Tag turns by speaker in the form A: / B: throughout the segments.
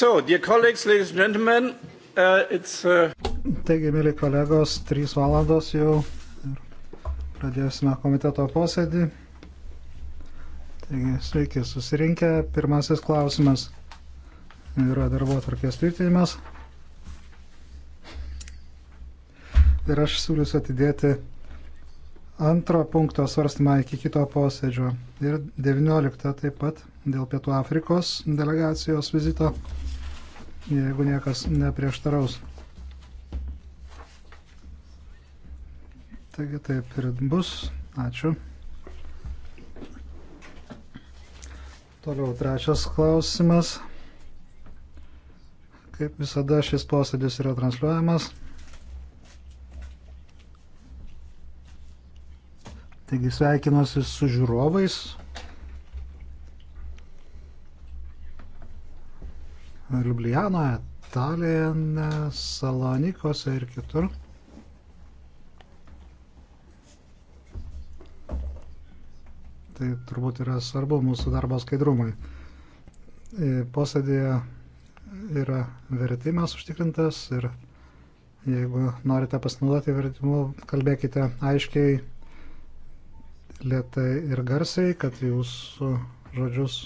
A: So, dear colleagues, ladies and gentlemen, uh, it's. Uh...
B: Taigi, mėly kolegos, 3 valandos jau pradėsime komiteto posėdį. Taigi, sveiki susirinkę. Pirmasis klausimas yra darbo atvarkės tvirtinimas. Ir aš siūlysiu atidėti antro punkto svarstymą iki kito posėdžio. Ir 19 taip pat dėl Pietų Afrikos delegacijos vizito jeigu niekas neprieštaraus. Taigi taip ir bus. Ačiū. Toliau trečias klausimas. Kaip visada šis posėdis yra transliuojamas. Taigi sveikinuosi su žiūrovais. Liublianoje, Talijane, Salonikose ir kitur. Tai turbūt yra svarbu mūsų darbo skaidrumui. E, Posėdėje yra vertimas užtikrintas ir jeigu norite pasinaudoti vertimu, kalbėkite aiškiai, lietai ir garsiai, kad jūsų žodžius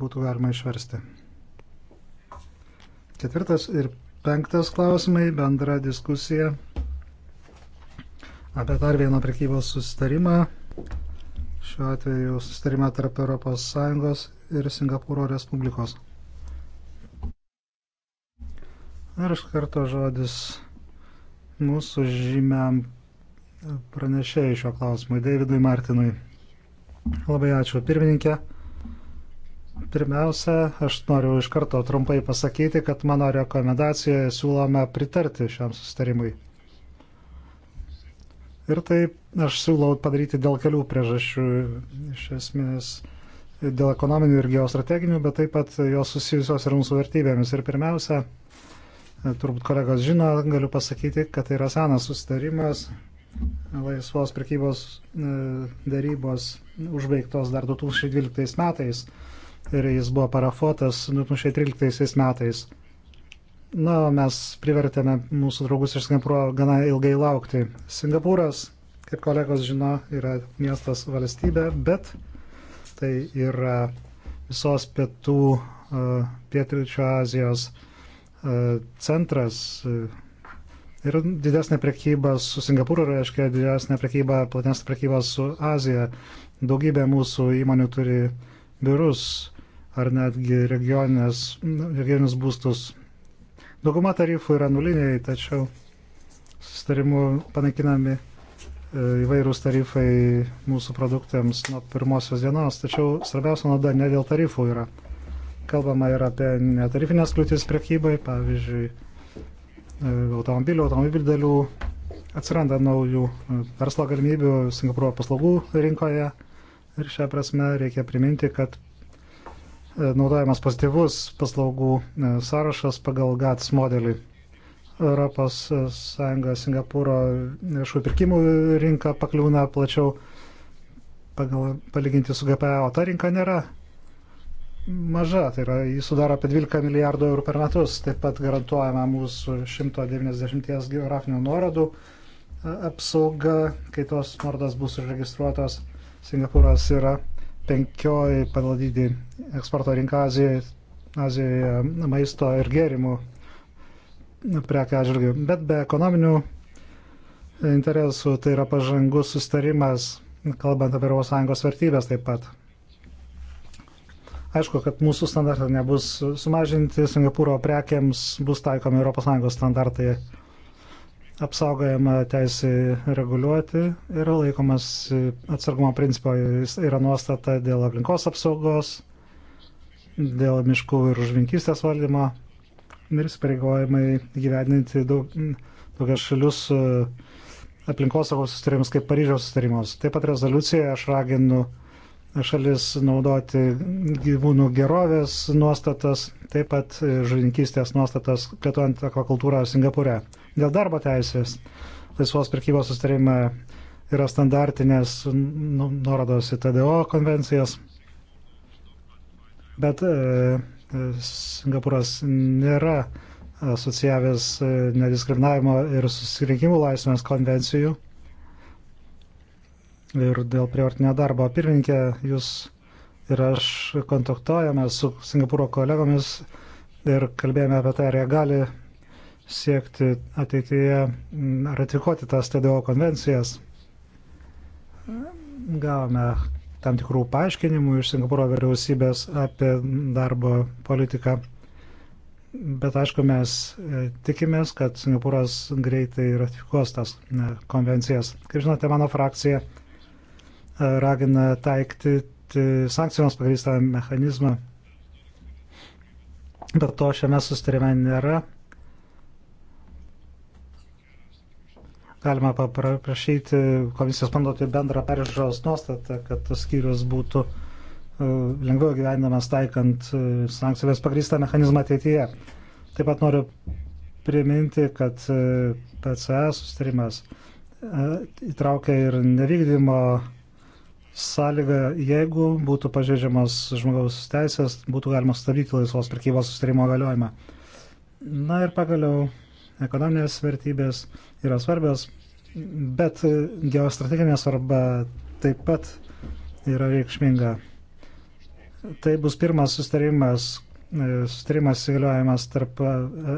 B: būtų galima išversti. Ketvirtas ir penktas klausimai - bendra diskusija apie dar vieną prekybos susitarimą. Šiuo atveju susitarimą tarp ES ir Singapūro Respublikos. Ir iš karto žodis mūsų žymiam pranešėjai šio klausimui, Davidui Martinui. Labai ačiū pirmininkė. Pirmiausia, aš noriu iš karto trumpai pasakyti, kad mano rekomendacijoje siūloma pritarti šiam sustarimui. Ir tai aš siūlau padaryti dėl kelių priežasčių. Iš esmės, dėl ekonominių ir geostrateginių, bet taip pat jos susijusios ir mūsų vertybėmis. Ir pirmiausia, turbūt kolegos žino, galiu pasakyti, kad tai yra senas sustarimas, laisvos prekybos e, darybos užbaigtos dar 2012 metais ir jis buvo parafotas 2013 metais. Na, mes privertėme mūsų draugus iš Singapūro gana ilgai laukti. Singapūras, kaip kolegos žino, yra miestas valstybė, bet tai yra visos pietų, e, pietryčio Azijos e, centras. E, ir didesnė prekyba su Singapūru reiškia didesnė prekyba, platesnė prekyba su Azija. Daugybė mūsų įmonių turi biurus ar netgi regioninius nu, būstus. Dauguma tarifų yra nuliniai, tačiau susitarimu panaikinami e, įvairūs tarifai mūsų produktams nuo pirmosios dienos, tačiau svarbiausia nauda ne dėl tarifų yra. Kalbama ir apie netarifinės kliūtis prekybai, pavyzdžiui, e, automobilių, automobilių dalių, atsiranda naujų e, verslo galimybių Singapūro paslaugų rinkoje ir šią prasme reikia priminti, kad E, naudojamas pozityvus paslaugų e, sąrašas pagal GATS modelį. Europos e, Sąjunga Singapūro viešųjų pirkimų rinka pakliūna plačiau pagal, palyginti su GPA, o ta rinka nėra maža, tai yra jis sudaro apie 12 milijardų eurų per metus, taip pat garantuojama mūsų 190 geografinių nuorodų apsauga, kai tos nuorodos bus užregistruotos. Singapūras yra penkioji pagal dydį eksporto rinka Azijoje, Azijoje maisto ir gėrimų prekia atžvilgių. Bet be ekonominių interesų tai yra pažangus sustarimas, kalbant apie ES vertybės taip pat. Aišku, kad mūsų standartai nebus sumažinti, Singapūro prekiams bus taikomi ES standartai apsaugojama teisė reguliuoti ir laikomas atsargumo principo yra nuostata dėl aplinkos apsaugos, dėl miškų ir žvinkystės valdymo ir įsipareigojimai gyveninti daug, daugia šalius e, aplinkosaugos sustarimus kaip Paryžiaus sustarimus. Taip pat rezoliucijoje aš raginu šalis naudoti gyvūnų gerovės nuostatas, taip pat e, žuvininkystės nuostatas, plėtojant akvakultūrą Singapūre. Dėl darbo teisės laisvos prekybos sustarime yra standartinės nu, nuorodos į TDO konvencijas, bet e, e, Singapūras nėra asociavęs e, nediskriminavimo ir susirinkimų laisvės konvencijų ir dėl prievartinio darbo. Pirmininkė, jūs ir aš kontaktuojame su Singapūro kolegomis ir kalbėjome apie tai, ar jie gali siekti ateityje mm, ratifikuoti tas TDO konvencijas. Gavome tam tikrų paaiškinimų iš Singapūro vyriausybės apie darbo politiką. Bet aišku, mes e, tikimės, kad Singapūras greitai ratifikuos tas e, konvencijas. Kaip žinote, mano frakcija e, ragina taikti sankcijoms pagrįstą mechanizmą. Bet to šiame sustarime nėra galima paprašyti komisijos panduoti bendrą peržiūros nuostatą, kad tas skyrius būtų e, lengviau gyvenamas taikant e, sankcijos pagrįstą mechanizmą ateityje. Taip pat noriu priminti, kad e, PCA sustarimas įtraukia ir nevykdymo sąlygą, jeigu būtų pažeidžiamas žmogaus teisės, būtų galima stabdyti laisvos prekybos sustarimo galiojimą. Na ir pagaliau ekonominės vertybės yra svarbios, bet geostrateginė svarba taip pat yra reikšminga. Tai bus pirmas sustarimas, e, sustarimas įgaliojimas tarp e,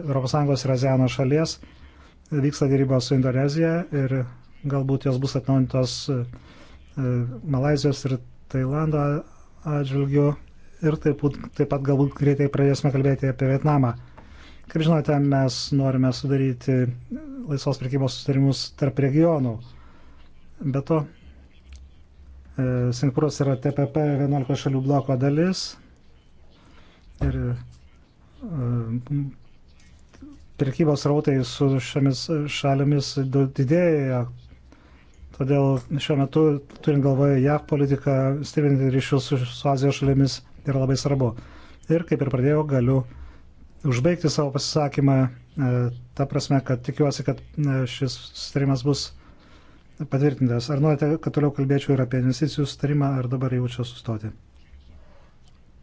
B: ES ir ASEANO šalies. Vyksta dėrybos su Indonezija ir galbūt jos bus atnaujintos e, Malazijos ir Tailando atžvilgių ir taip, taip pat galbūt greitai pradėsime kalbėti apie Vietnamą. Kaip žinote, mes norime sudaryti laisvos prekybos sustarimus tarp regionų. Be to, e, Singapūras yra TPP 11 šalių bloko dalis ir e, prekybos rautai su šiomis šalimis didėja. Todėl šiuo metu, turint galvoje JAV politiką, stiprinti ryšius su, su Azijos šalimis yra labai svarbu. Ir kaip ir pradėjau, galiu užbaigti savo pasisakymą, e, ta prasme, kad tikiuosi, kad e, šis sustarimas bus patvirtintas. Ar norite, kad toliau kalbėčiau ir apie investicijų sustarimą, ar dabar jau čia sustoti?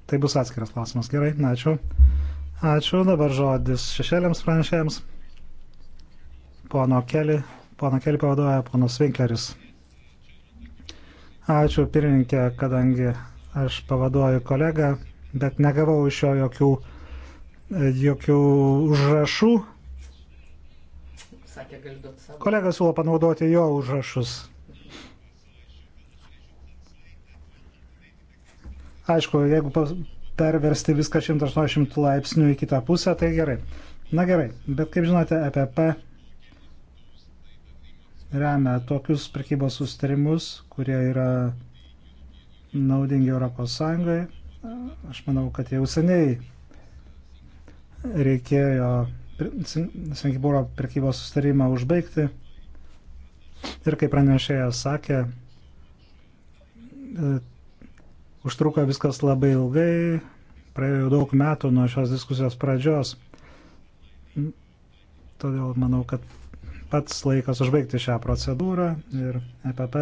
B: Tai bus atskiras klausimas. Gerai, ačiū. Ačiū, dabar žodis šešėliams pranešėjams. Pono Keli, pono Keli pavaduoja ponas Winkleris. Ačiū pirmininkė, kadangi aš pavaduoju kolegą, bet negavau iš jo jokių jokių užrašų. Kolega siūlo panaudoti jo užrašus. Aišku, jeigu perversti viską 180 laipsnių į kitą pusę, tai gerai. Na gerai, bet kaip žinote, EPP remia tokius prekybos sustarimus, kurie yra naudingi ES. Aš manau, kad jau seniai reikėjo Singapūro prekybos sustarimą užbaigti. Ir kaip pranešėjas sakė, e, užtruko viskas labai ilgai, praėjo daug metų nuo šios diskusijos pradžios. Todėl manau, kad pats laikas užbaigti šią procedūrą ir EPP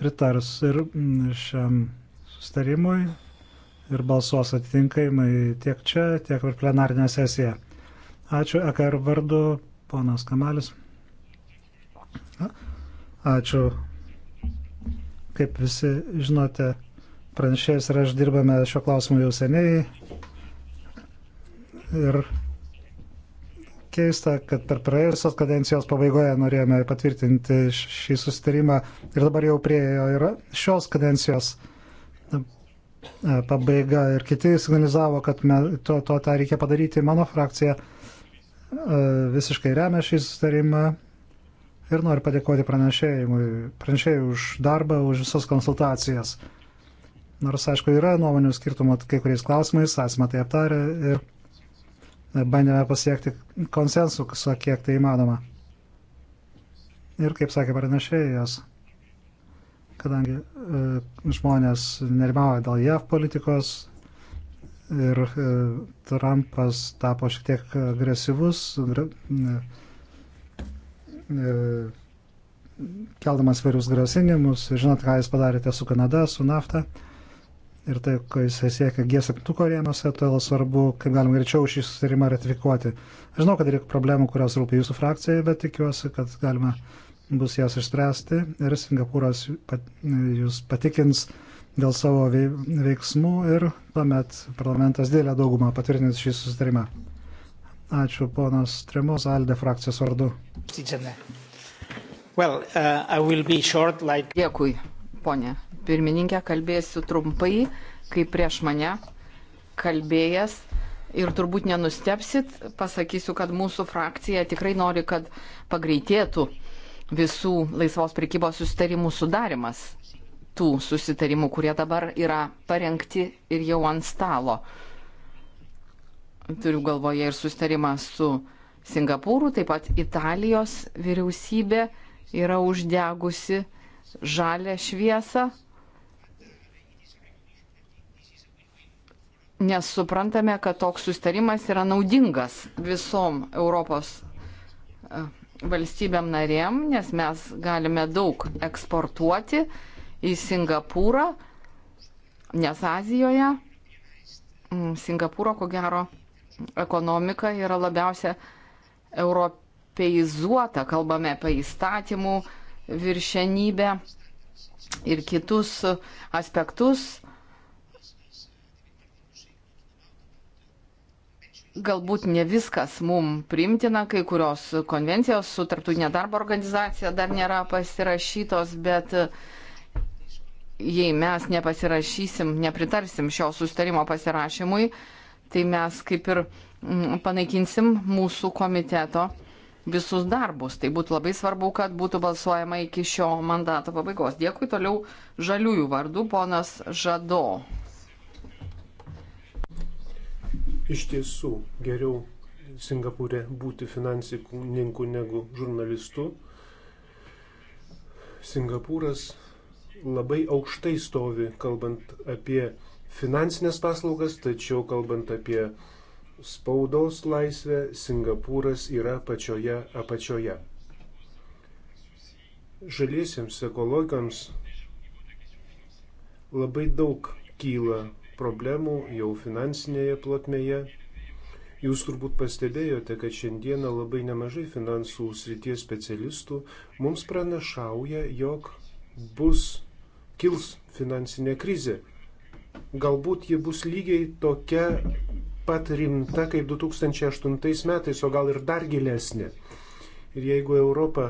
B: pritars ir šiam sustarimui ir balsuos atitinkamai tiek čia, tiek ir plenarinė sesija. Ačiū EKR vardu, ponas Kamalis. Ačiū. Kaip visi žinote, pranešėjas ir aš dirbame šio klausimu jau seniai. Ir keista, kad per praėjusios kadencijos pabaigoje norėjome patvirtinti šį susitarimą ir dabar jau priejo ir šios kadencijos E, pabaiga ir kiti signalizavo, kad me, to, to tą reikia padaryti. Mano frakcija e, visiškai remia šį sustarimą ir noriu padėkoti pranešėjai už darbą, už visas konsultacijas. Nors, aišku, yra nuomonių skirtumų kai kuriais klausimais, esame tai aptarę ir e, bandėme pasiekti konsensusą, kiek tai įmanoma. Ir kaip sakė pranešėjas, kadangi e, žmonės nerimauja dėl JAV politikos ir e, Trumpas tapo šiek tiek agresyvus, e, e, keldamas vairius grasinimus, žinot, ką jūs padarėte su Kanada, su nafta. Ir tai, kai jis siekia G7 rėmose, todėl svarbu, kaip galima greičiau šį susitarimą ratifikuoti. Aš žinau, kad yra problemų, kurios rūpi jūsų frakcijai, bet tikiuosi, kad galima uh, bus jas išspręsti ir Singapūras jūs patikins dėl savo veiksmų ir tuomet parlamentas dėlė daugumą patvirtins šį susitarimą. Ačiū ponas Tremos Alde frakcijos vardu.
C: Well, uh, short, like... Dėkui, ponė. Pirmininkė, kalbėsiu trumpai, kaip prieš mane kalbėjęs ir turbūt nenustepsit, pasakysiu, kad mūsų frakcija tikrai nori, kad pagreitėtų visų laisvos prekybos susitarimų sudarimas, tų susitarimų, kurie dabar yra parengti ir jau ant stalo. Turiu galvoje ir susitarimą su Singapūru, taip pat Italijos vyriausybė yra uždegusi žalę šviesą, nes suprantame, kad toks sustarimas yra naudingas visom Europos e, valstybėm narėm, nes mes galime daug eksportuoti į Singapūrą, nes Azijoje mm, Singapūro, ko gero, ekonomika yra labiausia europeizuota, kalbame apie įstatymų viršenybę ir kitus aspektus, galbūt ne viskas mum primtina, kai kurios konvencijos su Tarptautinė darbo organizacija dar nėra pasirašytos, bet jei mes nepasirašysim, nepritarsim šio sustarimo pasirašymui, tai mes kaip ir mm, panaikinsim mūsų komiteto visus darbus. Tai būtų labai svarbu, kad būtų balsuojama iki šio mandato pabaigos. Dėkui toliau žaliųjų vardų, ponas Žado.
A: iš tiesų geriau Singapūrė būti finansininku negu žurnalistu. Singapūras labai aukštai stovi, kalbant apie finansinės paslaugas, tačiau kalbant apie spaudos laisvę, Singapūras yra pačioje apačioje. Žaliesiems ekologams labai daug kyla problemų jau finansinėje plotmėje. Jūs turbūt pastebėjote, kad šiandieną labai nemažai finansų srities specialistų mums pranašauja, jog bus kils finansinė krizė. Galbūt ji bus lygiai tokia pat rimta kaip 2008 metais, o gal ir dar gilesnė. Ir jeigu Europa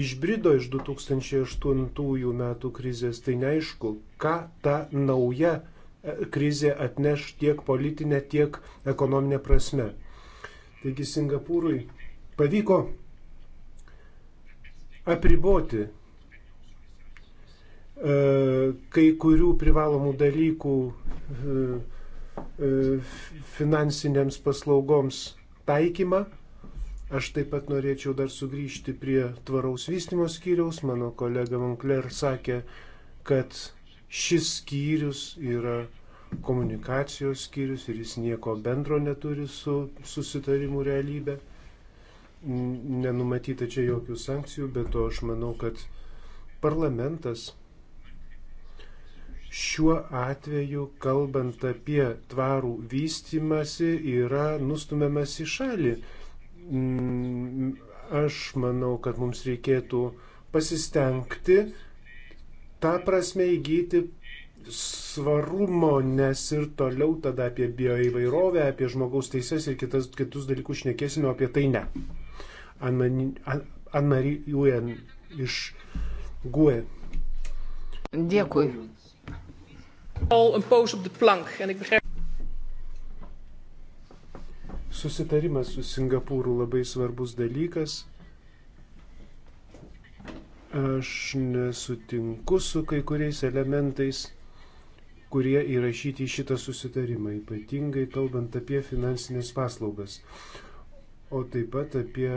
A: išbrido iš 2008 metų krizės, tai neaišku, ką ta nauja krizė atneš tiek politinė, tiek ekonominė prasme. Taigi Singapūrui pavyko apriboti e, kai kurių privalomų dalykų e, e, finansinėms paslaugoms taikymą. Aš taip pat norėčiau dar sugrįžti prie tvaraus vystimo skyriaus. Mano kolega Monkler sakė, kad Šis skyrius yra komunikacijos skyrius ir jis nieko bendro neturi su susitarimu realybė. Nenumatyta čia jokių sankcijų, bet to aš manau, kad parlamentas šiuo atveju, kalbant apie tvarų vystimasi, yra nustumiamas į šalį. Aš manau, kad mums reikėtų pasistengti, tą prasme įgyti svarumo, nes ir toliau tada apie bioįvairovę, apie žmogaus teises ir kitas, kitus dalykus šnekėsime, o apie tai ne. Anmari Juen iš GUE. Dėkui. Susitarimas su Singapūru labai svarbus dalykas Aš nesutinku su kai kuriais elementais, kurie įrašyti į šitą susitarimą, ypatingai kalbant apie finansinės paslaugas, o taip pat apie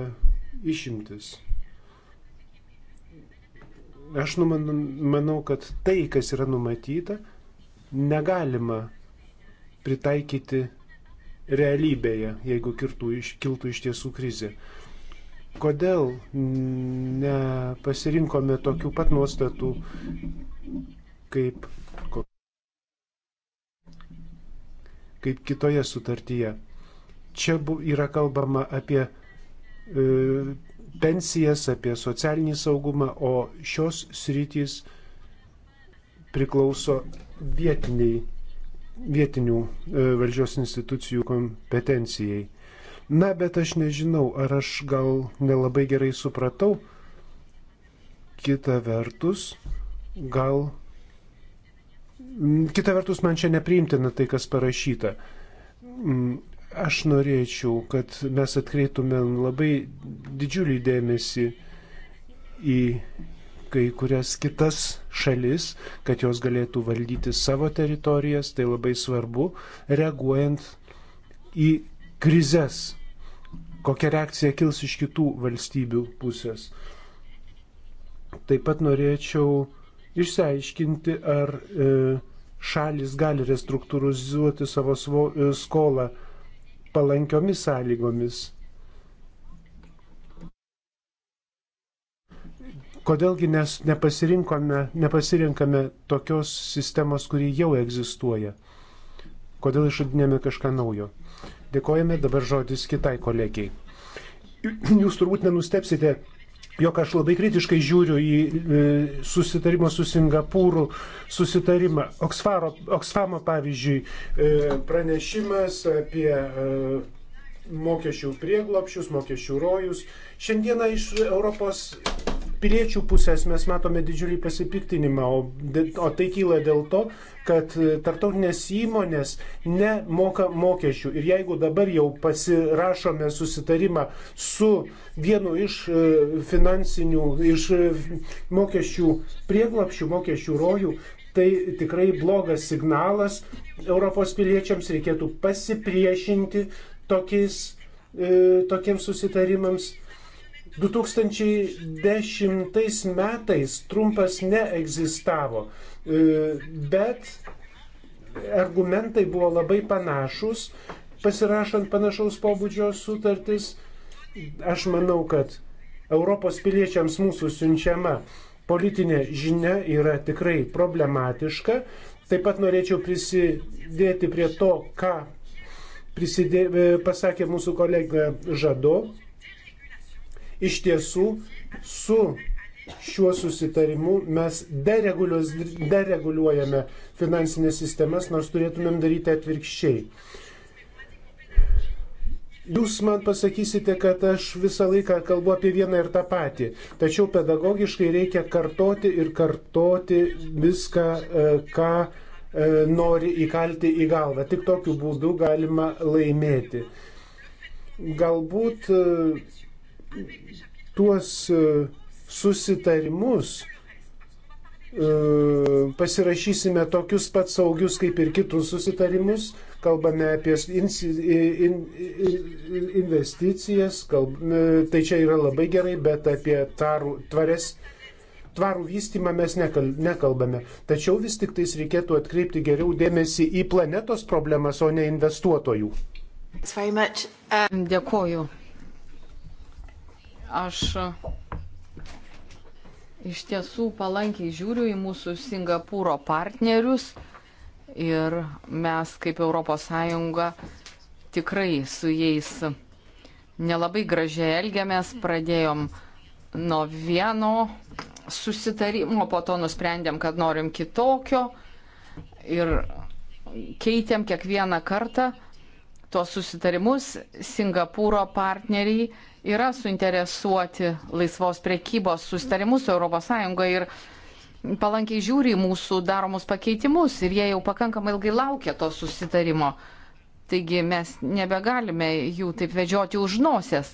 A: išimtis. Aš manau, kad tai, kas yra numatyta, negalima pritaikyti realybėje, jeigu kirtų, iš, kiltų iš tiesų krizė. Kodėl nepasirinkome tokių pat nuostatų kaip, kaip kitoje sutartyje? Čia yra kalbama apie e, pensijas, apie socialinį saugumą, o šios sritys priklauso vietiniai, vietinių e, valdžios institucijų kompetencijai. Na, bet aš nežinau, ar aš gal nelabai gerai supratau. Kita vertus, gal. Kita vertus, man čia nepriimtina tai, kas parašyta. Mm, aš norėčiau, kad mes atkreiptumėm labai didžiulį dėmesį į kai kurias kitas šalis, kad jos galėtų valdyti savo teritorijas, tai labai svarbu, reaguojant į krizes, kokia reakcija kils iš kitų valstybių pusės. Taip pat norėčiau išsiaiškinti, ar e, šalis gali restruktūrizuoti savo e, skolą palankiomis sąlygomis. Kodėlgi nes nepasirinkame tokios sistemos, kuri jau egzistuoja? Kodėl išradinėme kažką naujo? Dėkojame dabar žodis kitai kolegijai. Jūs turbūt nenustepsite, jog aš labai kritiškai žiūriu į e, susitarimą su Singapūru, susitarimą Oksfaro, Oksfamo pavyzdžiui, e, pranešimas apie e, mokesčių prieglopšius, mokesčių rojus. Šiandieną iš Europos piliečių pusės mes matome didžiulį pasipiktinimą, o, o tai kyla dėl to, kad e, tartautinės įmonės nemoka mokesčių. Ir jeigu dabar jau pasirašome susitarimą su vienu iš e, finansinių, iš e, mokesčių prieglapšių, mokesčių rojų, tai tikrai blogas signalas Europos piliečiams reikėtų pasipriešinti tokiais, e, tokiems susitarimams 2010 metais Trumpas neegzistavo, e, bet argumentai buvo labai panašus, pasirašant panašaus pobūdžio sutartis. Aš manau, kad Europos piliečiams mūsų siunčiama politinė žinia yra tikrai problematiška. Taip pat norėčiau prisidėti prie to, ką prisidė, e, pasakė mūsų kolega Žado. Iš tiesų, su šiuo susitarimu mes dereguliuojame finansinės sistemas, nors turėtumėm daryti atvirkščiai. Jūs man pasakysite, kad aš visą laiką kalbu apie vieną ir tą patį, tačiau pedagogiškai reikia kartoti ir kartoti viską, e, ką e, nori įkalti į galvą. Tik tokiu būdu galima laimėti. Galbūt e, tuos e, susitarimus e, pasirašysime tokius pat saugius kaip ir kitus susitarimus, kalbame apie in, in, in, investicijas, kalb, e, tai čia yra labai gerai, bet apie tarų, tvares, tvarų vystimą mes nekal, nekalbame. Tačiau vis tik tais reikėtų atkreipti geriau dėmesį į planetos problemas, o ne investuotojų.
C: Um, Dėkoju. Aš e, iš tiesų palankiai žiūriu į mūsų Singapūro partnerius ir mes kaip ES tikrai su jais nelabai gražiai elgiamės, pradėjom nuo vieno susitarimo, po to nusprendėm, kad norim kitokio ir keitėm kiekvieną kartą tuos susitarimus. Singapūro partneriai yra suinteresuoti laisvos priekybos sustarimus ES ir palankiai žiūri į mūsų daromus pakeitimus ir jie jau pakankamai ilgai laukia to susitarimo. Taigi mes nebegalime jų taip vedžioti už nosies.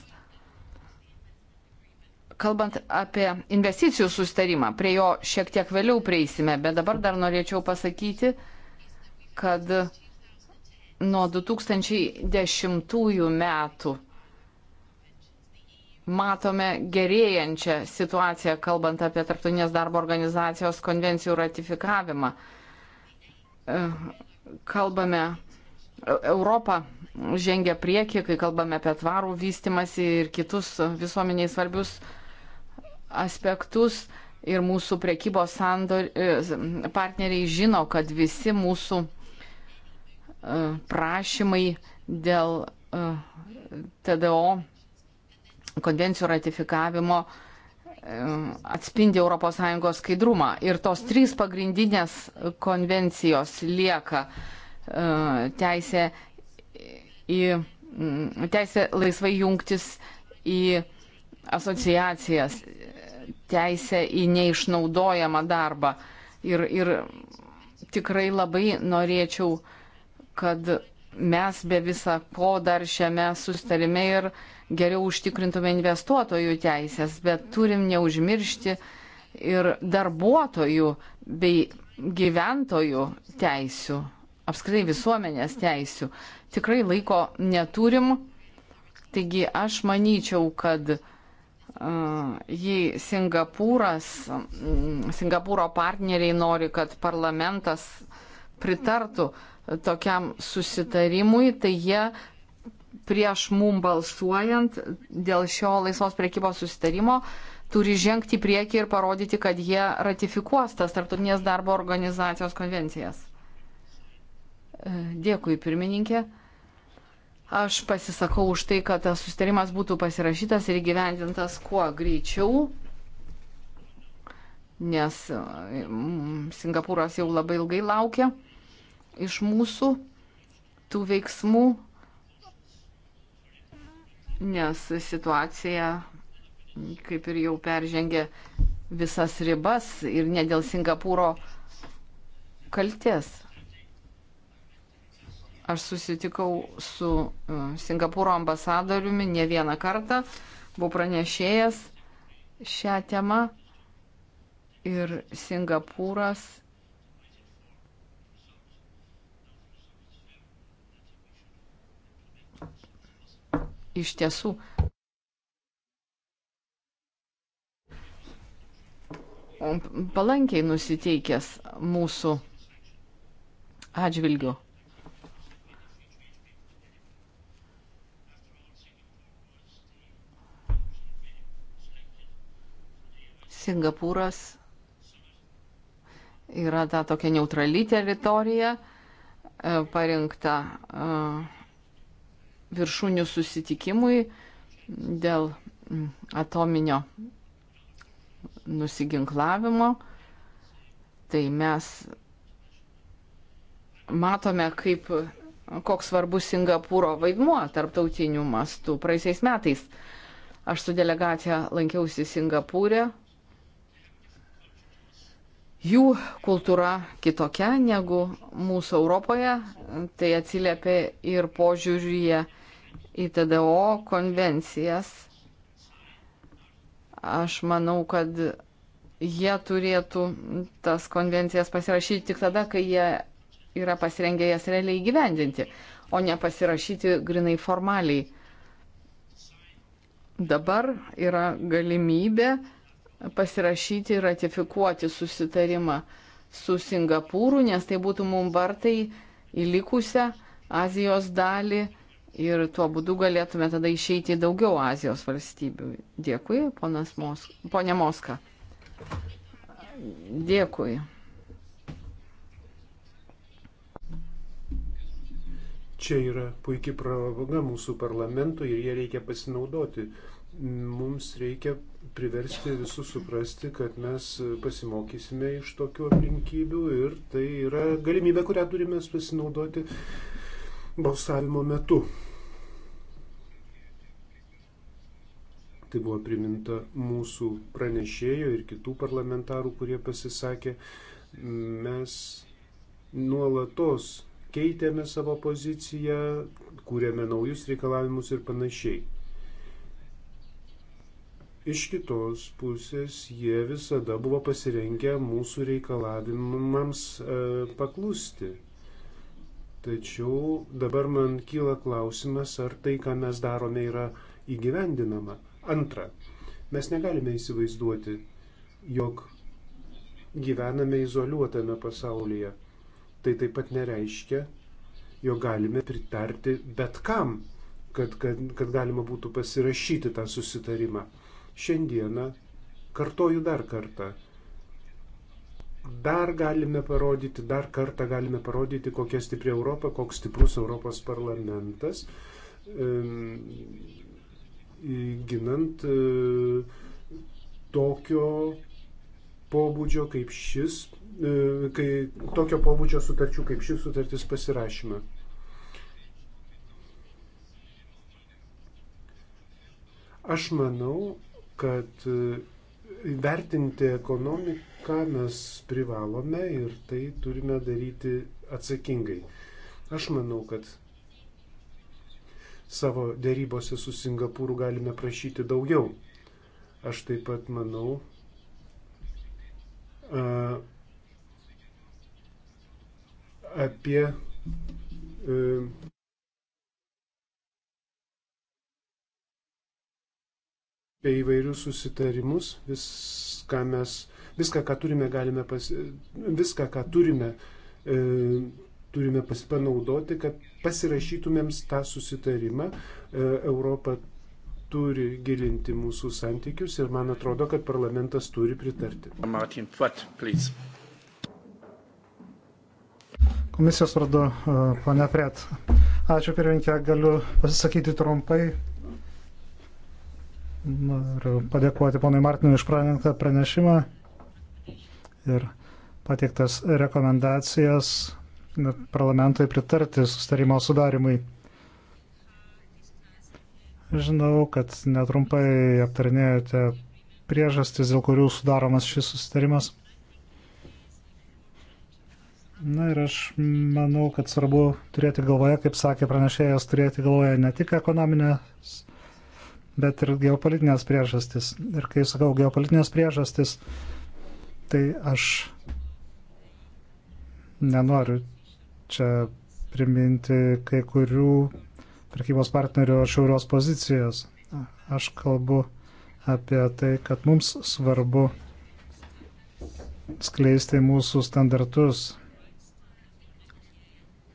C: Kalbant apie investicijų sustarimą, prie jo šiek tiek vėliau prieisime, bet dabar dar norėčiau pasakyti, kad nuo 2010 metų matome gerėjančią situaciją, kalbant apie Tarptautinės darbo organizacijos konvencijų ratifikavimą. E, kalbame, e, Europa žengia prieki, kai kalbame apie tvarų vystimasi ir kitus visuomeniai svarbius aspektus. Ir mūsų prekybos sandor, e, partneriai žino, kad visi mūsų prašymai dėl TDO konvencijų ratifikavimo atspindi ES skaidrumą. Ir tos trys pagrindinės konvencijos lieka e, teisė, į, teisė laisvai jungtis į asociacijas, teisė į neišnaudojamą darbą. Ir, ir tikrai labai norėčiau, kad mes be visa ko dar šiame sustarime ir uh, geriau užtikrintume investuotojų teisės, bet turim neužmiršti ir darbuotojų bei gyventojų teisių, apskritai visuomenės teisių. Tikrai laiko neturim, taigi aš manyčiau, kad jei Singapūras, Singapūro partneriai nori, kad parlamentas pritartų tokiam susitarimui, tai jie prieš mum balsuojant dėl šio laisvos priekybos susitarimo turi žengti į priekį ir parodyti, kad jie ratifikuos tas tarptautinės darbo organizacijos konvencijas. E, dėkui, pirmininkė. Aš pasisakau už tai, kad tas sustarimas būtų pasirašytas ir įgyvendintas kuo greičiau, nes e, Singapūras jau labai ilgai laukia iš mūsų tų veiksmų nes situacija kaip ir jau peržengė visas ribas ir ne dėl Singapūro kalties. Aš susitikau su e, Singapūro ambasadoriumi ne vieną kartą, buvau pranešėjęs šią temą ir Singapūras Iš tiesų. Palankiai nusiteikęs mūsų atžvilgiu. Singapūras yra ta tokia neutrali teritorija, e, parinkta uh, viršūnių susitikimui dėl mm, atominio nusiginklavimo, tai mes matome, kaip, koks svarbus Singapūro vaidmuo tarptautiniu mastu. Praeisiais metais aš su delegacija lankiausi Singapūrė. Jų kultūra kitokia negu mūsų Europoje, tai atsiliepia ir požiūrėje į TDO konvencijas. Aš manau, kad jie turėtų tas konvencijas pasirašyti tik tada, kai jie yra pasirengę jas realiai įgyvendinti, o ne pasirašyti grinai formaliai. Dabar yra galimybė pasirašyti ir ratifikuoti susitarimą su Singapūru, nes tai būtų mum vartai į likusią Azijos dalį ir tuo būdu galėtume tada išeiti į daugiau Azijos valstybių. Dėkui, ponas Mos... ponė Moska. Dėkui.
A: Čia yra puikia pravaga mūsų parlamento ir jie reikia pasinaudoti. Mums reikia priversti visus suprasti, kad mes pasimokysime iš tokių aplinkybių ir tai yra galimybė, kurią turime pasinaudoti balsavimo metu. Tai buvo priminta mūsų pranešėjo ir kitų parlamentarų, kurie pasisakė, mes nuolatos keitėme savo poziciją, kūrėme naujus reikalavimus ir panašiai. Iš kitos pusės jie visada buvo pasirengę mūsų reikalavimams e, paklusti. Tačiau dabar man kyla klausimas, ar tai, ką mes darome, yra įgyvendinama. Antra, mes negalime įsivaizduoti, jog gyvename izoliuotame pasaulyje. Tai taip pat nereiškia, jog galime pritarti bet kam, kad, kad, kad galima būtų pasirašyti tą susitarimą. Šiandieną, kartoju dar kartą, dar galime parodyti, dar kartą galime parodyti, kokia stipri Europa, koks stiprus Europos parlamentas, ginant e, tokio pobūdžio kaip šis, e, kai, tokio pobūdžio sutarčių kaip šis sutartis pasirašymą. Aš manau, kad e, vertinti ekonomiką ką mes privalome ir tai turime daryti atsakingai. Aš manau, kad savo dėrybose su Singapūru galime prašyti daugiau. Aš taip pat manau, apie e, apie įvairius susitarimus, viską mes Viską, ką turime, galime pas, viską, ką turime, e, turime pasipanaudoti, kad pasirašytumėm tą susitarimą. E, Europa turi gilinti mūsų santykius ir man atrodo, kad parlamentas turi pritarti. Martin Platt, please.
B: Komisijos vardu, e, ponia Pret. Ačiū pirmininkė, galiu pasisakyti trumpai. Noriu padėkoti ponai Martinui už pranintą pranešimą ir pateiktas rekomendacijas parlamentui pritarti sustarimo sudarimui. Žinau, kad netrumpai aptarnėjote priežastis, dėl kurių sudaromas šis sustarimas. Na ir aš manau, kad svarbu turėti galvoje, kaip sakė pranešėjas, turėti galvoje ne tik ekonominės, bet ir geopolitinės priežastis. Ir kai sakau geopolitinės priežastis, Tai aš nenoriu čia priminti kai kurių prekybos partnerių šiaurios pozicijos. Aš kalbu apie tai, kad mums svarbu skleisti mūsų standartus,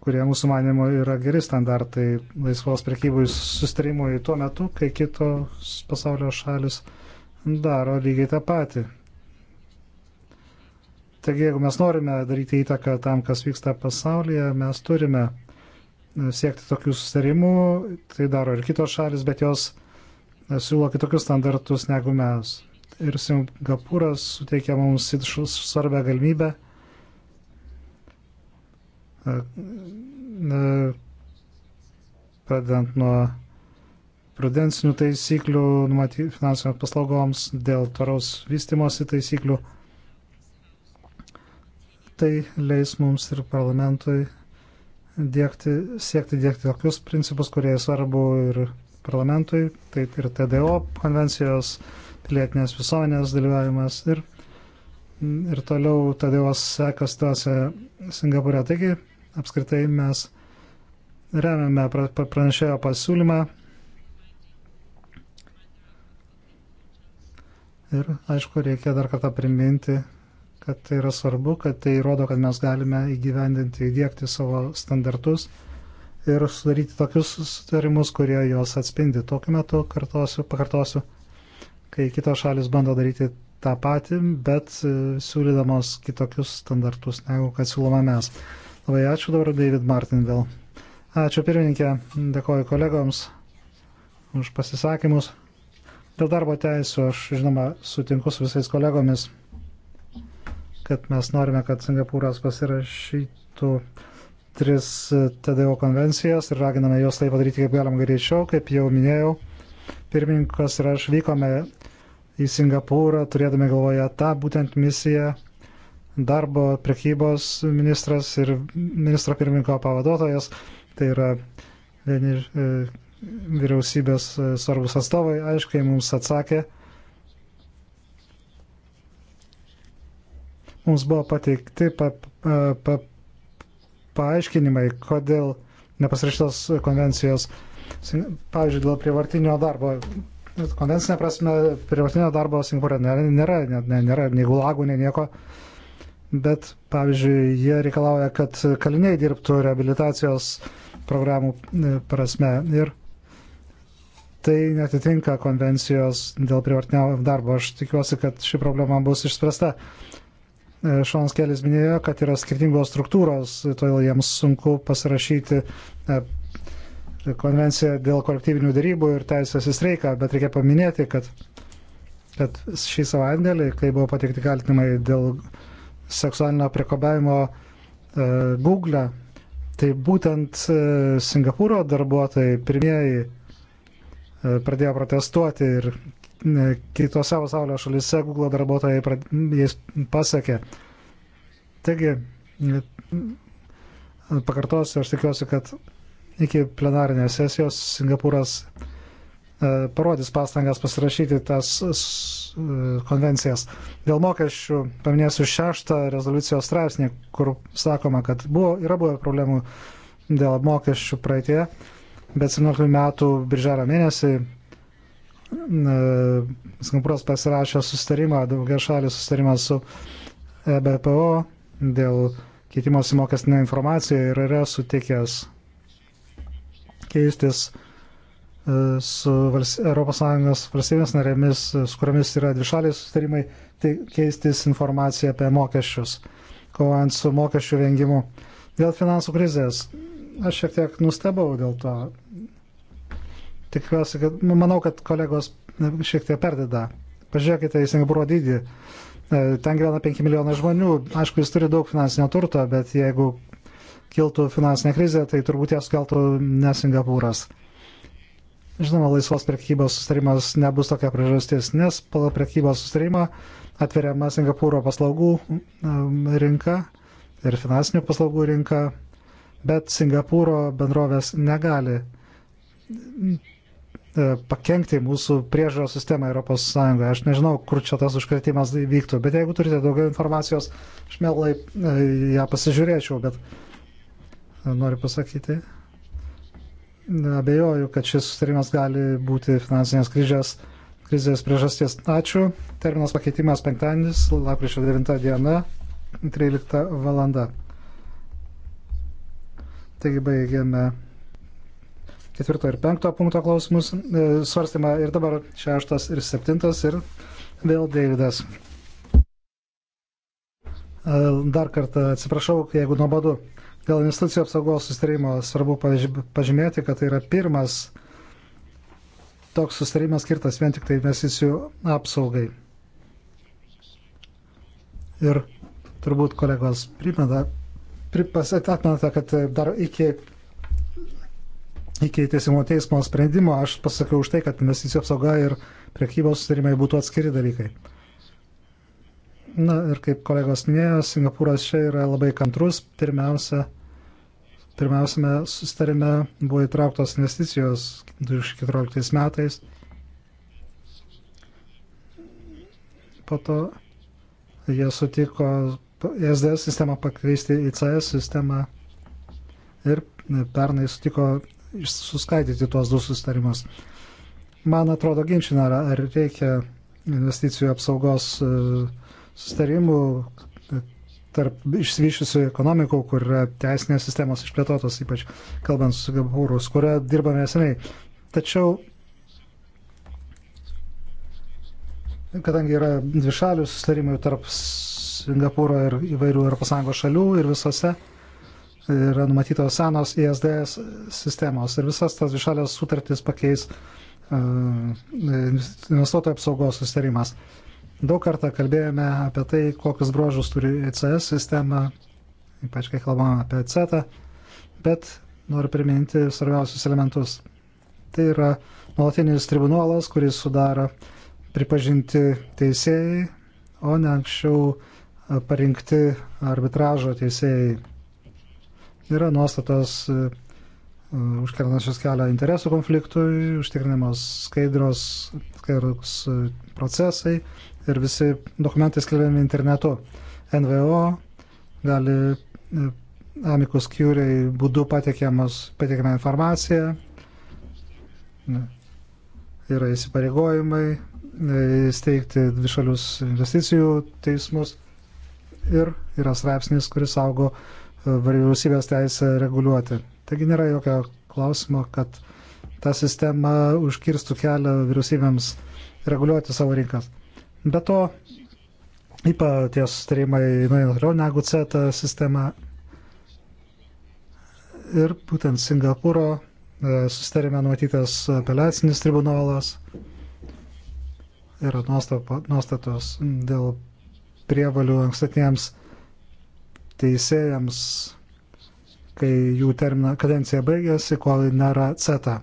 B: kurie mūsų manimo yra geri standartai laisvos prekybos sustarimui tuo metu, kai kitos pasaulio šalis daro lygiai tą patį. Taigi, jeigu mes norime daryti įtaką tam, kas vyksta pasaulyje, mes turime e, siekti tokių sustarimų, tai daro ir kitos šalis, bet jos e, siūlo kitokius standartus negu mes. Ir Singapūras suteikia mums svarbę galimybę e, pradedant nuo prudencinių taisyklių numatyti finansinėms paslaugoms dėl tvaraus vystimosi taisyklių tai leis mums ir parlamentui dėkti, siekti dėkti tokius principus, kurie svarbu ir parlamentui, tai ir TDO konvencijos, pilietinės visuomenės dalyvavimas ir, ir toliau TDO seka situacija Singapūre. Taigi, apskritai mes remiame pranešėjo pasiūlymą ir, aišku, reikia dar kartą priminti, kad tai yra svarbu, kad tai rodo, kad mes galime įgyvendinti, įdėkti savo standartus ir sudaryti tokius sutarimus, kurie juos atspindi. Tokiu metu kartosiu, pakartosiu, kai kitos šalis bando daryti tą patį, bet e, siūlydamos kitokius standartus, negu kad siūloma mes. Labai ačiū dabar David Martin vėl. Ačiū pirmininkė, dėkoju kolegoms už pasisakymus. Dėl darbo teisų aš, žinoma, sutinku su visais kolegomis kad mes norime, kad Singapūras pasirašytų tris TDO konvencijas ir raginame juos tai padaryti kaip galima greičiau, kaip jau minėjau. Pirmininkas ir aš vykome į Singapūrą, turėdami galvoje tą būtent misiją. Darbo prekybos ministras ir ministro pirmininko pavaduotojas, tai yra vieni e, vyriausybės e, svarbus atstovai, aiškiai mums atsakė, Mums buvo pateikti pa, pa, pa, paaiškinimai, kodėl nepasirašytos konvencijos, pavyzdžiui, dėl prievartinio darbo. Konvencinė prasme, prievartinio darbo Singapūrė nėra, nėra, nėra, nėra nei gulagų, nei nieko. Bet, pavyzdžiui, jie reikalauja, kad kaliniai dirbtų rehabilitacijos programų e, prasme. Ir tai netitinka konvencijos dėl privartinio darbo. Aš tikiuosi, kad ši problema bus išspręsta. E, Šonas Kelis minėjo, kad yra skirtingos struktūros, todėl jiems sunku pasirašyti e, konvenciją dėl kolektyvinių dėrybų ir teisės į streiką, bet reikia paminėti, kad, kad šį savaitgalį, kai buvo pateikti kaltinimai dėl seksualinio priekabavimo e, Google, tai būtent Singapūro darbuotojai pirmieji pradėjo protestuoti ir kitose pasaulio šalise Google darbuotojai prad... jais pasiekė. Taigi, pakartosiu, aš tikiuosi, kad iki plenarinės sesijos Singapūras e, parodys pastangas pasirašyti tas e, konvencijas. Dėl mokesčių paminėsiu šeštą rezoliucijos straipsnį, kur sakoma, kad buvo, yra buvę problemų dėl mokesčių praeitie, bet 17 metų birželio mėnesį Singapūras pasirašė sustarimą, daugia šalį sustarimą su e BPO dėl keitimosi mokestinė informacija ir yra sutikęs keistis e, su ES valstybės narėmis, su kuriamis yra dvišaliai sustarimai, tai keistis informacija apie mokesčius, kovojant su mokesčių vengimu. Dėl finansų krizės aš šiek tiek nustebau dėl to, tikiuosi, kad nu, manau, kad kolegos šiek tiek perdeda. Pažiūrėkite į Singapūro dydį. E, ten gyvena 5 milijonai žmonių. Aišku, jis turi daug finansinio turto, bet jeigu kiltų finansinė krizė, tai turbūt ją sukeltų ne Singapūras. Žinoma, laisvos prekybos sustarimas nebus tokia priežastis, nes pagal prekybos sustarimą atveriama Singapūro paslaugų rinka ir finansinių paslaugų rinka, bet Singapūro bendrovės negali E, pakengti mūsų priežiūros sistemą ES. Aš nežinau, kur čia tas užkretimas vyktų, bet jeigu turite daugiau informacijos, aš mielai e, ją pasižiūrėčiau, bet e, noriu pasakyti, abejoju, kad šis sustarimas gali būti finansinės kryžės, krizės priežasties. Ačiū. Terminas pakeitimas penktadienis, lapkričio 9 diena, 13 valanda. Taigi baigėme ketvirto ir penkto punkto klausimus e, svarstymą ir dabar šeštas ir septintas ir vėl Deividas. E, dar kartą atsiprašau, jeigu nuobodu. Dėl investicijų apsaugos sustarimo svarbu pažymėti, kad tai yra pirmas toks sustarimas skirtas vien tik tai investicijų apsaugai. Ir turbūt kolegos primena, pripas, atmenate, kad dar iki iki teisingumo teismo sprendimo aš pasakiau už tai, kad investicijų apsauga ir priekybos sutarimai būtų atskiri dalykai. Na ir kaip kolegos minėjo, Singapūras čia yra labai kantrus. Pirmiausia, pirmiausiame sustarime buvo įtrauktos investicijos 2014 metais. Po to jie sutiko SDS e sistemą pakeisti į CS sistemą ir pernai sutiko suskaidyti tuos du sustarimus. Man atrodo ginčina, ar reikia investicijų apsaugos e, sustarimų e, tarp išsivyšusių ekonomikų, kur teisinės sistemos išplėtotos, ypač kalbant su Gabūrus, kurio dirbame seniai. Tačiau, kadangi yra dvišalių sustarimai tarp Singapūro ir įvairių ES šalių ir visose yra numatytos senos ISDS sistemos ir visas tas višalės sutartys pakeis e, investuotojų apsaugos sustarimas. Daug kartą kalbėjome apie tai, kokius bruožus turi ECS sistema, ypač kai kalbame apie CETA, bet noriu priminti svarbiausius elementus. Tai yra nuolatinis tribunolas, kuris sudaro pripažinti teisėjai, o ne anksčiau parinkti arbitražo teisėjai yra nuostatas e, e, užkertančios kelią interesų konfliktui, užtikrinamos skaidros, skaidros e, procesai ir visi dokumentai skelbiami internetu. NVO gali amikus kiuriai būdu pateikiamą informaciją, yra įsipareigojimai steigti dvišalius investicijų teismus ir yra straipsnis, kuris saugo uh, vyriausybės teisę reguliuoti. Taigi nėra jokio klausimo, kad ta sistema užkirstų kelią vyriausybėms reguliuoti savo rinkas. Be to, IPA tie sustarimai nuėjo toliau negu CETA sistema. Ir būtent Singapūro e, sustarime numatytas apeliacinis tribunolas yra nuostatos dėl prievalių ankstatiniams teisėjams, kai jų termina kadencija baigėsi, kol nėra CETA.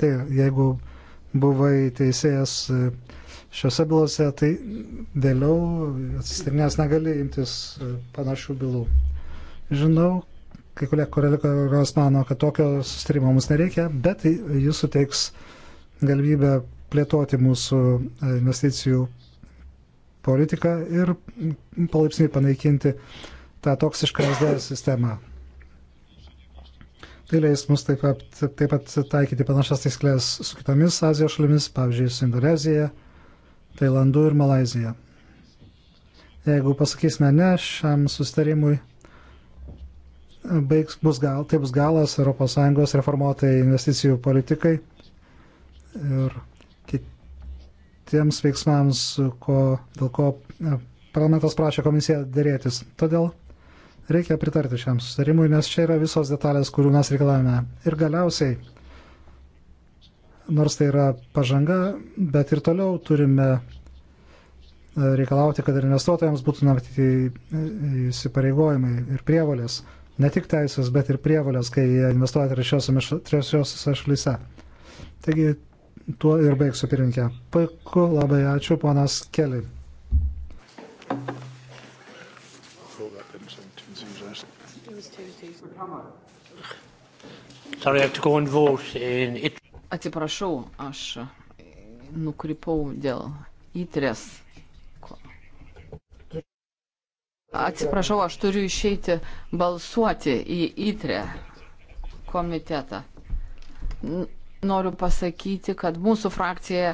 B: Tai jeigu buvai teisėjas e, šiuose bylose, tai vėliau atsistarinės negali imtis e, panašių bylų. Žinau, kai kurie kolegos mano, kad tokio sustarimo mums nereikia, bet jis suteiks galimybę plėtoti mūsų e, investicijų politiką ir palaipsniui panaikinti tą toksišką SDR sistemą. Tai leis mus taip pat, taip pat taikyti panašias taisyklės su kitomis Azijos šalimis, pavyzdžiui, su Indonezija, Tailandu ir Malazija. Jeigu pasakysime ne šiam sustarimui, baigs, bus gal, tai bus galas ES reformuotai investicijų politikai ir kit, tiems veiksmams, ko, dėl ko e, parlamentas prašė komisiją dėrėtis. Todėl reikia pritarti šiam sustarimui, nes čia yra visos detalės, kurių mes reikalavome. Ir galiausiai, nors tai yra pažanga, bet ir toliau turime e, reikalauti, kad ir investuotojams būtų numatyti e, įsipareigojimai ir prievalės. Ne tik teisės, bet ir prievalės, kai jie investuoja trečiosiose šalyse. Taigi tuo ir baigsiu pirinkę. Puiku, labai ačiū, ponas Keli.
C: Atsiprašau, aš nukrypau dėl įtrės. Atsiprašau, aš turiu išeiti balsuoti į įtrę komitetą noriu pasakyti, kad mūsų frakcija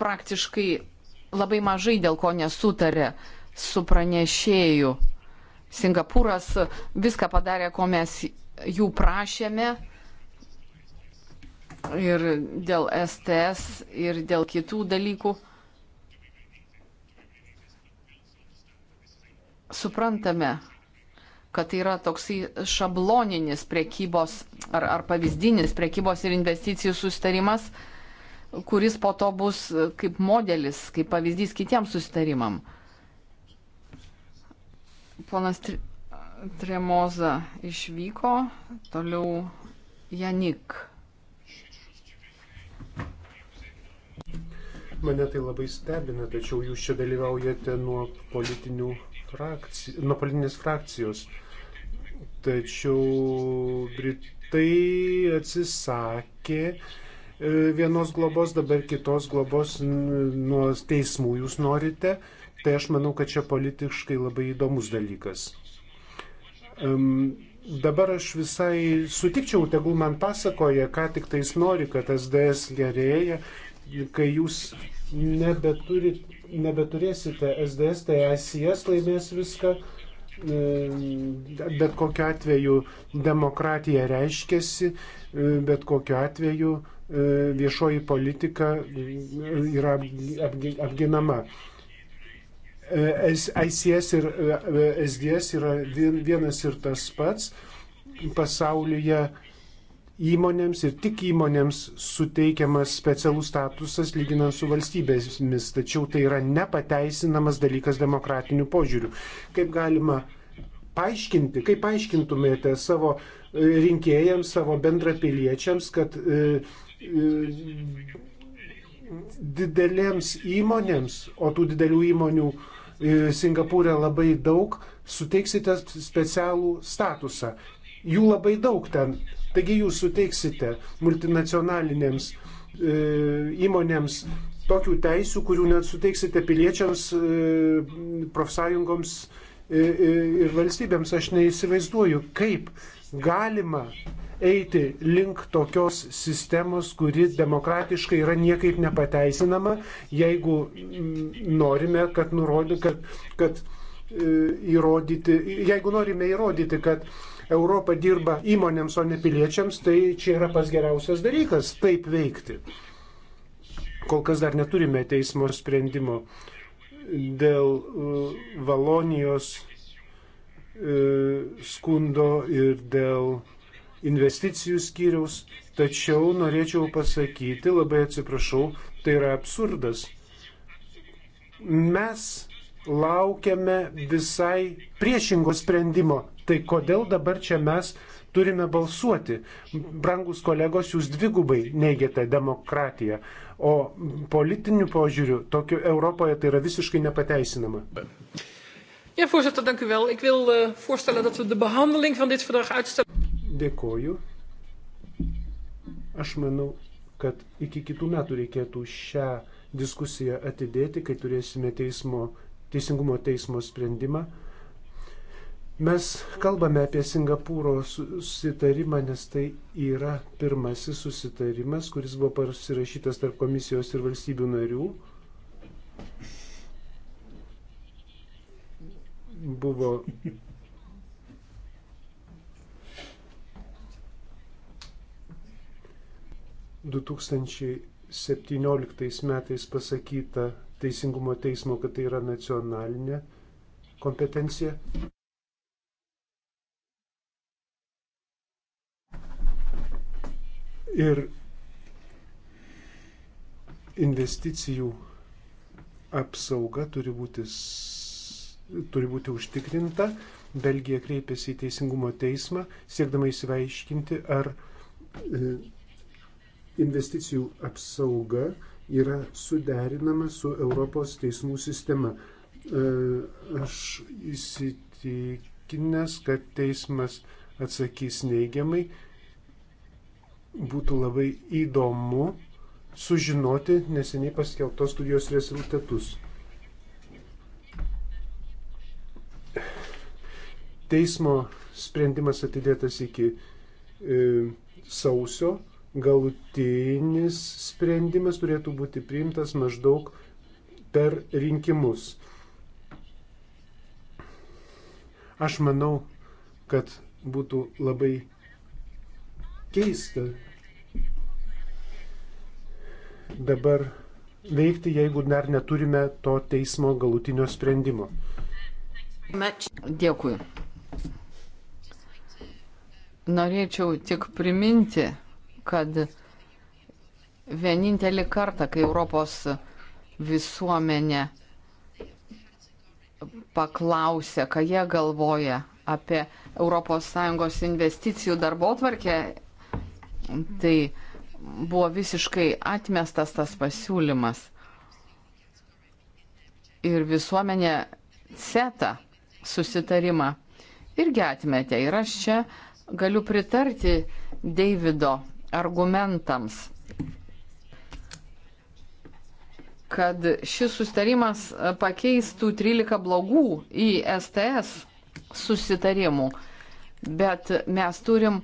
C: praktiškai labai mažai dėl ko nesutarė su pranešėju. Singapūras viską padarė, ko mes jų prašėme. Ir dėl STS, ir dėl kitų dalykų. Suprantame, kad tai yra toksai šabloninis prekybos ar, ar pavyzdinis prekybos ir investicijų sustarimas, kuris po to bus kaip modelis, kaip pavyzdys kitiems sustarimam. Ponas Tremoza išvyko, toliau Janik.
A: Mane tai labai stebina, tačiau jūs čia dalyvaujate nuo, frakci... nuo politinės frakcijos. Tačiau Britai atsisakė e, vienos globos, dabar kitos globos nuo teismų jūs norite. Tai aš manau, kad čia politiškai labai įdomus dalykas. Um, dabar aš visai sutikčiau, tegul man pasakoja, ką tik tais nori, kad SDS gerėja, kai jūs nebeturit, nebeturėsite SDS, tai ICS laimės viską. Uh, bet kokiu atveju demokratija reiškiasi, bet kokiu atveju viešoji politika yra apginama. ICS e, ir SDS e, e yra vienas ir tas pats pasaulyje įmonėms ir tik įmonėms suteikiamas specialus statusas lyginant su valstybėmis, tačiau tai yra nepateisinamas dalykas demokratiniu požiūriu. Kaip galima paaiškinti, kaip paaiškintumėte savo e, rinkėjams, savo bendrapiliečiams, kad e, e, didelėms įmonėms, o tų didelių įmonių e, Singapūrė labai daug, suteiksite specialų statusą. Jų labai daug ten, Taigi jūs suteiksite multinacionalinėms e, įmonėms tokių teisių, kurių net suteiksite piliečiams, e, profsąjungoms e, ir valstybėms. Aš neįsivaizduoju, kaip galima eiti link tokios sistemos, kuri demokratiškai yra niekaip nepateisinama, jeigu norime, kad nurodyti, kad, kad įrodyti, jeigu norime įrodyti, kad Europa dirba įmonėms, o ne piliečiams, tai čia yra pas geriausias dalykas taip veikti. Kol kas dar neturime teismo sprendimo dėl uh, Valonijos uh, skundo ir dėl investicijų skyriaus, tačiau norėčiau pasakyti, labai atsiprašau, tai yra absurdas. Mes laukiame visai priešingo sprendimo. Tai kodėl dabar čia mes turime balsuoti? Brangus kolegos, jūs dvigubai neigiate demokratiją, o politiniu požiūriu tokiu Europoje tai yra visiškai nepateisinama.
C: Ja, voorzitter, dank u wel. Ik wil uh, voorstellen dat we de behandeling van dit verdrag uitstellen.
A: Dėkoju. Aš manau, kad iki kitų metų reikėtų šią diskusiją atidėti, kai turėsime teismo teisingumo teismo sprendimą. Mes kalbame apie Singapūro susitarimą, nes tai yra pirmasis susitarimas, kuris buvo pasirašytas tarp komisijos ir valstybių narių. Buvo du tūkstančiai 2017 metais pasakyta Teisingumo teismo, kad tai yra nacionalinė kompetencija. Ir investicijų apsauga turi būti, turi būti užtikrinta. Belgija kreipėsi į Teisingumo teismą, siekdama įsivaiškinti, ar e, investicijų apsauga yra suderinama su Europos teismų sistema. E, aš įsitikinęs, kad teismas atsakys neigiamai. Būtų labai įdomu sužinoti neseniai paskelbtos studijos rezultatus. Teismo sprendimas atidėtas iki e, sausio galutinis sprendimas turėtų būti priimtas maždaug per rinkimus. Aš manau, kad būtų labai keista dabar veikti, jeigu dar neturime to teismo galutinio sprendimo.
C: Dėkui. Norėčiau tik priminti, kad vienintelį kartą, kai Europos visuomenė paklausė, ką jie galvoja apie ES investicijų darbo tvarkę, tai buvo visiškai atmestas tas pasiūlymas. Ir visuomenė CETA susitarimą irgi atmetė. Ir aš čia galiu pritarti Davido argumentams, kad šis sustarimas pakeistų 13 blogų į STS susitarimų, bet mes turim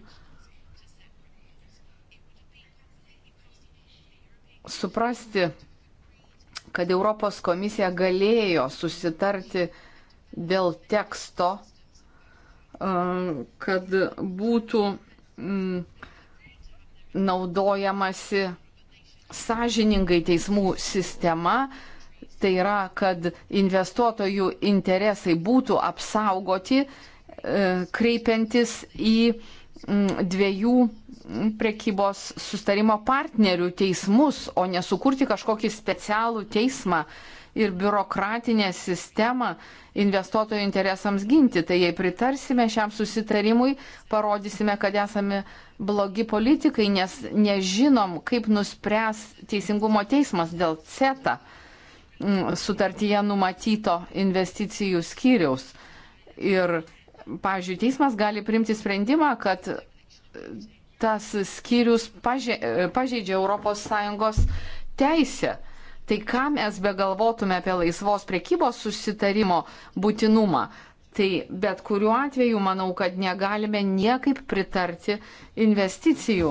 C: suprasti, kad Europos komisija galėjo susitarti dėl teksto, kad būtų mm, naudojamasi sąžiningai teismų sistema, tai yra, kad investuotojų interesai būtų apsaugoti, e, kreipiantis į dviejų prekybos sustarimo partnerių teismus, o nesukurti kažkokį specialų teismą ir biurokratinę sistemą investuotojų interesams ginti. Tai jei pritarsime šiam susitarimui, parodysime, kad esame blogi politikai, nes nežinom, kaip nuspręs Teisingumo teismas dėl CETA mm, sutartyje numatyto investicijų skyriaus. Ir, pavyzdžiui, teismas gali primti sprendimą, kad tas skyrius pažeidžia ES teisę. Tai ką mes begalvotume apie laisvos priekybos susitarimo būtinumą, tai bet kuriuo atveju manau, kad negalime niekaip pritarti investicijų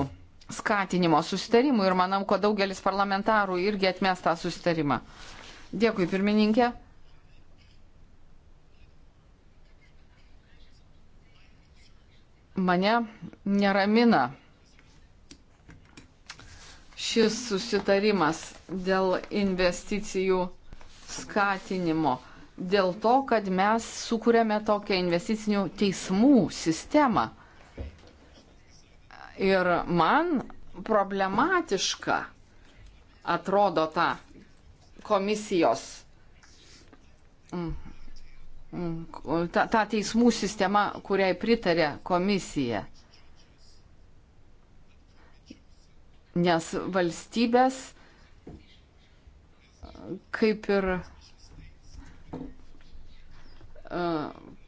C: skatinimo susitarimui ir manau, kad daugelis parlamentarų irgi atmes tą susitarimą. Dėkui, pirmininkė. Mane neramina šis susitarimas dėl investicijų skatinimo? Dėl to, kad mes sukūrėme tokią investicinių teismų sistemą. Ir man problematiška atrodo ta komisijos, mm, mm, ta, ta teismų sistema, kuriai pritarė komisija. nes valstybės kaip ir e,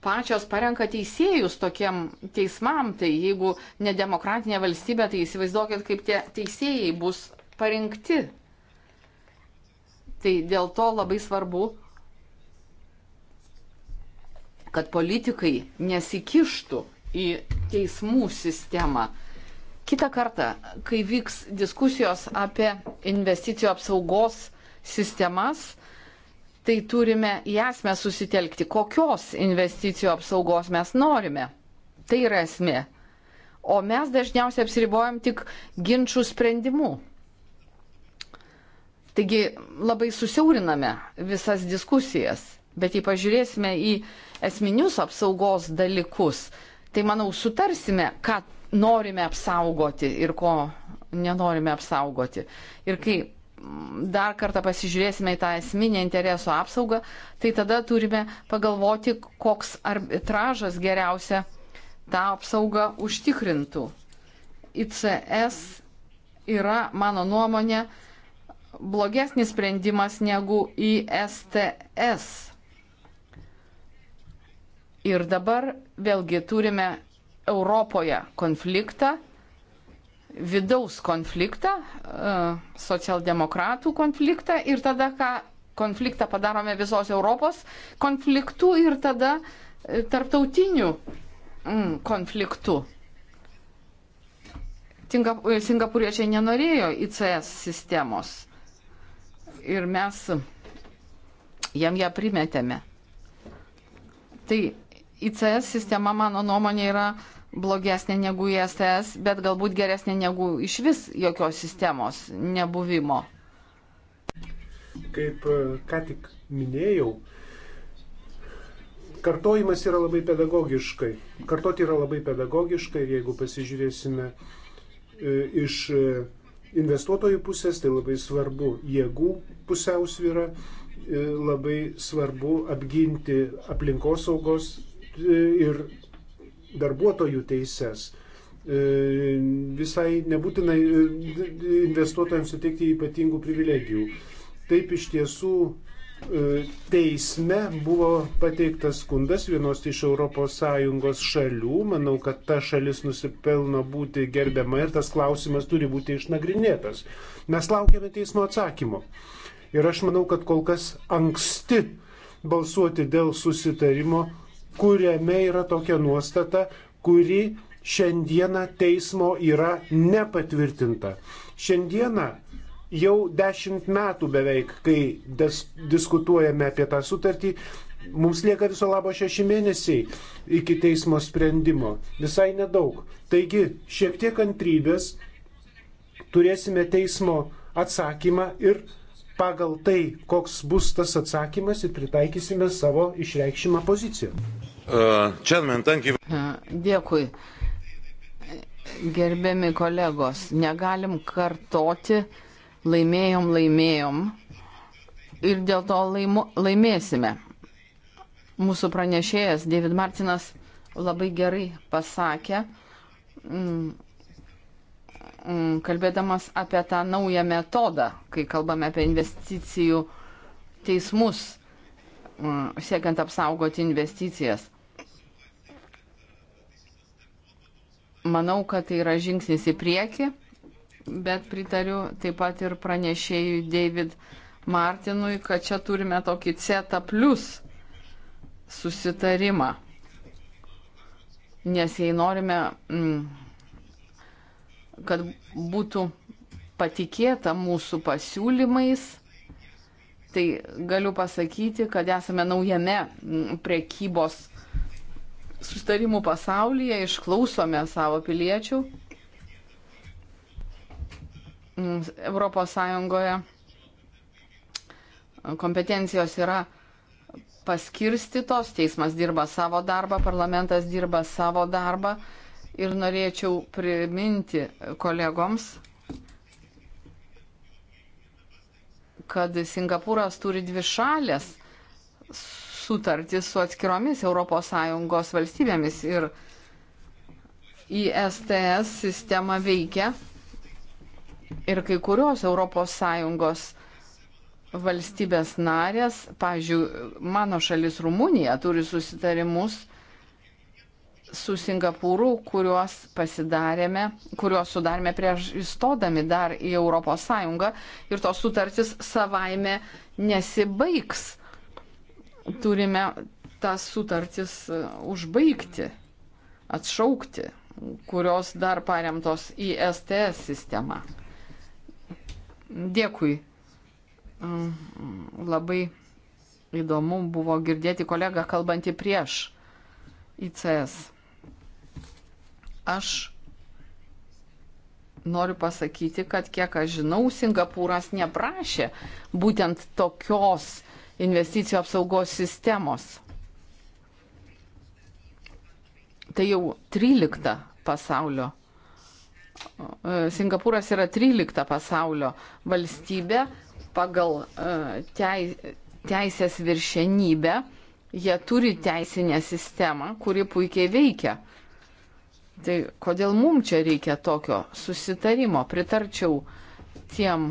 C: pačios parenka teisėjus tokiem teismam, tai jeigu nedemokratinė valstybė, tai įsivaizduokit, kaip tie teisėjai bus parinkti. Tai dėl to labai svarbu, kad politikai nesikištų į teismų sistemą Kita kartą, kai vyks diskusijos apie investicijų apsaugos sistemas, tai turime į esmę susitelkti, kokios investicijų apsaugos mes norime. Tai yra esmė. O mes dažniausiai apsiribojam tik ginčių sprendimu. Taigi labai susiauriname visas diskusijas, bet jei pažiūrėsime į esminius apsaugos dalykus, tai manau sutarsime, ką norime apsaugoti ir ko nenorime apsaugoti. Ir kai dar kartą pasižiūrėsime į tą esminę interesų apsaugą, tai tada turime pagalvoti, koks arbitražas geriausia tą apsaugą užtikrintų. ICS yra, mano nuomonė, blogesnis sprendimas negu ISTS Ir dabar vėlgi turime Europoje konfliktą, vidaus konfliktą, e, socialdemokratų konfliktą ir tada, ką konfliktą padarome visos Europos konfliktų ir tada e, tarptautinių mm, konfliktų. Singapuriečiai nenorėjo ICS sistemos ir mes jam ją primetėme. Tai ICS sistema, mano nuomonė, yra blogesnė negu ISS, bet galbūt geresnė negu iš vis jokios sistemos nebuvimo.
A: Kaip e, ką tik minėjau, kartojimas yra labai pedagogiškai. Kartoti yra labai pedagogiškai ir jeigu pasižiūrėsime e, iš e, investuotojų pusės, tai labai svarbu jėgų pusiausvyra, labai svarbu apginti aplinkosaugos ir darbuotojų teises. E, visai nebūtinai e, investuotojams suteikti ypatingų privilegijų. Taip iš tiesų e, teisme buvo pateiktas skundas vienos iš ES šalių. Manau, kad ta šalis nusipelno būti gerbiama ir tas klausimas turi būti išnagrinėtas. Mes laukiame teismo atsakymo. Ir aš manau, kad kol kas anksti balsuoti dėl susitarimo kuriame yra tokia nuostata, kuri šiandieną teismo yra nepatvirtinta. Šiandieną jau dešimt metų beveik, kai des, diskutuojame apie tą sutartį, Mums lieka viso labo šeši mėnesiai iki teismo sprendimo. Visai nedaug. Taigi, šiek tiek kantrybės turėsime teismo atsakymą ir pagal tai, koks bus tas atsakymas ir pritaikysime savo išreikšimą poziciją.
B: Chairman, thank you.
C: Dėkui. Gerbiami kolegos, negalim kartoti laimėjom, laimėjom ir dėl to laimu, laimėsime. Mūsų pranešėjas David Martinas labai gerai pasakė, mm, mm, kalbėdamas apie tą naują metodą, kai kalbame apie investicijų teismus, mm, siekiant apsaugoti investicijas. Manau, kad tai yra žingsnis į priekį, bet pritariu taip pat ir pranešėjui David Martinui, kad čia turime tokį CETA plus susitarimą. Nes jei norime, mm, kad būtų patikėta mūsų pasiūlymais, tai galiu pasakyti, kad esame naujame mm, prekybos sustarimų pasaulyje, išklausome savo piliečių. Europos Sąjungoje kompetencijos yra paskirstytos, teismas dirba savo darbą, parlamentas dirba savo darbą ir norėčiau priminti kolegoms, kad Singapūras turi dvi šalės sutartis su atskiromis ES valstybėmis ir ISTS sistema veikia ir kai kurios ES valstybės narės, pavyzdžiui, mano šalis Rumunija turi susitarimus su Singapūru, kuriuos pasidarėme, kuriuos sudarėme prieš įstodami dar į ES ir tos sutartys savaime nesibaigs turime tas sutartis e, užbaigti, atšaukti, kurios dar paremtos į STS sistemą. Dėkui. Mm, labai įdomu buvo girdėti kolegą kalbantį prieš ICS. Aš noriu pasakyti, kad kiek aš žinau, Singapūras neprašė būtent tokios investicijų apsaugos sistemos. Tai jau 13 pasaulio. E, Singapūras yra 13 pasaulio valstybė pagal e, teisės viršenybę. Jie turi teisinę sistemą, kuri puikiai veikia. Tai kodėl mums čia reikia tokio susitarimo? Pritarčiau tiem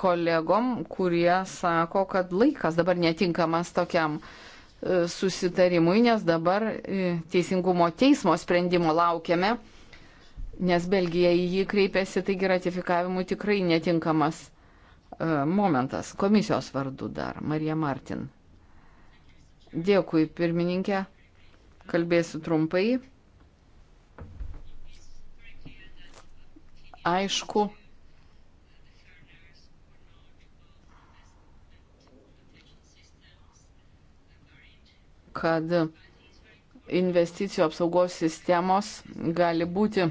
C: kolegom, kurie sako, kad laikas dabar netinkamas tokiam e, susitarimui, nes dabar e, teisingumo teismo sprendimo laukiame, nes Belgija į jį kreipėsi, taigi ratifikavimui tikrai netinkamas e, momentas. Komisijos vardu dar, Marija Martin. Dėkui, pirmininkė. Kalbėsiu trumpai. Aišku, kad investicijų apsaugos sistemos gali būti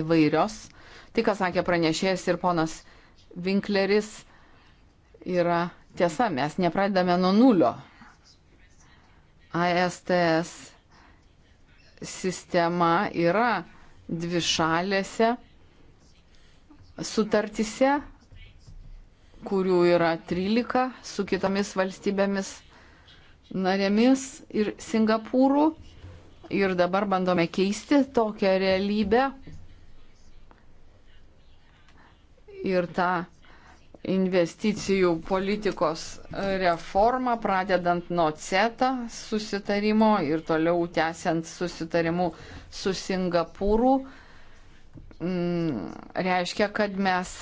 C: įvairios. Tai, ką sakė pranešėjas ir ponas Winkleris, yra tiesa, mes nepradedame nuo nulio. ASTS sistema yra dvišalėse sutartise, kurių yra 13 su kitomis valstybėmis narėmis ir Singapūrų. Ir dabar bandome keisti tokią realybę ir tą investicijų politikos reformą, pradedant nuo CETA susitarimo ir toliau tęsiant susitarimu su Singapūru, mm, reiškia, kad mes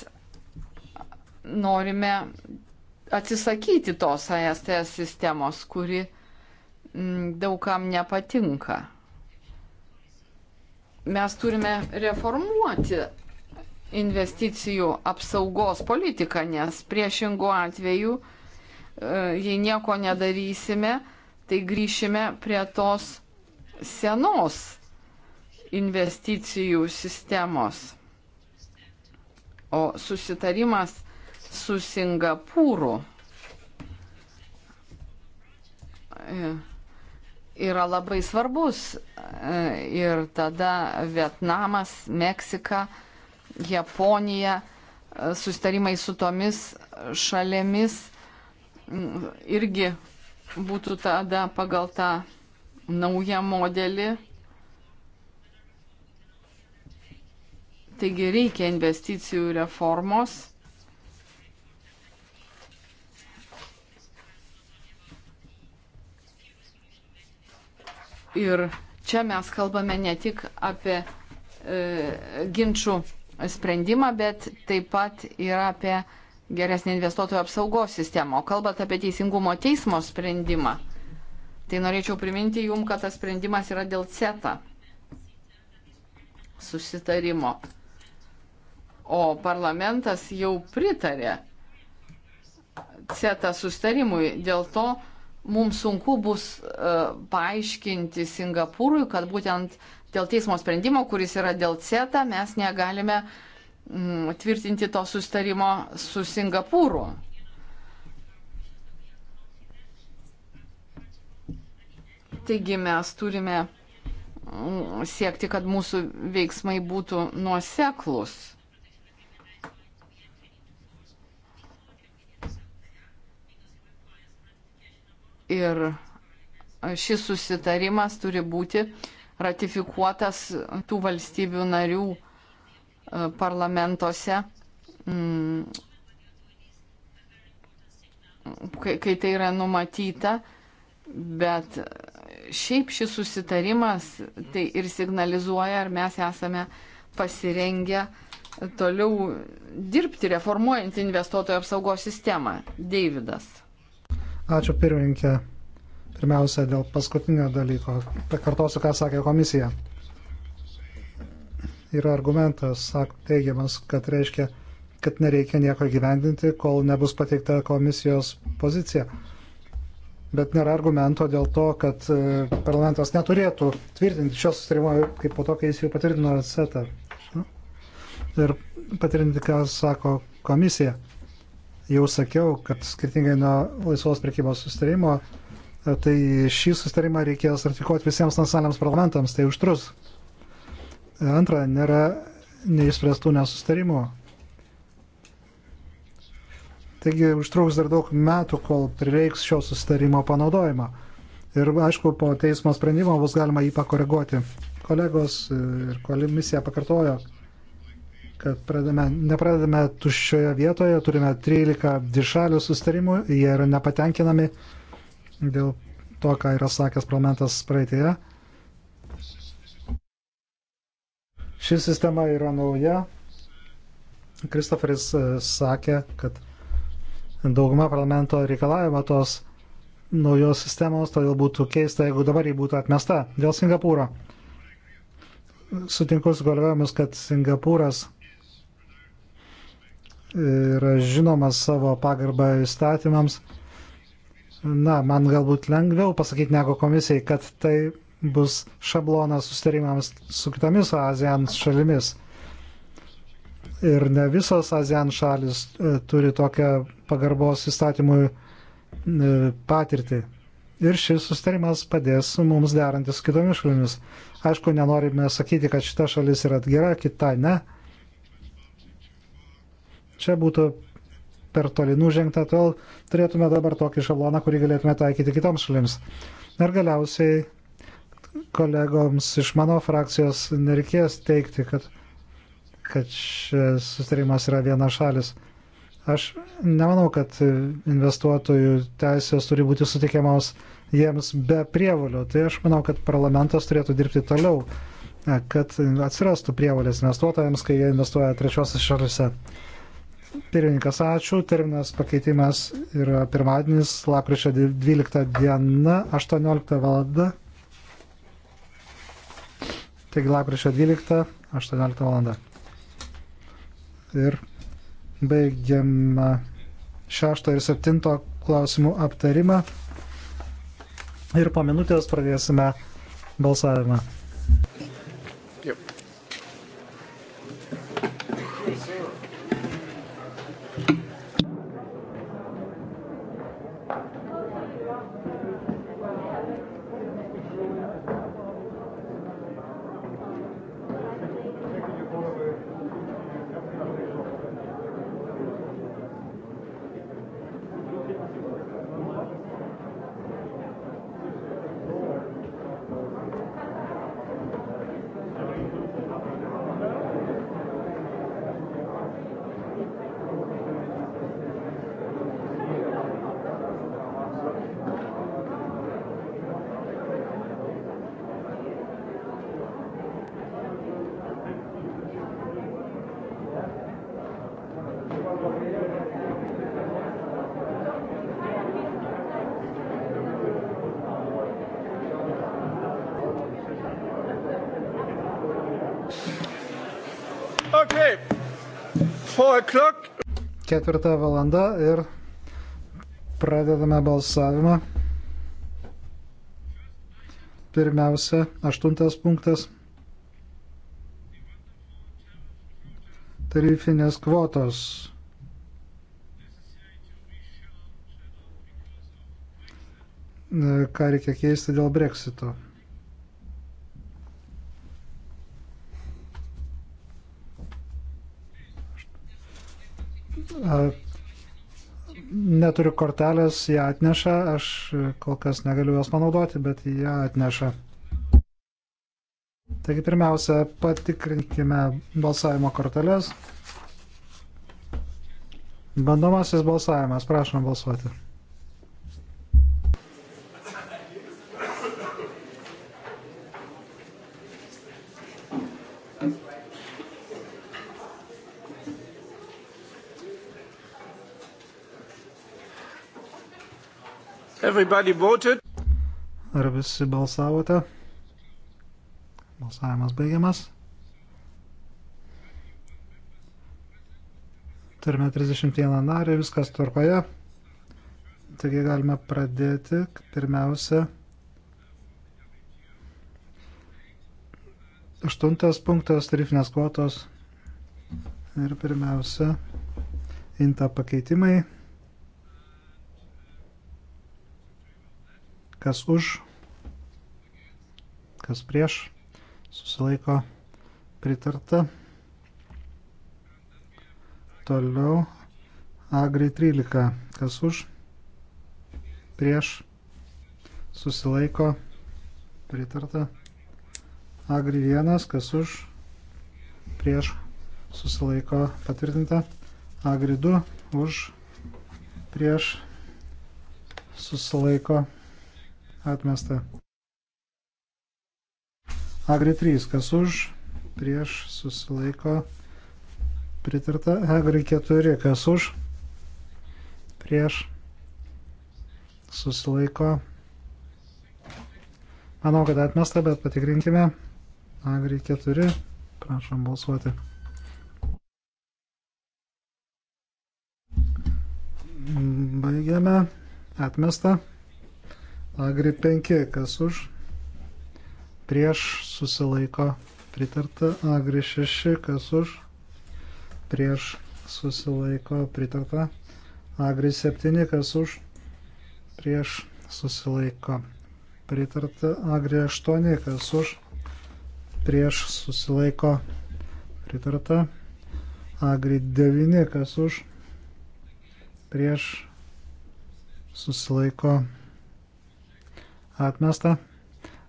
C: norime atsisakyti tos ASTS sistemos, kuri mm, daugam nepatinka. Mes turime reformuoti investicijų apsaugos politiką, nes priešingų atveju, e, jei nieko nedarysime, tai grįšime prie tos senos investicijų sistemos. O susitarimas su Singapūru e, yra labai svarbus. E, ir tada Vietnamas, Meksika, Japonija, e, sustarimai su tomis šalėmis irgi būtų tada pagal tą naują modelį. Taigi reikia investicijų reformos Ir čia mes kalbame ne tik apie e, ginčių sprendimą, bet taip pat ir apie geresnį investuotojų apsaugos sistemą. O kalbant apie teisingumo teismo sprendimą, tai norėčiau priminti jum, kad tas sprendimas yra dėl CETA susitarimo. O parlamentas jau pritarė CETA susitarimui, dėl to mums sunku bus e, paaiškinti Singapūrui, kad būtent dėl teismo sprendimo, kuris yra dėl CETA, mes negalime mm, tvirtinti to sustarimo su Singapūru. Taigi mes turime mm, siekti, kad mūsų veiksmai būtų nuoseklus. Ir šis susitarimas turi būti ratifikuotas tų valstybių narių e, parlamentuose, mm. kai tai yra numatyta, bet šiaip šis susitarimas tai ir signalizuoja, ar mes esame pasirengę toliau dirbti, reformuojant investuotojų apsaugos sistemą. Deividas.
B: Ačiū pirmininkė. Pirmiausia, dėl paskutinio dalyko. Pakartosiu, ką sakė komisija. Yra argumentas, sak, teigiamas, kad reiškia, kad nereikia nieko gyvendinti, kol nebus pateikta komisijos pozicija. Bet nėra argumento dėl to, kad e, parlamentas neturėtų tvirtinti šios sustarimo, kaip po to, kai jis jau patvirtino setą. Ir patvirtinti, ką sako komisija jau sakiau, kad skirtingai nuo laisvos prekybos sustarimo, e, tai šį sustarimą reikės ratifikuoti visiems nacionaliniams parlamentams, tai užtrus. E, antra, nėra neįspręstų nesustarimų. Taigi užtruks dar daug metų, kol prireiks šio sustarimo panaudojimo. Ir aišku, po teismo sprendimo bus galima jį pakoreguoti. Kolegos e, ir komisija pakartojo, kad pradame, nepradame tuščioje vietoje, turime 13 dišalių sustarimų, jie yra nepatenkinami dėl to, ką yra sakęs parlamentas praeitėje. Ši sistema yra nauja. Kristoferis e, sakė, kad dauguma parlamento reikalavimo tos naujos sistemos, todėl būtų keista, jeigu dabar jį būtų atmesta dėl Singapūro. Sutinku su kolegomis, kad Singapūras yra žinomas savo pagarbą įstatymams. Na, man galbūt lengviau pasakyti negu komisijai, kad tai bus šablonas sustarimams su kitomis ASEAN šalimis. Ir ne visos ASEAN šalis e, turi tokią pagarbos įstatymui e, patirtį. Ir šis sustarimas padės mums derantis su kitomis šalimis. Aišku, nenorime sakyti, kad šita šalis yra gera, kita ne čia būtų per toli nužengta, tol turėtume dabar tokį šabloną, kurį galėtume taikyti kitoms šalims. Ir galiausiai kolegoms iš mano frakcijos nereikės teikti, kad, kad šis sustarimas yra viena šalis. Aš nemanau, kad investuotojų teisės turi būti sutikiamos jiems be prievalių. Tai aš manau, kad parlamentas turėtų dirbti toliau, kad atsirastų prievalės investuotojams, kai jie investuoja trečiosios šalise. Pirmininkas, ačiū. Terminas pakeitimas yra pirmadienis, lakryčio 12 diena, 18 valanda. Taigi lakryčio 12, 18 valanda. Ir baigiam 6 ir 7 klausimų aptarimą. Ir po minutės pradėsime balsavimą. Ketvirta valanda ir pradedame balsavimą. Pirmiausia, aštuntas punktas. Tarifinės kvotos. Ką reikia keisti dėl breksito. neturiu kortelės, ją atneša, aš kol kas negaliu jos panaudoti, bet ją atneša. Taigi pirmiausia, patikrinkime balsavimo korteles. Bandomasis balsavimas, prašom balsuoti. Ar visi balsavote? Balsavimas baigiamas. Turime 31 narį, viskas tvarkoje. Taigi galime pradėti pirmiausia. Aštuntas punktas tarifinės kvotos. Ir pirmiausia, inta pakeitimai. Kas už? Kas prieš? Susilaiko pritarta. Toliau Agri 13. Kas už? Prieš? Susilaiko pritarta. Agri 1. Kas už? Prieš? Susilaiko patvirtinta. Agri 2. Už? Prieš? Susilaiko patvirtinta atmesta. Agri 3, kas už, prieš, susilaiko, pritarta. Agri 4, kas už, prieš, susilaiko. Manau, kad atmesta, bet patikrinkime. Agri 4, prašom balsuoti. Baigiame, atmesta. Agri 5, kas už, prieš susilaiko pritarta, Agri 6, kas už, prieš susilaiko pritarta, Agri 7, kas už, prieš susilaiko pritarta, Agri 8, kas už, prieš susilaiko pritarta, Agri 9, kas už, prieš susilaiko pritarta atmesta.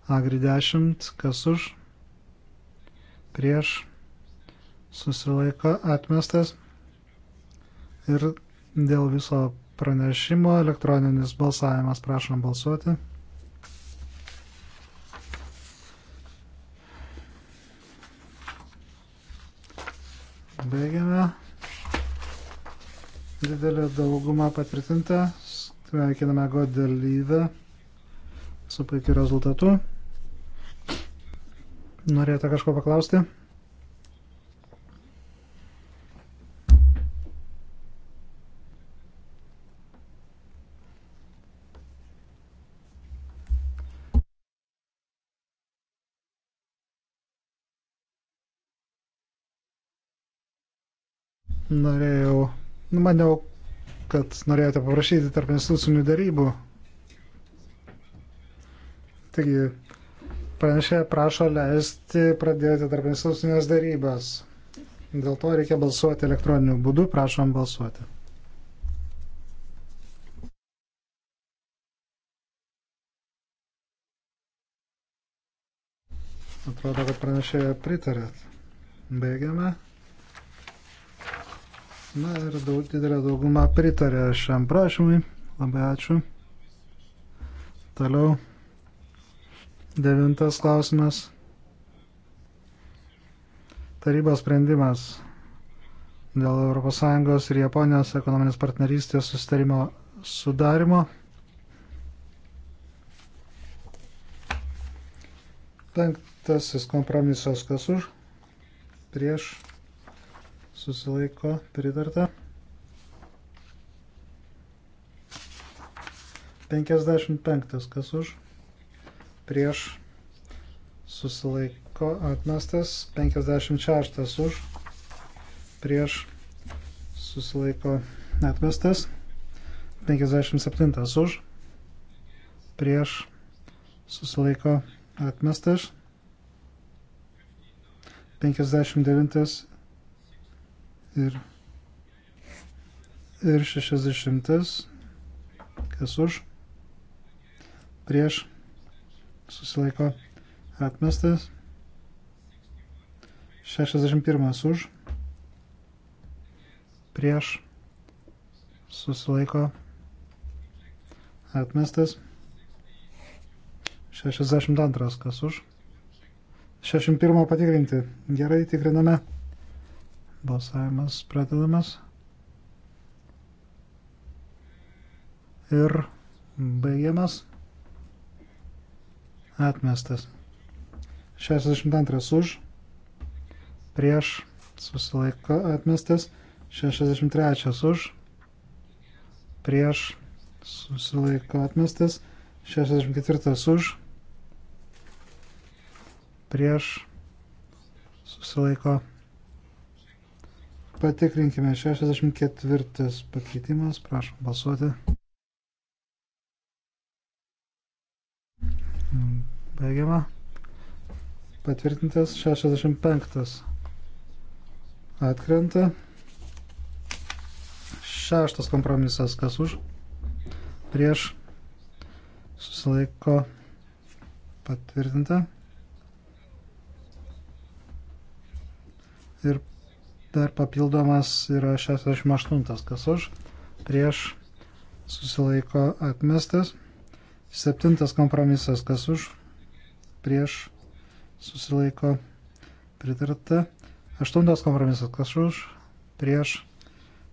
B: Agri 10, kas už, prieš, susilaiko atmestas. Ir dėl viso pranešimo elektroninis balsavimas, prašom balsuoti. Baigiame. Didelė dauguma patvirtinta. Sveikiname Godelį su puikiu rezultatu. Norėjote kažko paklausti? Norėjau, maniau, kad norėjote paprašyti tarp institucinių darybų Taigi, pranešė prašo leisti pradėti tarp institucinės darybas. Dėl to reikia balsuoti elektroniniu būdu, prašom balsuoti. Atrodo, kad pranešėjo pritarėt. Baigiame. Na ir daug, didelė dauguma pritarė šiam prašymui. Labai ačiū. Toliau. Devintas klausimas. Tarybos sprendimas dėl ES ir Japonijos ekonominės partnerystės sustarimo sudarimo. Penktasis kompromisas, kas už, prieš, susilaiko, pritarta. 55, kas už, prieš susilaiko atmestas, 56 už, prieš susilaiko atmestas, 57 už, prieš susilaiko atmestas, 59 ir, ir 60, kas už, prieš susilaiko atmestas. 61 už, prieš susilaiko atmestas. 62 kas už. 61 patikrinti. Gerai, tikriname. Balsavimas pradedamas. Ir baigiamas atmestas. 62 už, prieš susilaiko atmestas. 63 už, prieš susilaiko atmestas. 64 už, prieš susilaiko. Patikrinkime 64 pakeitimas, prašom balsuoti. Baigiama. Patvirtintas 65. Atkrenta. Šeštas kompromisas, kas už. Prieš. Susilaiko. Patvirtinta. Ir dar papildomas yra 68, kas už. Prieš. Susilaiko atmestas. Septintas kompromisas, kas už prieš susilaiko pritarta. Aštuntas kompromisas, kas už, prieš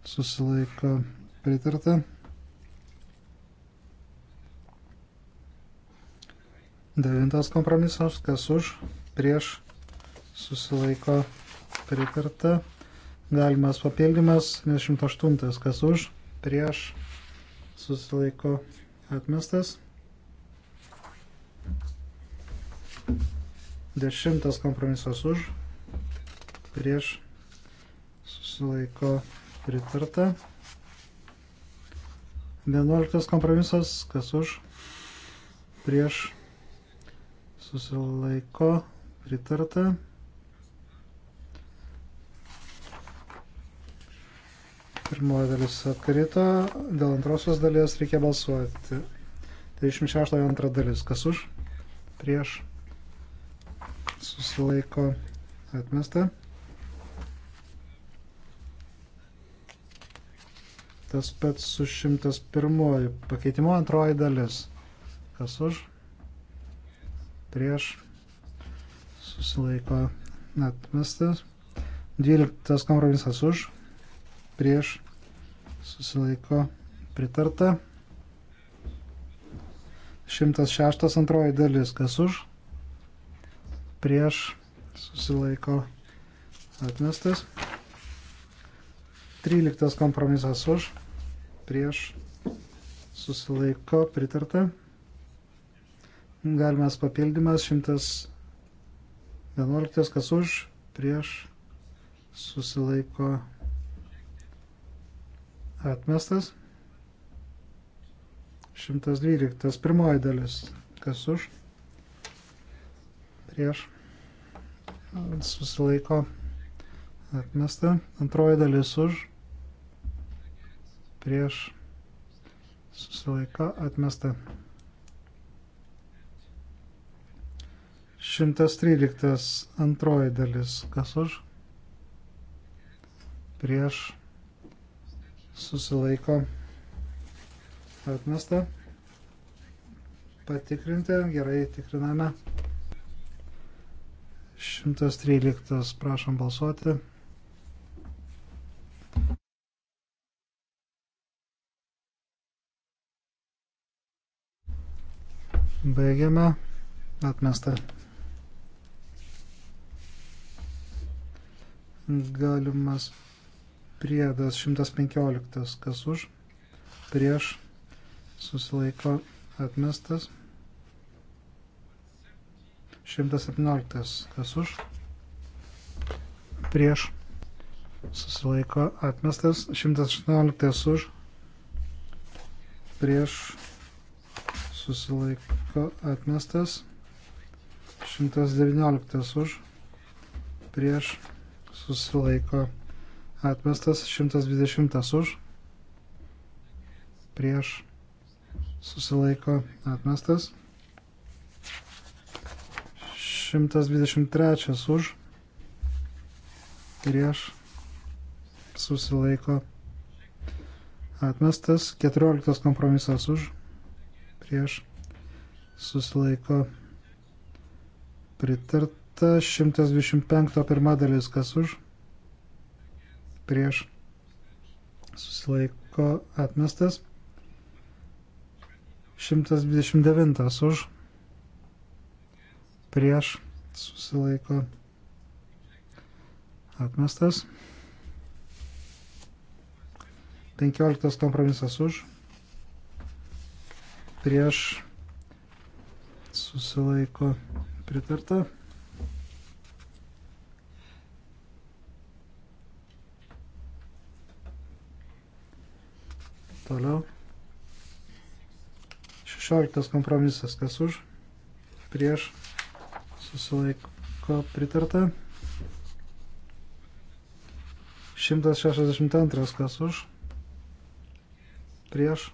B: susilaiko pritarta. Devintas kompromisas, kas už, prieš susilaiko pritarta. Galimas papildymas, 28, kas už, prieš susilaiko atmestas. Dešimtas kompromisas už, prieš susilaiko pritarta. Vienuoliktas kompromisas, kas už, prieš susilaiko pritarta. Pirmoji dalis atkrito, dėl antrosios dalies reikia balsuoti. 36 antra dalis, kas už, prieš susilaiko atmesta. Tas pats su 101 pakeitimu antroji dalis. Kas už? Prieš susilaiko atmestas. 12 kompromisas už, prieš susilaiko pritarta. 106 antroji dalis, kas už, prieš susilaiko atmestas. 13 kompromisas už prieš susilaiko pritarta. Galimas papildymas 111 kas už prieš susilaiko atmestas. 112 pirmoji dalis kas už prieš susilaiko atmesta. Antroji dalis už, prieš susilaiko atmesta. 113 antroji dalis. Kas už? Prieš susilaiko atmesta. Patikrinti. Gerai, tikriname. 113, prašom balsuoti. Baigiame. Atmesta. Galimas priedas 115, kas už, prieš, susilaiko atmestas. 117. Kas už? Prieš. Susilaiko atmestas. 118 už. Prieš. Susilaiko atmestas. 119 už. Prieš. Susilaiko atmestas. 120 už. Prieš. Susilaiko atmestas. 123 už, prieš, susilaiko, atmestas. 14 kompromisas už, prieš, susilaiko, pritarta. 125 pirma dalis, kas už, prieš, susilaiko, atmestas. 129 už prieš susilaiko atmestas. 15 kompromisas už prieš susilaiko pritarta. Toliau. 16 kompromisas kas už prieš susilaiko pritarta. 162 kas už, prieš,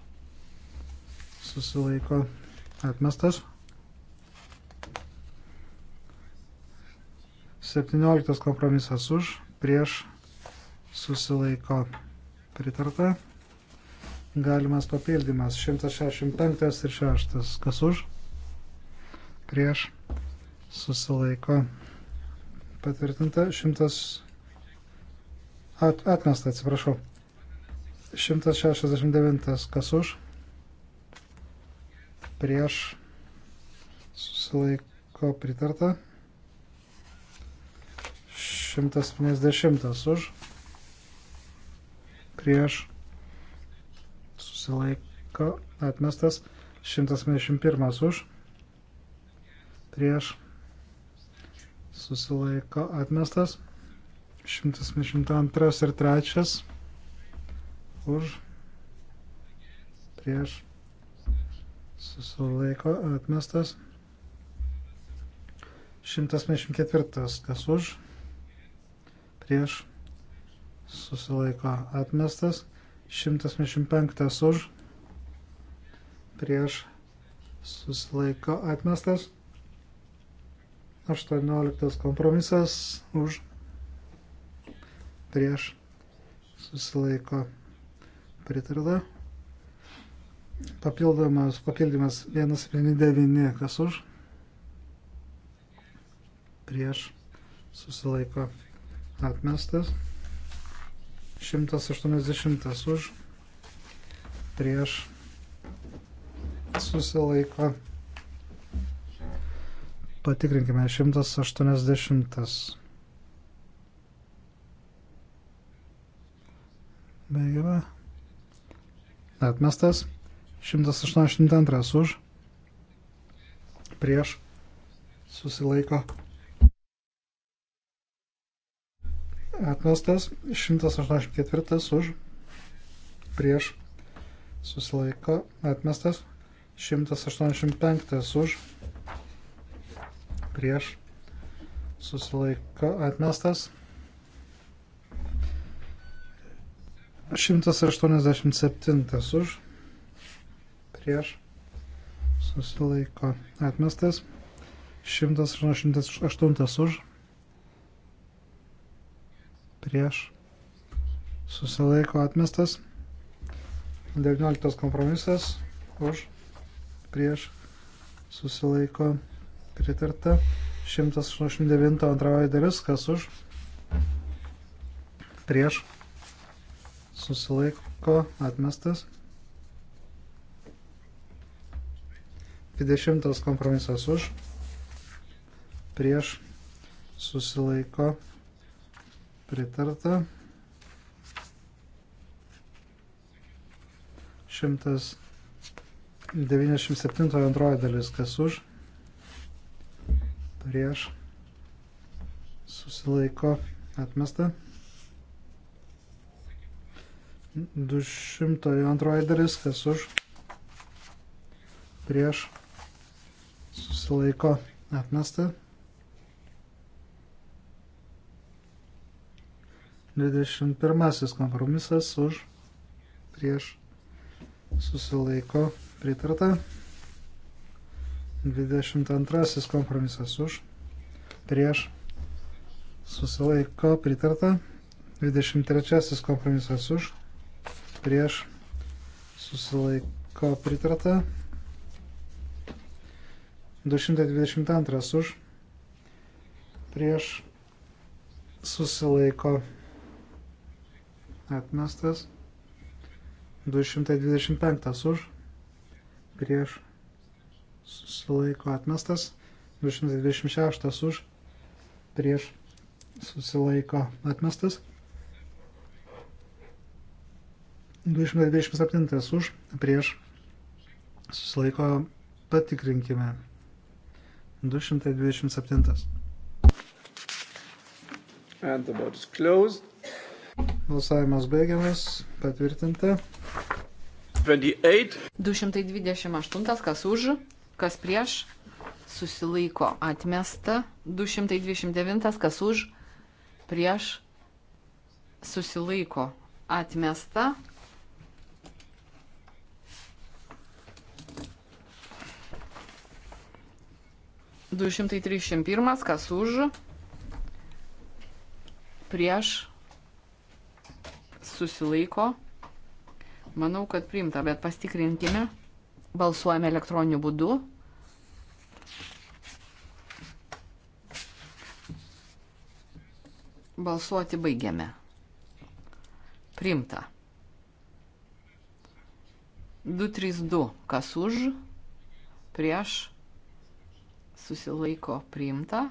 B: susilaiko atmestas. 17 kompromisas už, prieš, susilaiko pritarta. Galimas papildymas 165 ir 6 kas už, prieš, susilaiko patvirtinta, šimtas at, atmesta, atsiprašau, 169 kas už, prieš susilaiko pritarta, 150 už, prieš susilaiko atmestas, 151 už, prieš susilaiko atmestas. 122 ir 3 už prieš susilaiko atmestas. 124 kas už prieš susilaiko atmestas. 125 už prieš susilaiko atmestas. 18 kompromisas už prieš susilaiko pritarda. Papildomas, papildymas 179, kas už prieš susilaiko atmestas. 180 už prieš susilaiko atmestas Patikrinkime 180. Baigiame. Atmestas. 182 už. Prieš. Susilaiko. Atmestas. 184 už. Prieš. Susilaiko. Atmestas. 185 už prieš susilaiko atmestas. 187 už prieš susilaiko atmestas. 188 už prieš susilaiko atmestas. 19 kompromisas už prieš susilaiko atmestas pritarta. 189 antroji dalis, kas už, prieš, susilaiko, atmestas. 20 kompromisas už, prieš, susilaiko, pritarta. 197 antroji dalis, kas už, prieš susilaiko atmesta. 202 dalis, kas už prieš susilaiko atmesta. 21 kompromisas už prieš susilaiko pritarta. 22 kompromisas už, prieš, susilaiko pritarta. 23 kompromisas už, prieš, susilaiko pritarta. 222 už, prieš, susilaiko atmestas. 225 už, prieš, susilaiko atmestas, 226 už, prieš susilaiko atmestas, 227 už, prieš susilaiko patikrinkime. 227.
A: And the vote is closed.
B: Balsavimas baigiamas,
C: patvirtinta.
B: 28.
C: 228, kas už, kas prieš, susilaiko atmesta, 229, kas už, prieš, susilaiko atmesta. Du šimtai trisdešimt pirmas, kas už, prieš, susilaiko. Manau, kad priimta, bet pastikrinkime. Balsuojame elektroniniu būdu. Balsuoti baigiame. Primta. 232. Kas už? Prieš? Susilaiko priimta.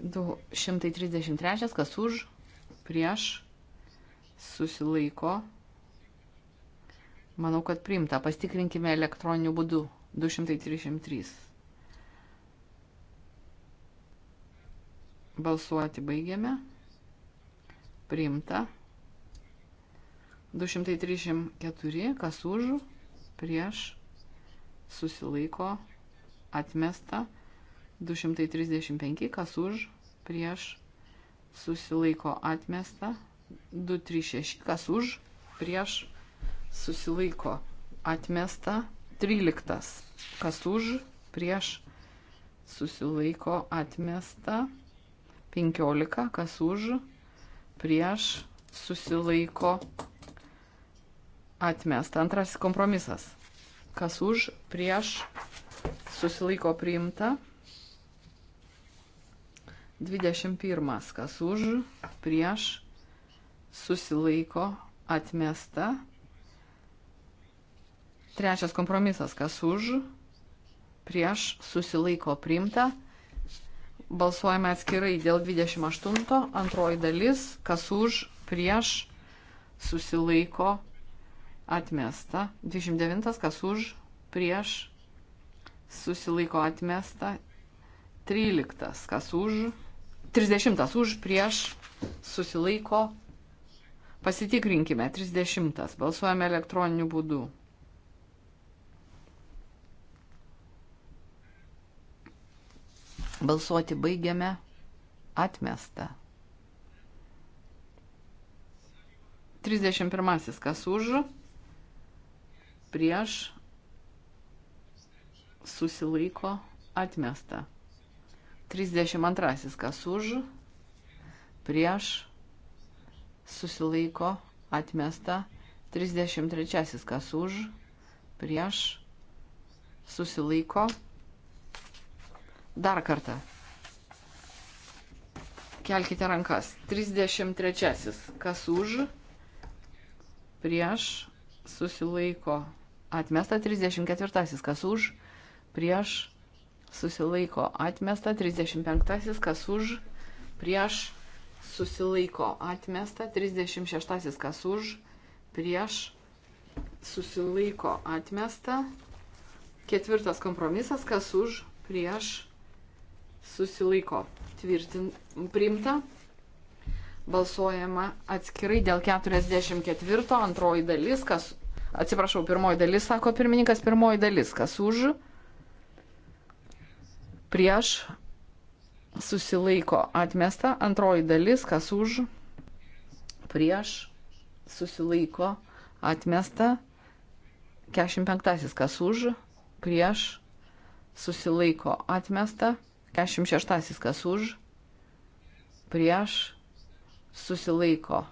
C: 233. Kas už? Prieš? Susilaiko. Manau, kad priimta. Pastikrinkime elektroniniu būdu. 233. Balsuoti baigiame. Priimta. 234, kas už, prieš, susilaiko, atmesta. 235, kas už, prieš, susilaiko, atmesta. 236, kas už, prieš, susilaiko, atmesta. 13, kas už, prieš, susilaiko, atmesta. 15, kas už, prieš, susilaiko, atmesta. Antrasis kompromisas, kas už, prieš, susilaiko priimta. 21, kas už, prieš, susilaiko, atmesta. Trečias kompromisas, kas už, prieš, susilaiko priimta. Balsuojame atskirai dėl 28, antroji dalis, kas už, prieš, susilaiko, atmesta. 29, kas už, prieš, susilaiko, atmesta. 13, kas už, 30 už, prieš, susilaiko, Pasitikrinkime 30. Balsuojame elektroniniu būdu. Balsuoti baigiame. Atmesta. 31. Kas už? Prieš. Susilaiko. Atmesta. 32. Kas už? Prieš. Susilaiko. Atmesta. 33. Kas už? Prieš. Susilaiko. Atmesta Dar kartą. Kelkite rankas. 33. Kas už, prieš, susilaiko. Atmesta 34. Kas už, prieš, susilaiko. Atmesta 35. Kas už, prieš, susilaiko. Atmesta 36. Kas už, prieš, susilaiko. Atmesta. Ketvirtas kompromisas. Kas už, prieš, susilaiko susilaiko tvirtin, priimta. Balsuojama atskirai dėl 44 antroji dalis, kas, atsiprašau, pirmoji dalis, sako pirmininkas, pirmoji dalis, kas už, prieš, susilaiko atmesta, antroji dalis, kas už, prieš, susilaiko atmesta, 45 kas už, prieš, susilaiko atmesta, 66 kas už, prieš, susilaiko.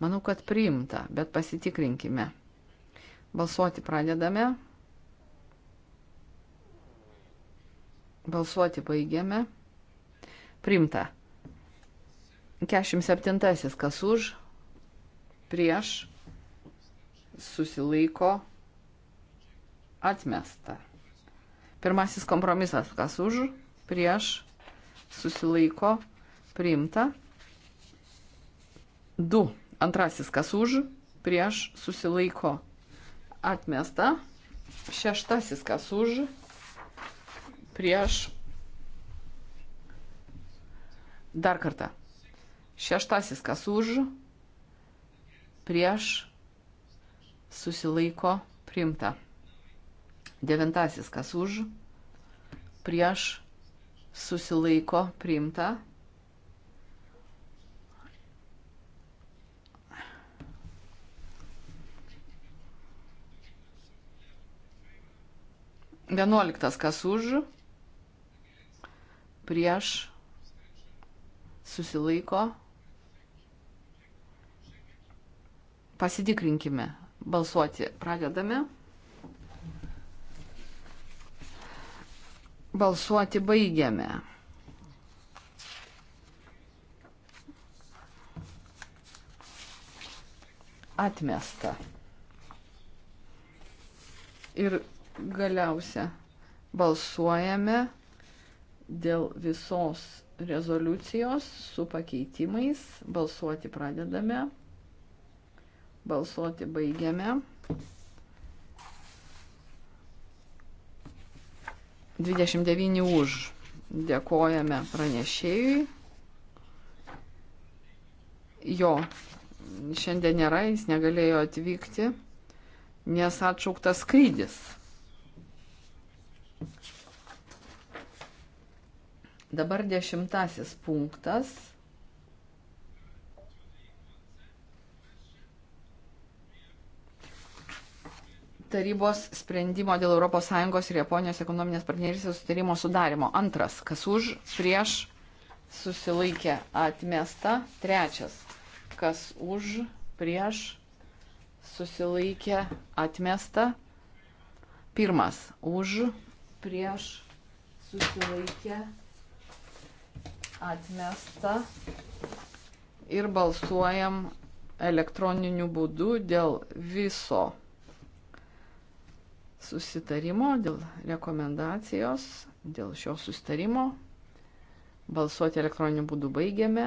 C: Manau, kad priimta, bet pasitikrinkime. Balsuoti pradedame. Balsuoti baigiame. Primta. 47. Kas už, prieš, susilaiko, atmesta. Pirmasis kompromisas. Kas už, prieš susilaiko priimta. 2. Antrasis kas už prieš susilaiko atmesta. Šeštasis kas už prieš. Dar kartą. Šeštasis kas už prieš susilaiko priimta. Devintasis kas už prieš susilaiko priimta. Vienuoliktas kas už, prieš, susilaiko. Pasitikrinkime, balsuoti pradedame. Balsuoti baigiame. Atmesta. Ir galiausia balsuojame dėl visos rezoliucijos su pakeitimais. Balsuoti pradedame. Balsuoti baigiame. 29 už. Dėkojame pranešėjui. Jo šiandien nėra, jis negalėjo atvykti, nes atšauktas skrydis. Dabar dešimtasis punktas. tarybos sprendimo dėl ES ir Japonijos ekonominės partnerystės sutarimo sudarimo. Antras, kas už, prieš, susilaikė, atmesta. Trečias, kas už, prieš, susilaikė, atmesta. Pirmas, už, prieš, susilaikė, atmesta. Ir balsuojam elektroniniu būdu dėl viso susitarimo, dėl rekomendacijos, dėl šio susitarimo. Balsuoti elektroniniu būdu baigiame.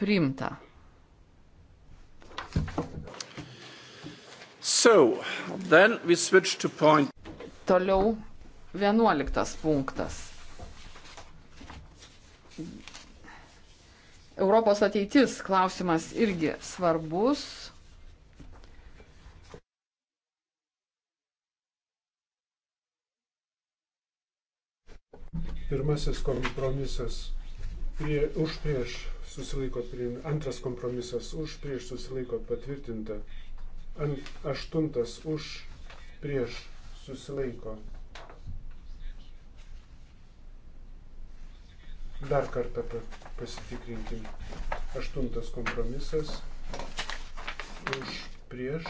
C: Primta. So, then we switch to point. Toliau 11 punktas. Europos ateitis klausimas irgi svarbus
A: Pirmasis kompromisas prie, už prieš susilaiko priimta. Antras kompromisas už prieš susilaiko patvirtinta. Ant, aštuntas už prieš susilaiko. Dar kartą pasitikrinkim. Aštuntas kompromisas už prieš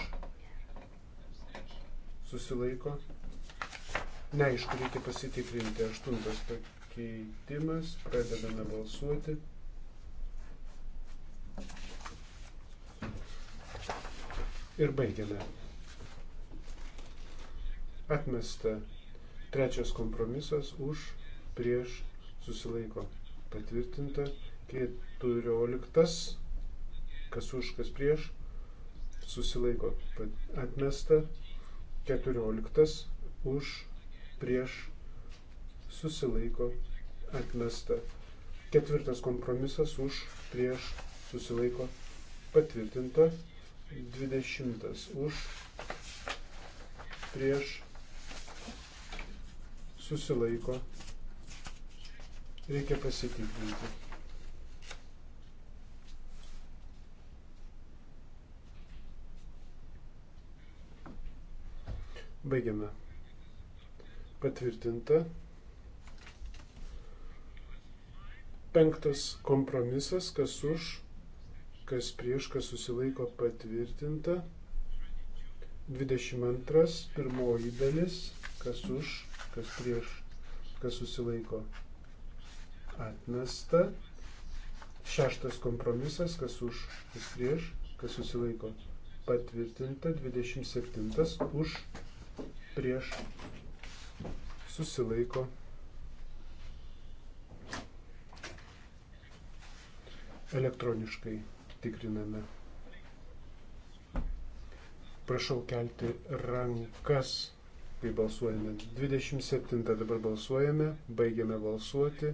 A: susilaiko Neaišku, reikia pasitikrinti. Aštuntas pakeitimas. Pradedame balsuoti. Ir baigiame. Atmesta. Trečias kompromisas už, prieš, susilaiko. Patvirtinta. Keturioliktas. Kas už, kas prieš. Susilaiko. Atmesta. Keturioliktas už, prieš susilaiko atmesta. Ketvirtas kompromisas už prieš susilaiko patvirtinta. Dvidešimtas už prieš susilaiko. Reikia pasitikrinti. Baigiame patvirtinta. Penktas kompromisas, kas už, kas prieš, kas susilaiko patvirtinta. 22, pirmoji dalis, kas už, kas prieš, kas susilaiko atmesta. Šeštas kompromisas, kas už, kas prieš, kas susilaiko patvirtinta. 27, už, prieš, susilaiko. Elektroniškai tikriname. Prašau kelti rankas, kai balsuojame. 27 dabar balsuojame, baigiame balsuoti.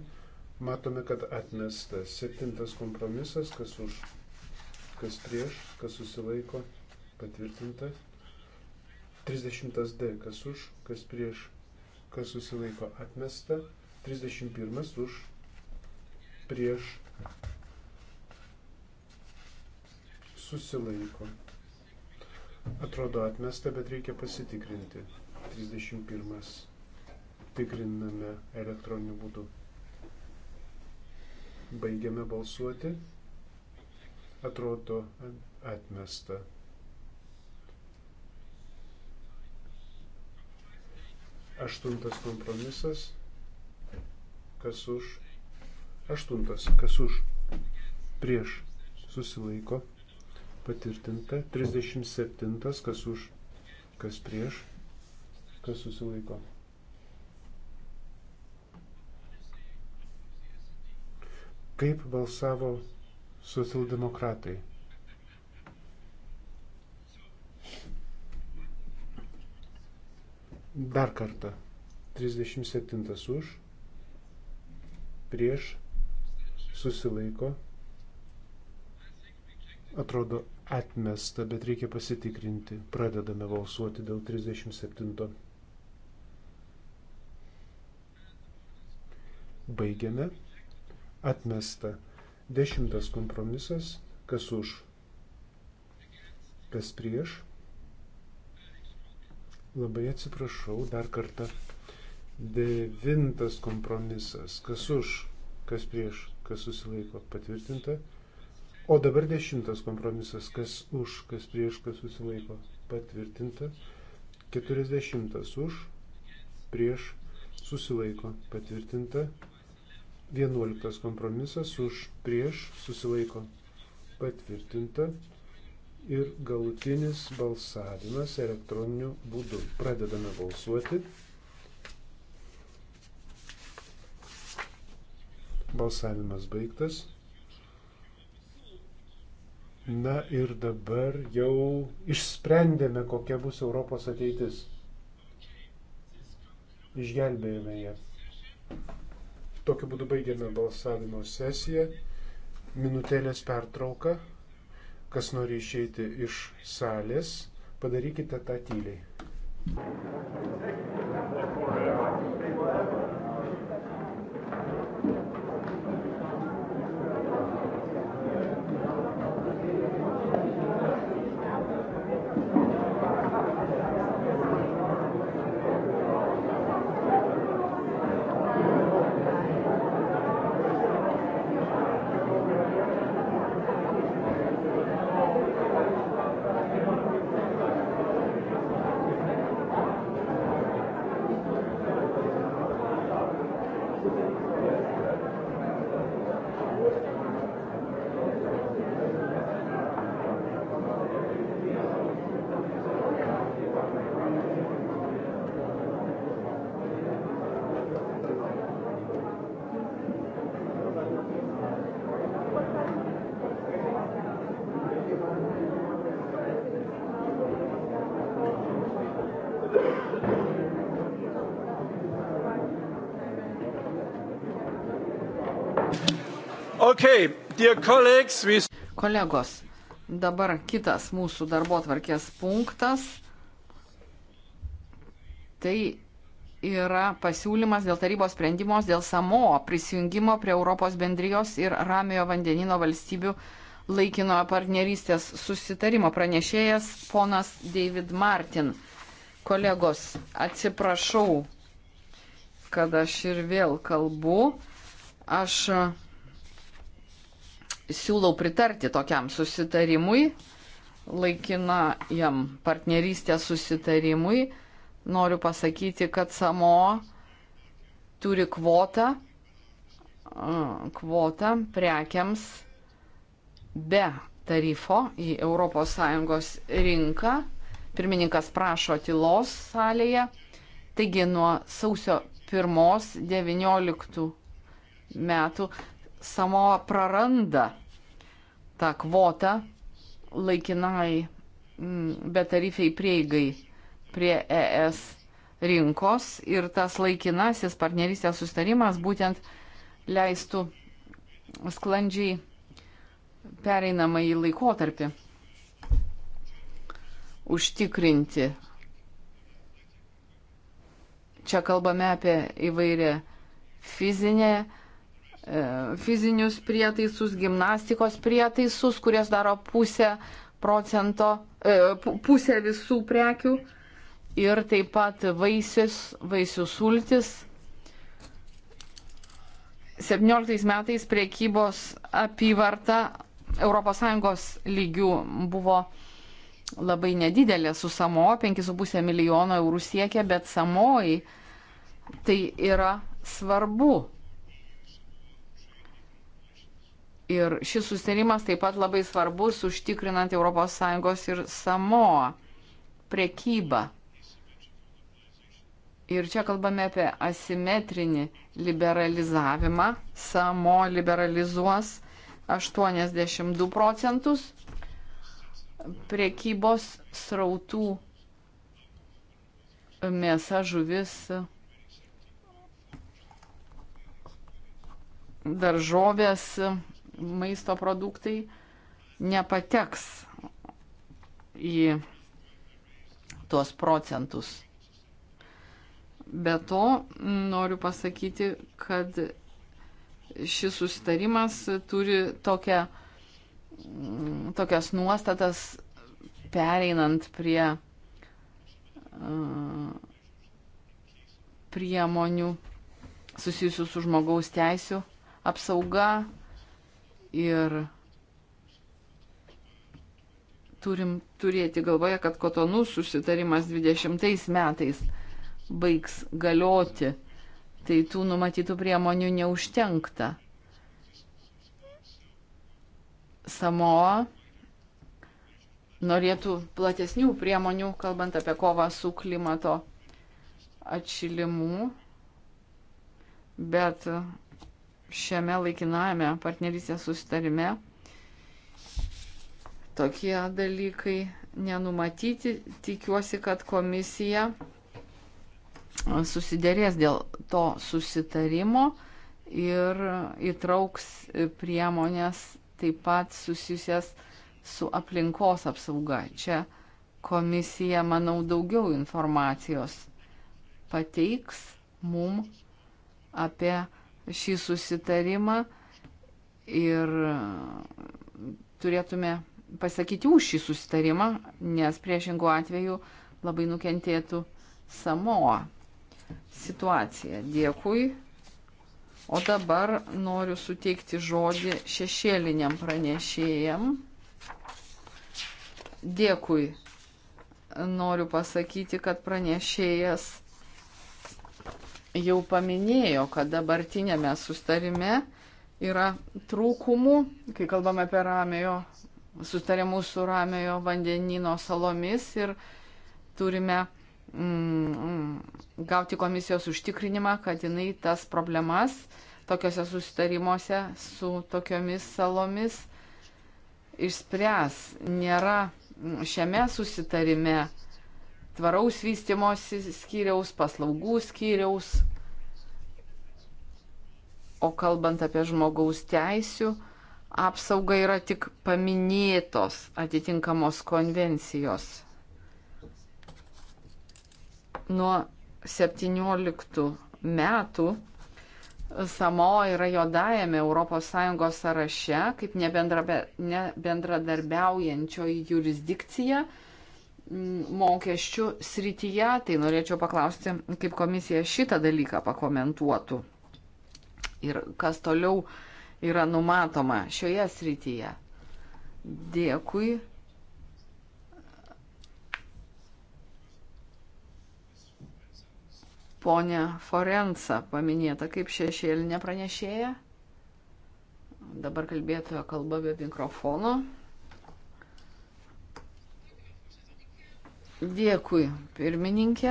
A: Matome, kad atmestas septintas kompromisas, kas už, kas prieš, kas susilaiko, patvirtintas. 30 D, kas už, kas prieš, kas susilaiko atmesta, 31 už prieš susilaiko. Atrodo atmesta, bet reikia pasitikrinti. 31. Tikriname elektroniniu būdu. Baigiame balsuoti. Atrodo atmesta. Aštuntas kompromisas. Kas už? Aštuntas. Kas už? Prieš. Susilaiko. Patvirtinta. 37. Kas už? Kas prieš? Kas susilaiko? Kaip balsavo socialdemokratai? Dar kartą. 37 už. Prieš. Susilaiko. Atrodo atmesta, bet reikia pasitikrinti. Pradedame balsuoti dėl 37. Baigiame. Atmesta. Dešimtas kompromisas. Kas už? Kas prieš? Labai atsiprašau dar kartą. Devintas kompromisas. Kas už, kas prieš, kas susilaiko patvirtinta. O dabar dešimtas kompromisas. Kas už, kas prieš, kas susilaiko patvirtinta. Keturiasdešimtas už, prieš, susilaiko patvirtinta. Vienuoliktas kompromisas už, prieš, susilaiko patvirtinta ir galutinis balsavimas elektroniniu būdu. Pradedame balsuoti. Balsavimas baigtas. Na ir dabar jau išsprendėme, kokia bus Europos ateitis. Išgelbėjome ją. Tokiu būdu baigėme balsavimo sesiją. Minutėlės pertrauka. Kas nori išeiti iš salės, padarykite tą tyliai.
C: Okay, we... Kolegos, dabar kitas mūsų darbo tvarkės punktas. Tai yra pasiūlymas dėl tarybos sprendimos dėl samo prisijungimo prie Europos bendrijos ir Ramiojo vandenino valstybių laikinojo partnerystės susitarimo pranešėjas ponas David Martin. Kolegos, atsiprašau, kad aš ir vėl kalbu. Aš siūlau pritarti tokiam susitarimui, laikinajam partnerystės susitarimui. Noriu pasakyti, kad Samoa turi kvotą, kvotą prekiams be tarifo į ES rinką. Pirmininkas prašo tylos salėje. Taigi nuo sausio 1-19 metų Samoa praranda tą kvotą laikinai mm, betarifiai prieigai prie ES rinkos ir tas laikinasis partnerystės sustarimas būtent leistų sklandžiai pereinamą į laikotarpį užtikrinti. Čia kalbame apie įvairią fizinę E, fizinius prietaisus, gimnastikos prietaisus, kurie daro pusę, procento, e, pusę visų prekių ir taip pat vaisius, vaisių sultis. 17 metais priekybos apyvarta ES lygių buvo labai nedidelė su Samo, 5,5 milijono eurų siekia, bet Samoji tai yra svarbu Ir šis susitarimas taip pat labai svarbus užtikrinant ES ir Samoa prekybą. Ir čia kalbame apie asimetrinį liberalizavimą. Samo liberalizuos 82 procentus prekybos srautų mėsa žuvis daržovės maisto produktai nepateks į tuos procentus. Be to noriu pasakyti, kad šis susitarimas turi tokią, tokias nuostatas pereinant prie priemonių susijusių su žmogaus teisų apsauga, Ir turim turėti galvoje, kad kotonų susitarimas 20 metais baigs galioti, tai tų numatytų priemonių neužtenkta. Samoa norėtų platesnių priemonių, kalbant apie kovą su klimato atšilimu, bet šiame laikinajame partnerystės sustarime tokie dalykai nenumatyti. Tikiuosi, kad komisija susidėrės dėl to susitarimo ir įtrauks priemonės taip pat susijusias su aplinkos apsauga. Čia komisija, manau, daugiau informacijos pateiks mum apie šį susitarimą ir turėtume pasakyti už šį susitarimą, nes priešingų atveju labai nukentėtų Samoa situacija. Dėkui. O dabar noriu suteikti žodį šešėliniam pranešėjam. Dėkui. Noriu pasakyti, kad pranešėjas jau paminėjo, kad dabartinėme sustarime yra trūkumų, kai kalbame apie ramėjo, sustarimus su ramėjo vandenino salomis ir turime mm, gauti komisijos užtikrinimą, kad jinai tas problemas tokiuose sustarimuose su tokiomis salomis išspręs. Nėra mm, šiame susitarime tvaraus vystimosi skyriaus, paslaugų skyriaus. O kalbant apie žmogaus teisių, apsauga yra tik paminėtos atitinkamos konvencijos. Nuo 17 metų Samo yra jodajame ES sąraše kaip nebendradarbiaujančioji jurisdikcija mokesčių srityje, tai norėčiau paklausti, kaip komisija šitą dalyką pakomentuotų ir kas toliau yra numatoma šioje srityje. Dėkui. Pone Forensa paminėta kaip šešėlinė pranešėja. Dabar kalbėtojo kalba be mikrofono. Dėkui, pirmininkė.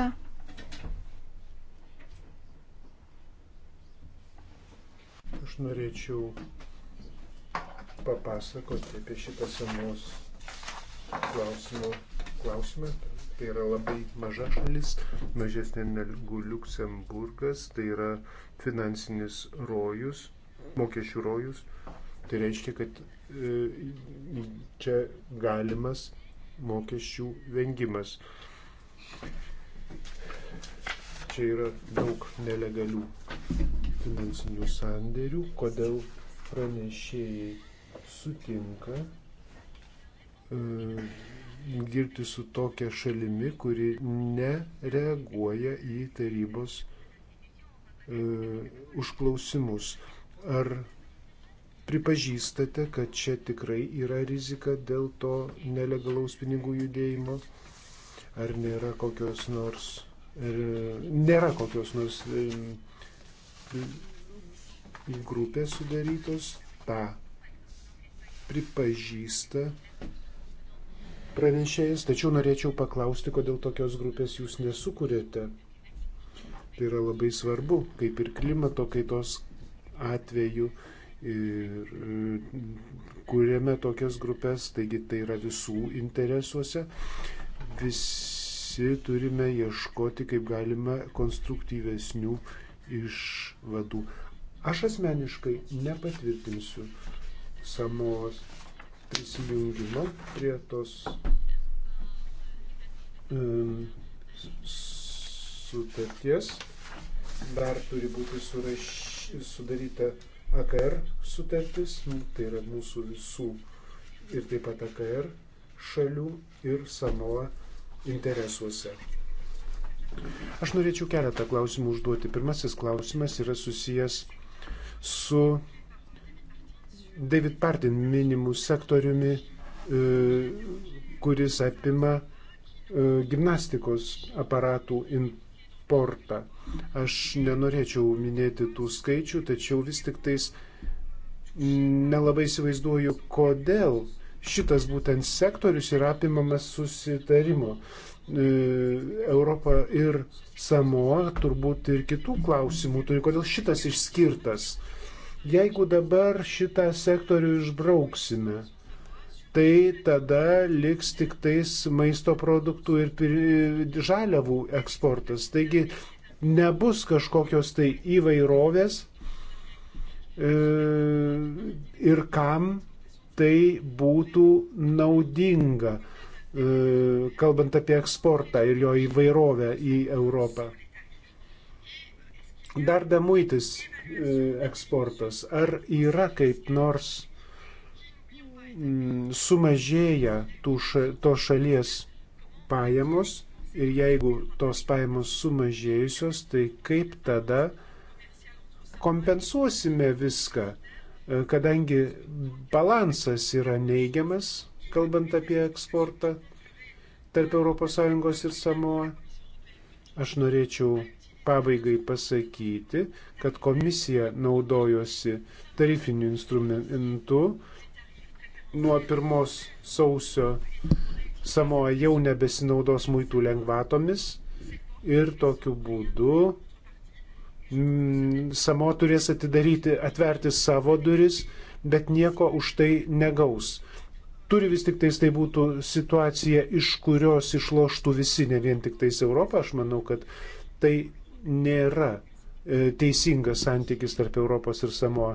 A: Aš norėčiau papasakoti apie šitą senos klausimo klausimą. Tai yra labai maža šalis, mažesnė negu Luksemburgas, tai yra finansinis rojus, mokesčių rojus. Tai reiškia, kad e, čia galimas mokesčių vengimas. Čia yra daug nelegalių finansinių sandėrių, kodėl pranešėjai sutinka e, dirbti su tokia šalimi, kuri nereaguoja į tarybos e, užklausimus. Ar pripažįstate, kad čia tikrai yra rizika dėl to nelegalaus pinigų judėjimo? Ar nėra kokios nors, ar, nėra kokios nors grupės sudarytos? Ta pripažįsta pranešėjas, tačiau norėčiau paklausti, kodėl tokios grupės jūs nesukūrėte. Tai yra labai svarbu, kaip ir klimato kaitos atveju ir e, kuriame tokias grupės, taigi tai yra visų interesuose. Visi turime ieškoti, kaip galima, konstruktyvesnių išvadų. Aš asmeniškai nepatvirtinsiu samos prisijungimo prie tos um, sutarties. Dar turi būti suraš... sudaryta uh, AKR sutartis, nu, tai yra mūsų visų ir taip pat AKR šalių ir Samoa interesuose. Aš norėčiau keletą klausimų užduoti. Pirmasis klausimas yra susijęs su David Partin minimų sektoriumi, e, kuris apima e, gimnastikos aparatų importą transportą. Aš nenorėčiau minėti tų skaičių, tačiau vis tik tais nelabai įsivaizduoju, kodėl šitas būtent sektorius yra apimamas susitarimo. E, Europą ir Samoa turbūt ir kitų klausimų turi, kodėl šitas išskirtas. Jeigu dabar šitą sektorių išbrauksime, tai tada liks tik tais maisto produktų ir žaliavų eksportas. Taigi nebus kažkokios tai įvairovės e, ir kam tai būtų naudinga, e, kalbant apie eksportą ir jo įvairovę į Europą. Dar be muitis e, eksportas. Ar yra kaip nors Mm, sumažėja tų, tos šalies pajamos ir jeigu tos pajamos sumažėjusios, tai kaip tada kompensuosime viską, e, kadangi balansas yra neigiamas, kalbant apie eksportą tarp ES ir Samoa. Aš norėčiau pabaigai pasakyti, kad komisija naudojosi tarifiniu instrumentu, nuo 1 sausio Samoa jau nebesinaudos muitų lengvatomis ir tokiu būdu mm, Samo turės atidaryti, atverti savo duris, bet nieko už tai negaus. Turi vis tik tais tai būtų situacija, iš kurios išloštų visi, ne vien tik tais Europą. Aš manau, kad tai nėra e, teisingas santykis tarp Europos ir Samoa.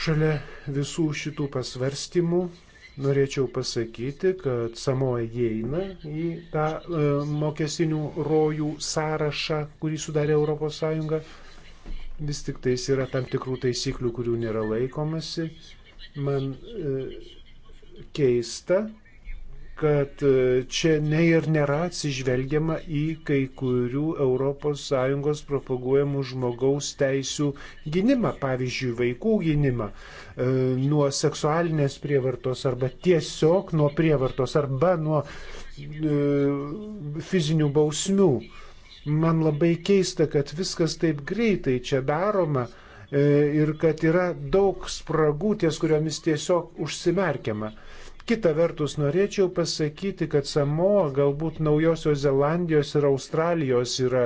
A: Šalia visų šitų pasvarstymų norėčiau pasakyti, kad Samoa įeina į tą e, mokesinių rojų sąrašą, kurį sudarė ES. Vis tik tais yra tam tikrų taisyklių, kurių nėra laikomasi. Man e, keista, kad e, čia ne ir nėra atsižvelgiama į kai kurių ES propaguojamų žmogaus teisų gynimą, pavyzdžiui, vaikų gynimą e, nuo seksualinės prievartos arba tiesiog nuo prievartos arba nuo e, fizinių bausmių. Man labai keista, kad viskas taip greitai čia daroma ir kad yra daug spragų, ties kuriomis tiesiog užsimerkiama. Kita vertus, norėčiau pasakyti, kad Samoa galbūt Naujosios Zelandijos ir Australijos yra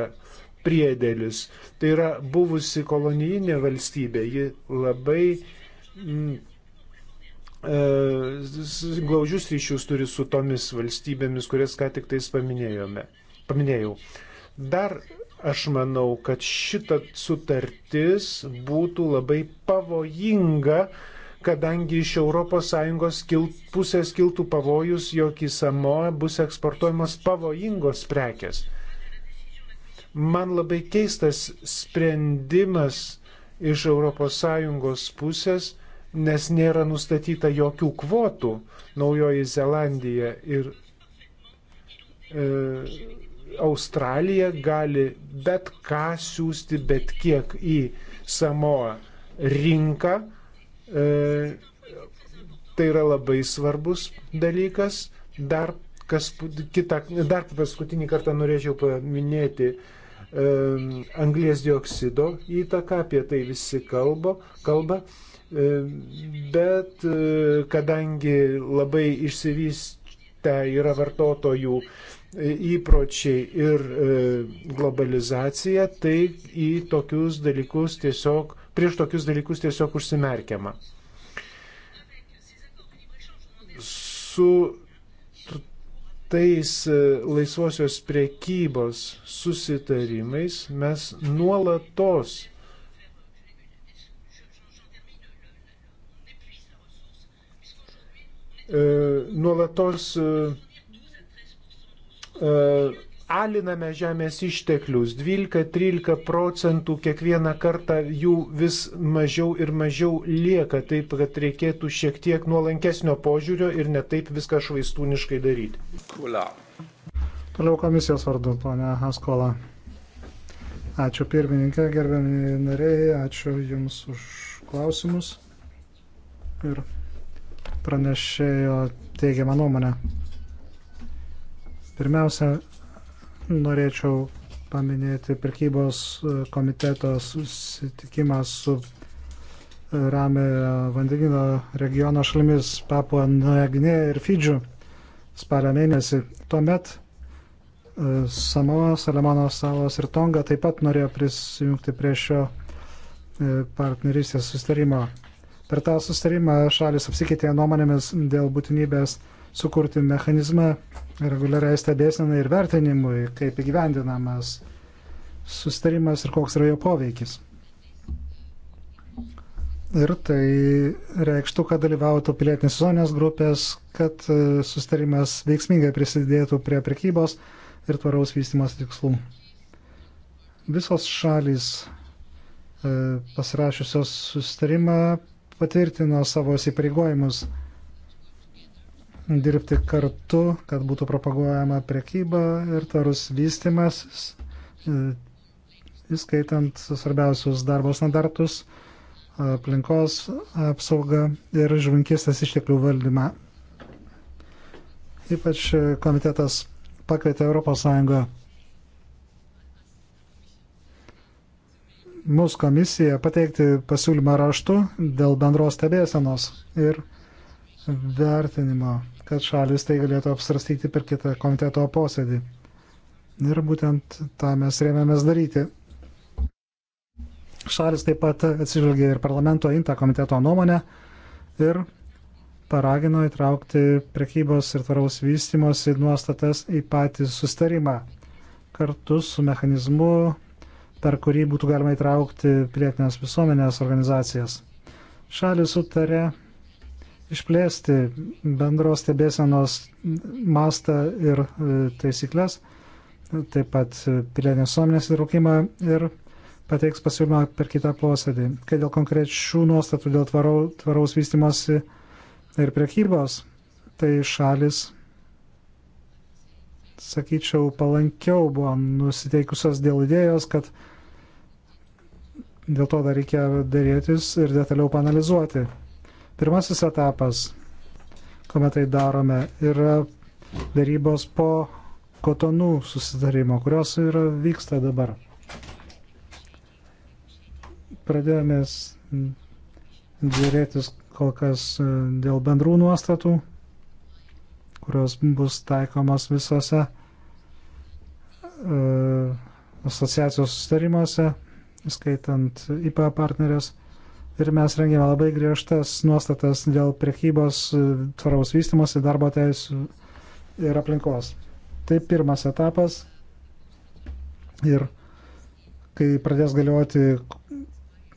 A: priedėlis. Tai yra buvusi kolonijinė valstybė. Ji labai mm, e, glaužius ryšius turi su tomis valstybėmis, kurias ką tik tais paminėjome. paminėjau. Dar aš manau, kad šita sutartis būtų labai pavojinga, kadangi iš ES kilt, pusės kiltų pavojus, jog į Samoą bus eksportuojamos pavojingos prekes. Man labai keistas sprendimas iš ES pusės, nes nėra nustatyta jokių kvotų Naujoji Zelandija ir e, Australija gali bet ką siūsti, bet kiek į Samoą rinką, E, tai yra labai svarbus dalykas. Dar, kas, kita, dar paskutinį kartą norėčiau paminėti e, anglės dioksido įtaką, apie tai visi kalbo, kalba, e, bet kadangi labai išsivystę yra vartotojų įpročiai ir globalizacija, tai į tokius dalykus tiesiog prieš tokius dalykus tiesiog užsimerkiama. Su tais e, laisvosios priekybos susitarimais mes nuolatos e, nuolatos e, aliname žemės išteklius 12-13 procentų kiekvieną kartą jų vis mažiau ir mažiau lieka, taip kad reikėtų šiek tiek nuolankesnio požiūrio ir netaip viską švaistūniškai daryti. Kula.
B: Toliau komisijos vardu, ponia Haskola. Ačiū pirmininkė, gerbiami nariai, ačiū Jums už klausimus ir pranešėjo teigiamą nuomonę. Pirmiausia, norėčiau paminėti prekybos e, komiteto susitikimą su e, Ramė vandenino regiono šalimis Papua Nuegnėje ir Fidžių spalio mėnesį. Tuomet e, Samoa, Salemono salos ir Tonga taip pat norėjo prisijungti prie šio partnerystės sustarimo. Per tą sustarimą šalis apsikeitė nuomonėmis dėl būtinybės sukurti mechanizmą reguliariai stebėsinai ir vertinimui, kaip įgyvendinamas sustarimas ir koks yra jo poveikis. Ir tai reikštų, kad dalyvautų pilietinės zonės grupės, kad e, sustarimas veiksmingai prisidėtų prie prekybos ir tvaraus vystimos tikslų. Visos šalys e, pasirašiusios sustarimą patvirtino savo įsipareigojimus dirbti kartu, kad būtų propaguojama prekyba ir tvarus vystimasis, e, įskaitant svarbiausius darbo standartus, aplinkos apsaugą ir žuvinkistės išteklių valdymą. Ypač komitetas pakvietė ES mūsų komisiją pateikti pasiūlymą raštu dėl bendros stebėsenos ir vertinimo kad šalis tai galėtų apsvarstyti per kitą komiteto posėdį. Ir būtent tą mes rėmėmės daryti. Šalis taip pat atsižvelgė ir parlamento intą komiteto nuomonę ir paragino įtraukti prekybos ir tvaraus vystimosi nuostatas į patį sustarimą kartu su mechanizmu, per kurį būtų galima įtraukti pilietinės visuomenės organizacijas. Šalis sutarė išplėsti bendros stebėsenos mastą ir e, taisyklės, taip pat e, pilietinės suomenės įtraukimą ir pateiks pasiūlymą per kitą posėdį. Kai dėl konkrečių nuostatų dėl tvarau, tvaraus vystimosi ir prekybos, tai šalis, sakyčiau, palankiau buvo nusiteikusios dėl idėjos, kad dėl to dar reikia dėrėtis ir detaliau panalizuoti. Pirmasis etapas, kuomet tai darome, yra darybos po kotonų susidarimo, kurios yra vyksta dabar. Pradėjome dėrėtis kol kas e, dėl bendrų nuostatų, kurios bus taikomas visose e, asociacijos sustarimuose, skaitant IPA partnerės ir mes rengėme labai griežtas nuostatas dėl priekybos, tvaraus vystimosi, darbo teisų ir aplinkos. Tai pirmas etapas ir kai pradės galioti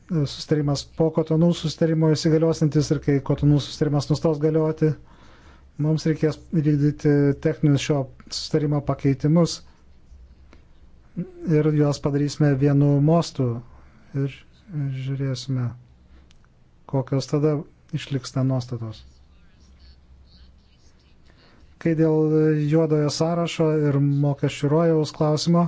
B: sustarimas po kotonų sustarimo įsigaliosintis ir kai kotonų sustarimas nustos galioti, mums reikės vykdyti techninius šio sustarimo pakeitimus ir juos padarysime vienu mostu ir žiūrėsime kokios tada išliks ten nuostatos. Kai dėl juodojo sąrašo ir mokesčių rojaus klausimo,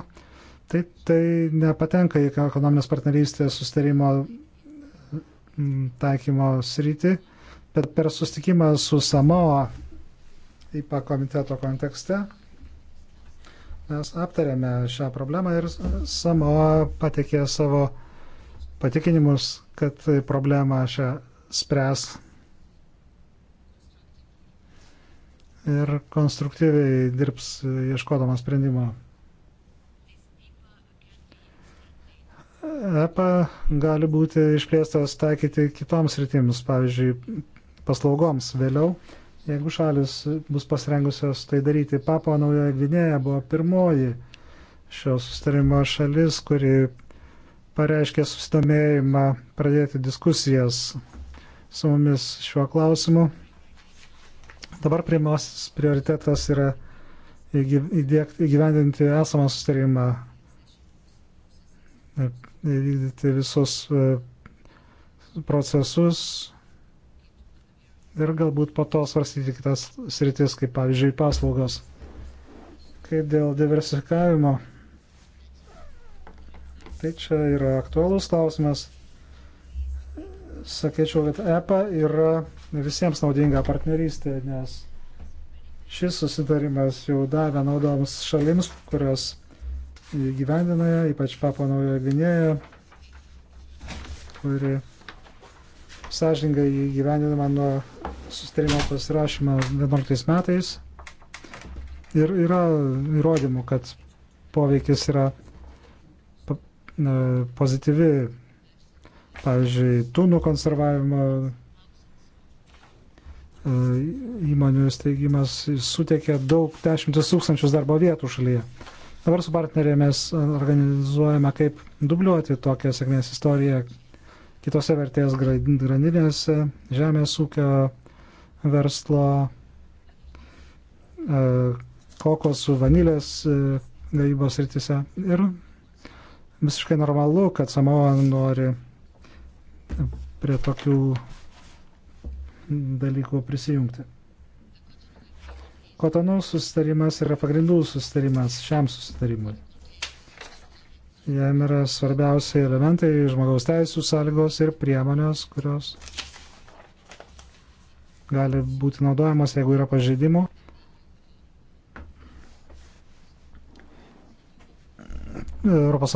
B: tai tai nepatenka į ekonominės partnerystės sustarimo mm, taikymo sritį, bet per sustikimą su Samoa IPA komiteto kontekste mes aptarėme šią problemą ir Samoa patikė savo patikinimus, kad tai problemą šią spręs ir konstruktyviai dirbs ieškodama sprendimo. EPA gali būti išplėstas taikyti kitoms rytims, pavyzdžiui, paslaugoms vėliau, jeigu šalis bus pasirengusios tai daryti. Papua Naujoje Gvinėja buvo pirmoji šio sustarimo šalis, kuri pareiškė susidomėjimą pradėti diskusijas su mumis šiuo klausimu. Dabar pirmasis prioritetas yra įgyvendinti esamą sustarimą, įvykdyti visus e, procesus ir galbūt po to svarstyti kitas sritis, kaip pavyzdžiui paslaugos. Kaip dėl diversifikavimo Tai čia yra aktualus klausimas. Sakyčiau, kad EPA yra visiems naudinga partnerystė, nes šis susitarimas jau davė naudoms šalims, kurios gyvendinoje, ypač Papo Naujojo Gvinėje, kuri sąžininkai gyvendinama nuo susitarimo pasirašymo 11 metais. Ir yra įrodymų, kad poveikis yra pozityvi, pavyzdžiui, tunų konservavimo e, įmonių steigimas suteikia daug dešimtis tūkstančius darbo vietų šalyje. Dabar su partneriai mes organizuojame, kaip dubliuoti tokią sėkmės istoriją kitose vertės grandinėse, žemės ūkio, verslo, e, kokosų, vanilės e, gavybos rytise. Ir visiškai normalu, kad Samoa nori prie tokių dalykų prisijungti. Kotonų susitarimas yra pagrindų susitarimas šiam susitarimui. Jam yra svarbiausia elementai žmogaus teisų sąlygos ir priemonės, kurios gali būti naudojamos, jeigu yra pažeidimų. ES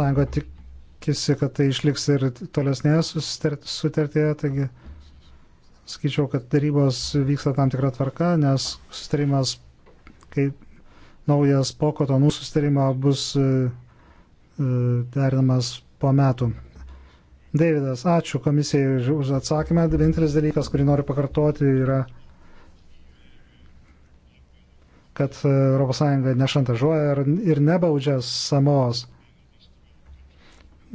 B: tikisi, kad tai išliks ir tolesnėje sutartyje, taigi skaičiau, kad darybos vyksta tam tikrą tvarką, nes sustarimas, kai naujas po kotonų sustarimo bus e, e, derinamas po metų. Davidas, ačiū komisijai už atsakymą. Vienintelis dalykas, kurį noriu pakartoti, yra, kad ES nešantažuoja ir nebaudžia samos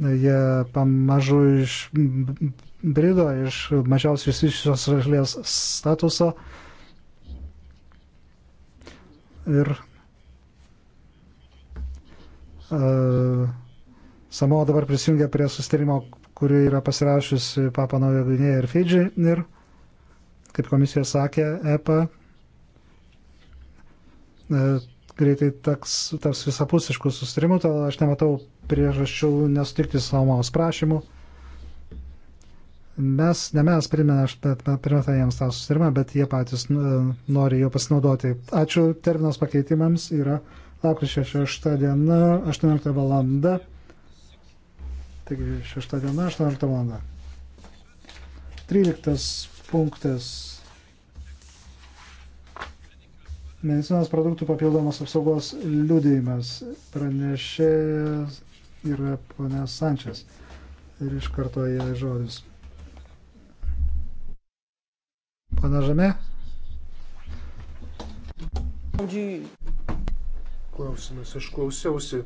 B: jie pamažu išbrido iš mažiausiai išsivyščiusios šalies statuso. Ir uh, Samoa dabar prisijungia prie sustarimo, kurį yra pasirašiusi Papa Naujo Gvinėja ir Fidži. Ir, kaip komisija sakė, EPA uh, e, greitai taps visapusiškų sustarimų, todėl aš nematau priežasčių nesutikti su nuomos prašymu. Mes, ne mes primetame jiems tą susitarimą, bet jie patys nori jo pasinaudoti. Ačiū, terminas pakeitimams yra lapkričio 6 diena, 18 valanda. Taigi 6 diena, 18 valanda. 13 punktas medicinos produktų papildomas apsaugos liudėjimas pranešė yra ponia Sančias. Ir iš karto jai žodis. Pana Žame.
A: Klausimas, aš klausiausi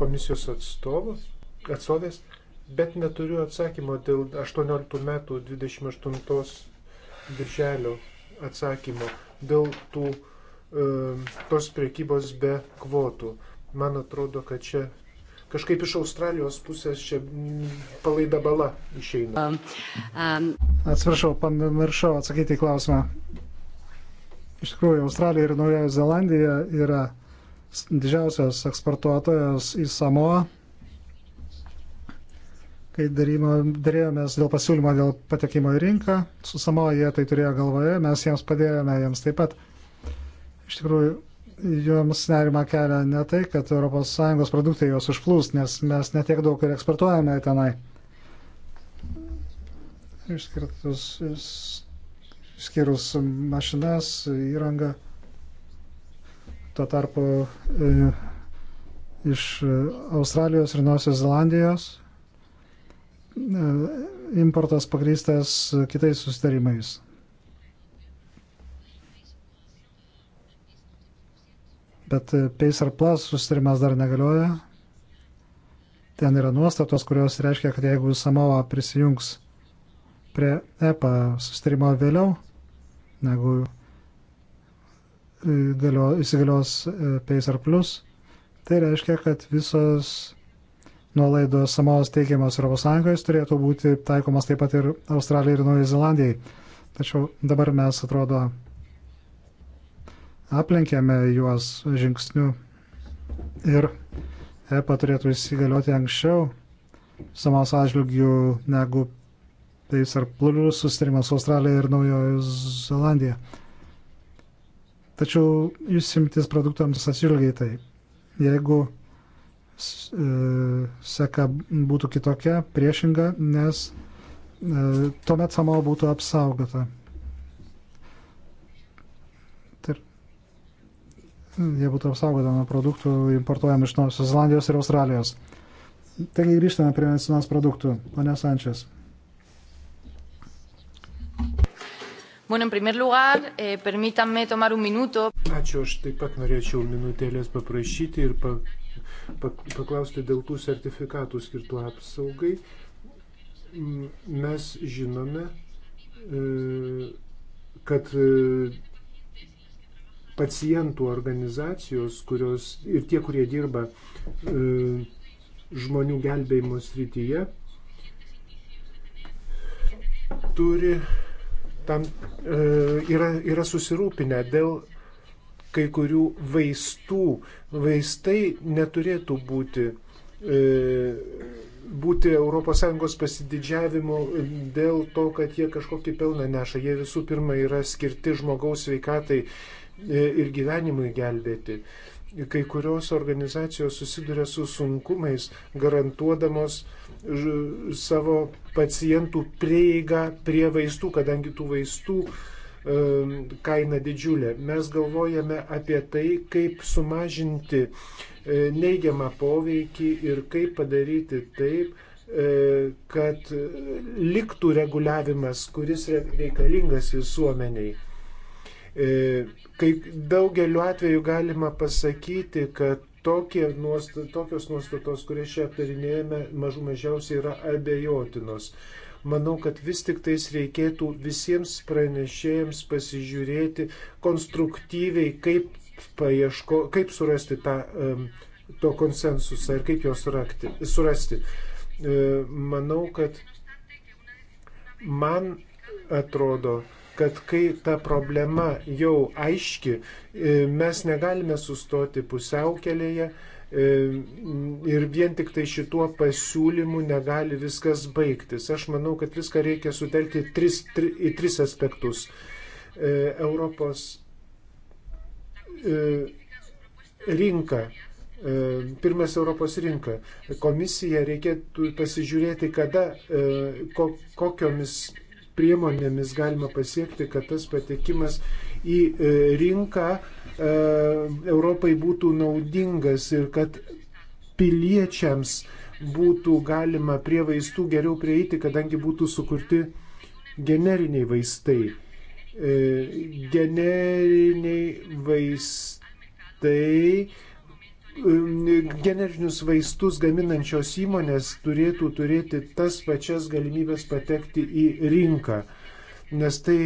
A: komisijos atstovas, atstovės, bet neturiu atsakymo dėl 18 metų 28 birželio atsakymo dėl tų, e, tos priekybos be kvotų. Man atrodo, kad čia kažkaip iš Australijos pusės čia palaida bala išeina. Um, um. Atsiprašau,
B: pamiršau atsakyti į klausimą. Iš tikrųjų, Australija ir Naujojo Zelandija yra didžiausios eksportuotojos į Samoa. Kai dėrėjomės dėl pasiūlymo dėl patekimo į rinką, su Samoa jie tai turėjo galvoje, mes jiems padėjome, jiems taip pat. Iš tikrųjų, joms nerima kelia ne tai, kad ES produktai jos užplūs, nes mes netiek daug ir eksportuojame tenai. Išskirtus, išskyrus mašinas, įrangą. Tuo tarpu e, iš Australijos ir Nuosios Zelandijos e, importas pagrystas kitais sustarimais. bet e, Pacer Plus susitarimas dar negalioja. Ten yra nuostatos, kurios reiškia, kad jeigu Samoa prisijungs prie EPA susitarimo vėliau, negu e, galio, įsigalios e, Pacer Plus, tai reiškia, kad visos nuolaidos Samoas teikiamas ES turėtų būti taikomas taip pat ir Australijai ir Naujai Zelandijai. Tačiau dabar mes atrodo aplenkėme juos žingsniu ir EPA turėtų įsigalioti anksčiau samos atžvilgių negu PACE ar PLUS susitarimas su Australija ir Naujojo Zelandija. Tačiau jūs simtis produktams atsižvelgiai tai. Jeigu e, seka būtų kitokia, priešinga, nes e, tuomet samo būtų apsaugota. jie būtų apsaugota nuo produktų importuojamų iš Naujosios Zelandijos ir Australijos. Taigi grįžtame prie medicinos produktų. Pane Sančias.
D: Bueno, en primer lugar, eh, permítanme tomar un minuto.
A: Ačiū, aš taip pat norėčiau minutėlės paprašyti ir pa, pa, paklausti dėl tų sertifikatų skirtų apsaugai. Mes žinome, e, kad e, pacientų organizacijos, kurios ir tie, kurie dirba e, žmonių gelbėjimo srityje, turi tam, e, yra, yra susirūpinę dėl kai kurių vaistų. Vaistai neturėtų būti e, būti ES pasididžiavimu dėl to, kad jie kažkokį pelną neša. Jie visų pirma yra skirti žmogaus sveikatai E, ir gyvenimui gelbėti. Kai kurios organizacijos susiduria su sunkumais, garantuodamos savo pacientų prieigą prie vaistų, kadangi tų vaistų e, kaina didžiulė. Mes galvojame apie tai, kaip sumažinti e, neigiamą poveikį ir kaip padaryti taip, kad liktų reguliavimas, kuris reikalingas visuomeniai. E, kai daugeliu atveju galima pasakyti, kad nuostat, tokios nuostatos, kurias čia aptarinėjame, mažų mažiausiai yra abejotinos. Manau, kad vis tik tais reikėtų visiems pranešėjams pasižiūrėti konstruktyviai, kaip, paieško, kaip surasti tą, to konsensusą ir kaip jos surasti. E, manau, kad man atrodo, kad kai ta problema jau aiški, e, mes negalime sustoti pusiaukelėje e, ir vien tik tai šituo pasiūlymu negali viskas baigtis. Aš manau, kad viską reikia sutelkti tris, tri, į tris aspektus. E, Europos rinka pirmas Europos rinka. Komisija reikėtų pasižiūrėti, kada, kokiomis priemonėmis galima pasiekti, kad tas patekimas į e, rinką e, Europai būtų naudingas ir kad piliečiams būtų galima prie vaistų geriau prieiti, kadangi būtų sukurti generiniai vaistai. E, generiniai vaistai generinius vaistus gaminančios įmonės turėtų turėti tas pačias galimybės patekti į rinką, nes tai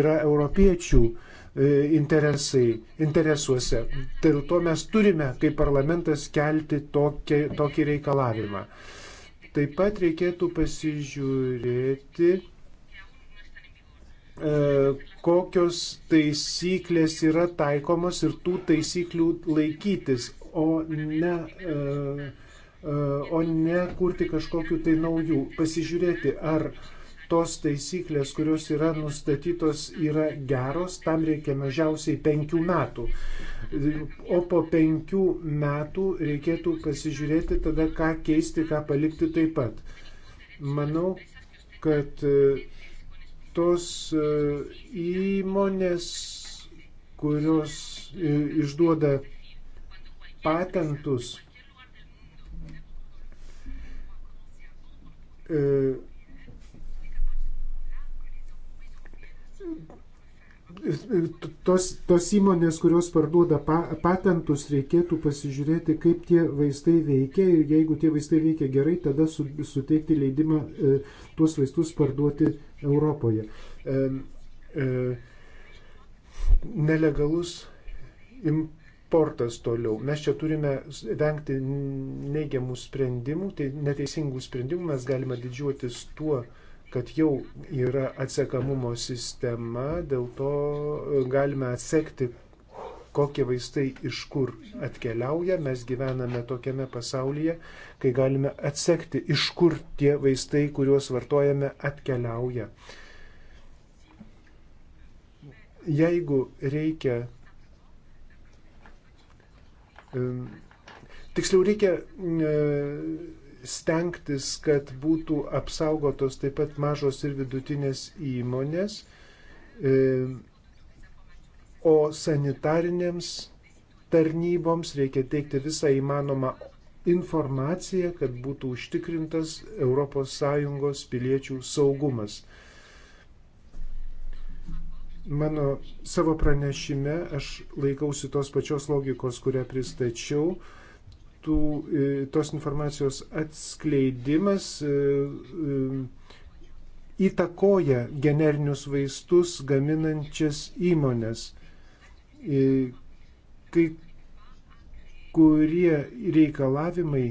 A: yra europiečių e, interesai, interesuose. Dėl to mes turime, kaip parlamentas, kelti tokį, tokį reikalavimą. Taip pat reikėtų pasižiūrėti, e, kokios taisyklės yra taikomos ir tų taisyklių laikytis o ne, e, e, o ne kurti kažkokiu tai naujų. Pasižiūrėti, ar tos taisyklės, kurios yra nustatytos, yra geros, tam reikia mažiausiai penkių metų. O po penkių metų reikėtų pasižiūrėti tada, ką keisti, ką palikti taip pat. Manau, kad e, tos įmonės, kurios išduoda patentus e, tos, tos įmonės, kurios parduoda pa, patentus, reikėtų pasižiūrėti, kaip tie vaistai veikia ir jeigu tie vaistai veikia gerai, tada su, suteikti leidimą e, tuos vaistus parduoti Europoje. E, e, nelegalus imp, eksportas toliau. Mes čia turime vengti neigiamų sprendimų, tai neteisingų sprendimų mes galime didžiuotis tuo, kad jau yra atsekamumo sistema, dėl to galime atsekti, kokie vaistai iš kur atkeliauja. Mes gyvename tokiame pasaulyje, kai galime atsekti, iš kur tie vaistai, kuriuos vartojame, atkeliauja. Jeigu reikia Tiksliau reikia e, stengtis, kad būtų apsaugotos taip pat mažos ir vidutinės įmonės, o sanitarinėms tarnyboms reikia teikti visą įmanomą informaciją, kad būtų užtikrintas ES piliečių saugumas. Mano savo pranešime aš laikausi tos pačios logikos, kurią pristačiau. Tų, e, tos informacijos atskleidimas e, e, įtakoja generinius vaistus gaminančias įmonės. Kai kurie reikalavimai,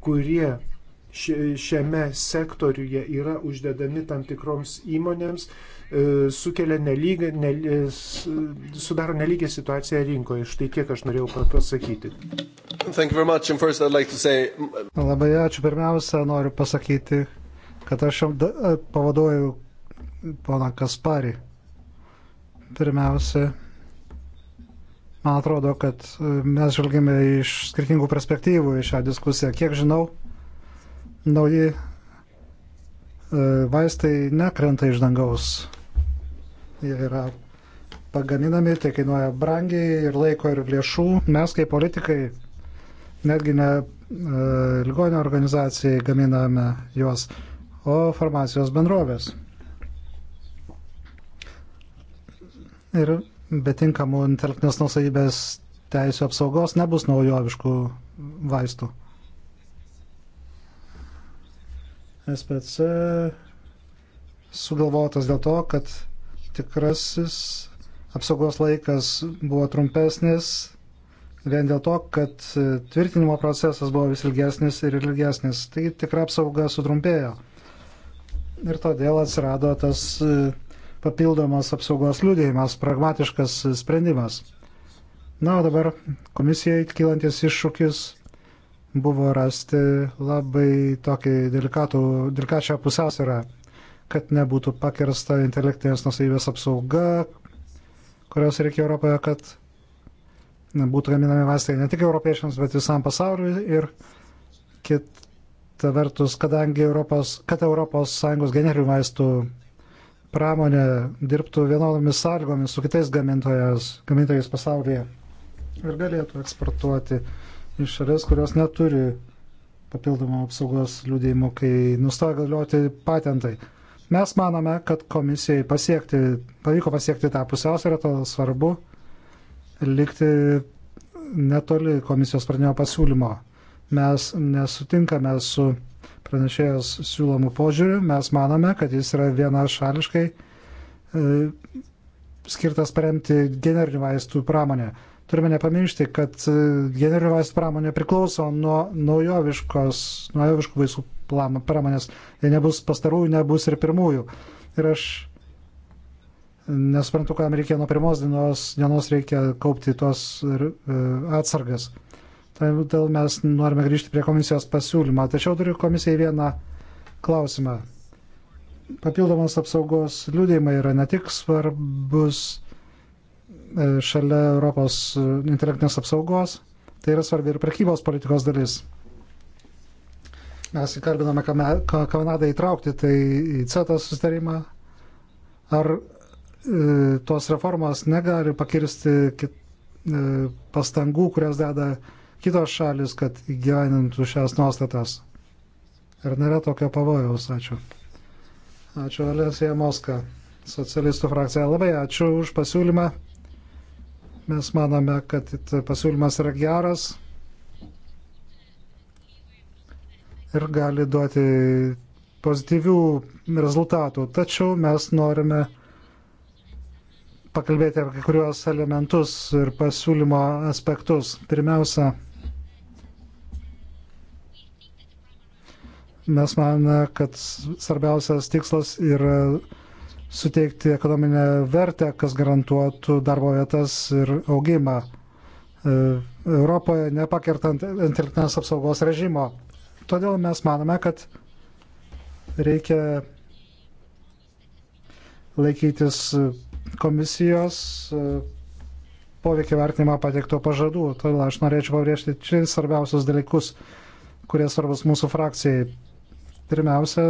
A: kurie šiame sektoriuje yra uždedami tam tikroms įmonėms, e, sukelia nelygą, nel, e, sudaro nelygę situaciją rinkoje. Štai tiek aš norėjau tai pasakyti. Like say...
C: Mm,
B: Labai ačiū. Pirmiausia, noriu pasakyti, kad aš e, pavaduoju poną Kasparį. Pirmiausia, man atrodo, kad mes žvelgime iš skirtingų perspektyvų į šią diskusiją. Kiek žinau, nauji e, vaistai nekrenta iš dangaus. Jie yra pagaminami, tai kainuoja brangiai ir laiko ir lėšų. Mes kaip politikai, netgi ne e, ligonio organizacijai gaminame juos, o farmacijos bendrovės. Ir be tinkamų intelektinės nusavybės teisų apsaugos nebus naujoviškų vaistų. SPC sugalvotas dėl to, kad tikrasis apsaugos laikas buvo trumpesnis vien dėl to, kad tvirtinimo procesas buvo vis ilgesnis ir ilgesnis. Tai tikra apsauga sutrumpėjo. Ir todėl atsirado tas e, papildomas apsaugos liūdėjimas, pragmatiškas sprendimas. Na, o dabar komisijai kylantis iššūkis buvo rasti labai tokį delikatų, delikačią pusiausvyrą, kad nebūtų pakirsta intelektinės nusavybės apsauga, kurios reikia Europoje, kad būtų gaminami vaistai ne tik europiečiams, bet visam pasauliui ir kita vertus, kadangi Europos, kad ES generinių vaistų pramonė dirbtų vienodomis sąlygomis su kitais gamintojais, gamintojais pasaulyje ir galėtų eksportuoti iš šalies, kurios neturi papildomų apsaugos liūdėjimų, kai nustoja galioti patentai. Mes manome, kad komisijai pasiekti, pavyko pasiekti tą pusiausvyrą, todėl svarbu likti netoli komisijos pradinio pasiūlymo. Mes nesutinkame su pranešėjos siūlomu požiūriu, mes manome, kad jis yra vienašališkai e, skirtas paremti generinių vaistų pramonę. Turime nepamiršti, kad e, generinių vaistų pramonė priklauso nuo naujoviškos, naujoviškų vaistų pramonės. Jei nebus pastarųjų, nebus ir pirmųjų. Ir aš nesuprantu, kam reikia nuo pirmos dienos, dienos reikia kaupti tos e, atsargas. Todėl mes norime grįžti prie komisijos pasiūlymą. Tačiau turiu komisijai vieną klausimą. Papildomos apsaugos liūdėjimai yra ne tik svarbus E, šalia Europos e, intelektinės apsaugos. Tai yra svarbi ir prekybos politikos dalis. Mes įkalbinome Kanadą įtraukti tai į CETA sustarimą. Ar e, tos reformos negali pakirsti kit, e, pastangų, kurias deda kitos šalis, kad įgyvenintų šias nuostatas? Ar nėra tokio pavojaus? Ačiū. Ačiū Alesija Moska, socialistų frakcija. Labai ačiū už pasiūlymą. Mes manome, kad pasiūlymas yra geras ir gali duoti pozityvių rezultatų. Tačiau mes norime pakalbėti apie kai kuriuos elementus ir pasiūlymo aspektus. Pirmiausia, mes manome, kad svarbiausias tikslas yra suteikti ekonominę vertę, kas garantuotų darbo vietas ir augimą e, Europoje, nepakertant internetinės apsaugos režimo. Todėl mes manome, kad reikia laikytis komisijos e, poveikio vertinimą pateikto pažadų. Todėl aš norėčiau pabrėžti čia svarbiausius dalykus, kurie svarbus mūsų frakcijai. Pirmiausia,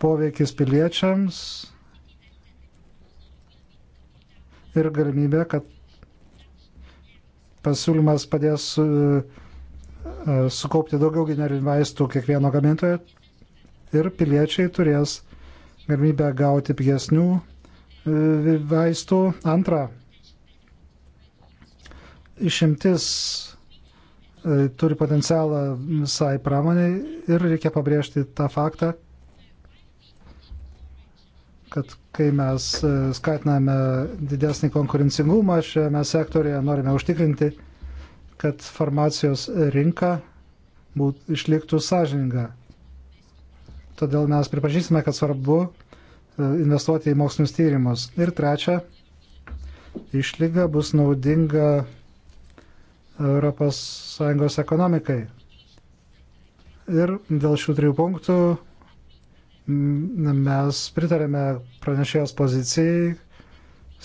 B: poveikis piliečiams ir galimybė, kad pasiūlymas padės su, e, e, sukaupti daugiau generinių vaistų kiekvieno gamintojo ir piliečiai turės galimybę gauti pigesnių e, vaistų. Antra, išimtis turi potencialą visai pramoniai ir reikia pabrėžti tą faktą, kad kai mes e, skatiname didesnį konkurencingumą šiame sektorėje, norime užtikrinti, kad farmacijos rinka būt, išliktų sąžininga. Todėl mes pripažįstame, kad svarbu e, investuoti į mokslinius tyrimus. Ir trečia, išlyga bus naudinga ES ekonomikai. Ir dėl šių trijų punktų mes pritarėme pranešėjos pozicijai,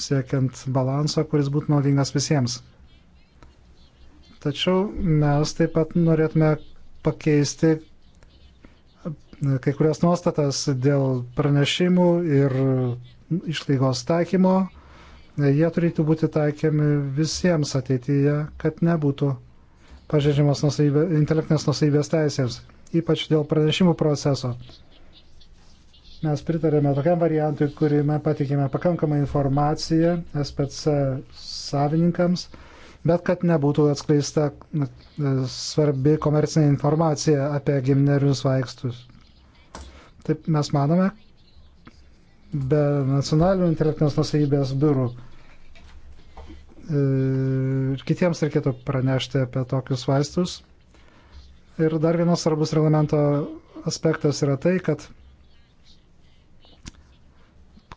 B: siekiant balanso, kuris būtų naudingas visiems. Tačiau mes taip pat norėtume pakeisti kai kurias nuostatas dėl pranešimų ir išlygos taikymo. Jie turėtų būti taikiami visiems ateityje, kad nebūtų pažeidžiamas intelektinės nusavybės teisės, ypač dėl pranešimų proceso. Mes pritarėme tokiam variantui, kuriame patikėme pakankamą informaciją SPC savininkams, bet kad nebūtų atskleista svarbi komercinė informacija apie gimnerius vaistus. Taip mes manome, be nacionalinių intelektinės nusavybės biurų. Ir kitiems reikėtų pranešti apie tokius vaistus. Ir dar vienas svarbus reglamento aspektas yra tai, kad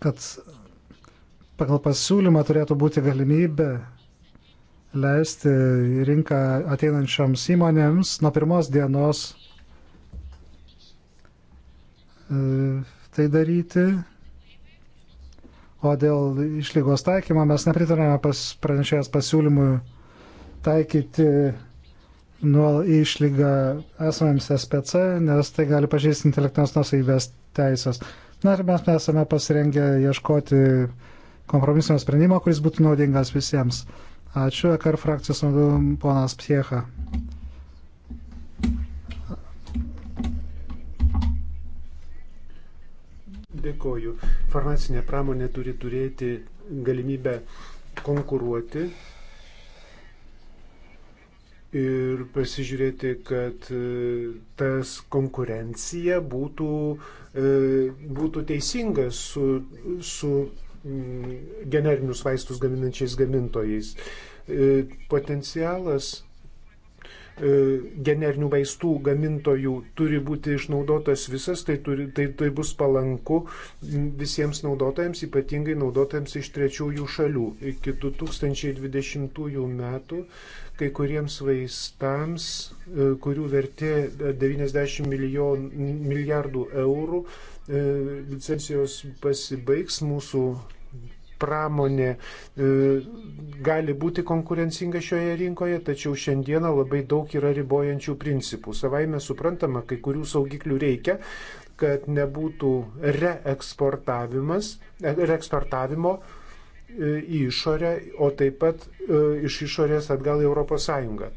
B: kad pagal pasiūlymą turėtų būti galimybė leisti į rinką ateinančioms įmonėms nuo pirmos dienos e, tai daryti. O dėl išlygos taikymo mes nepritarėme pas, pranešėjas pasiūlymui taikyti nuol išlygą esamiems SPC, nes tai gali pažeisti intelektinės nusavybės teisės. Na ir mes esame pasirengę ieškoti kompromisinio sprendimo, kuris būtų naudingas visiems. Ačiū, EKR frakcijos nadu ponas Psiecha.
A: Dėkoju. Farmacinė pramonė turi turėti galimybę konkuruoti ir pasižiūrėti, kad e, tas konkurencija būtų, e, būtų teisinga su, su mm, generinius vaistus gaminančiais gamintojais. E, potencialas E, generinių vaistų gamintojų turi būti išnaudotas visas, tai, turi, tai, tai bus palanku visiems naudotojams, ypatingai naudotojams iš trečiųjų šalių. Iki 2020 metų kai kuriems vaistams, e, kurių vertė 90 milijon, milijardų eurų, e, licencijos pasibaigs, mūsų pramonė e, gali būti konkurencinga šioje rinkoje, tačiau šiandieną labai daug yra ribojančių principų. Savaime suprantama, kai kurių saugiklių reikia, kad nebūtų e, reeksportavimo e, į išorę, o taip pat iš išorės atgal į ES.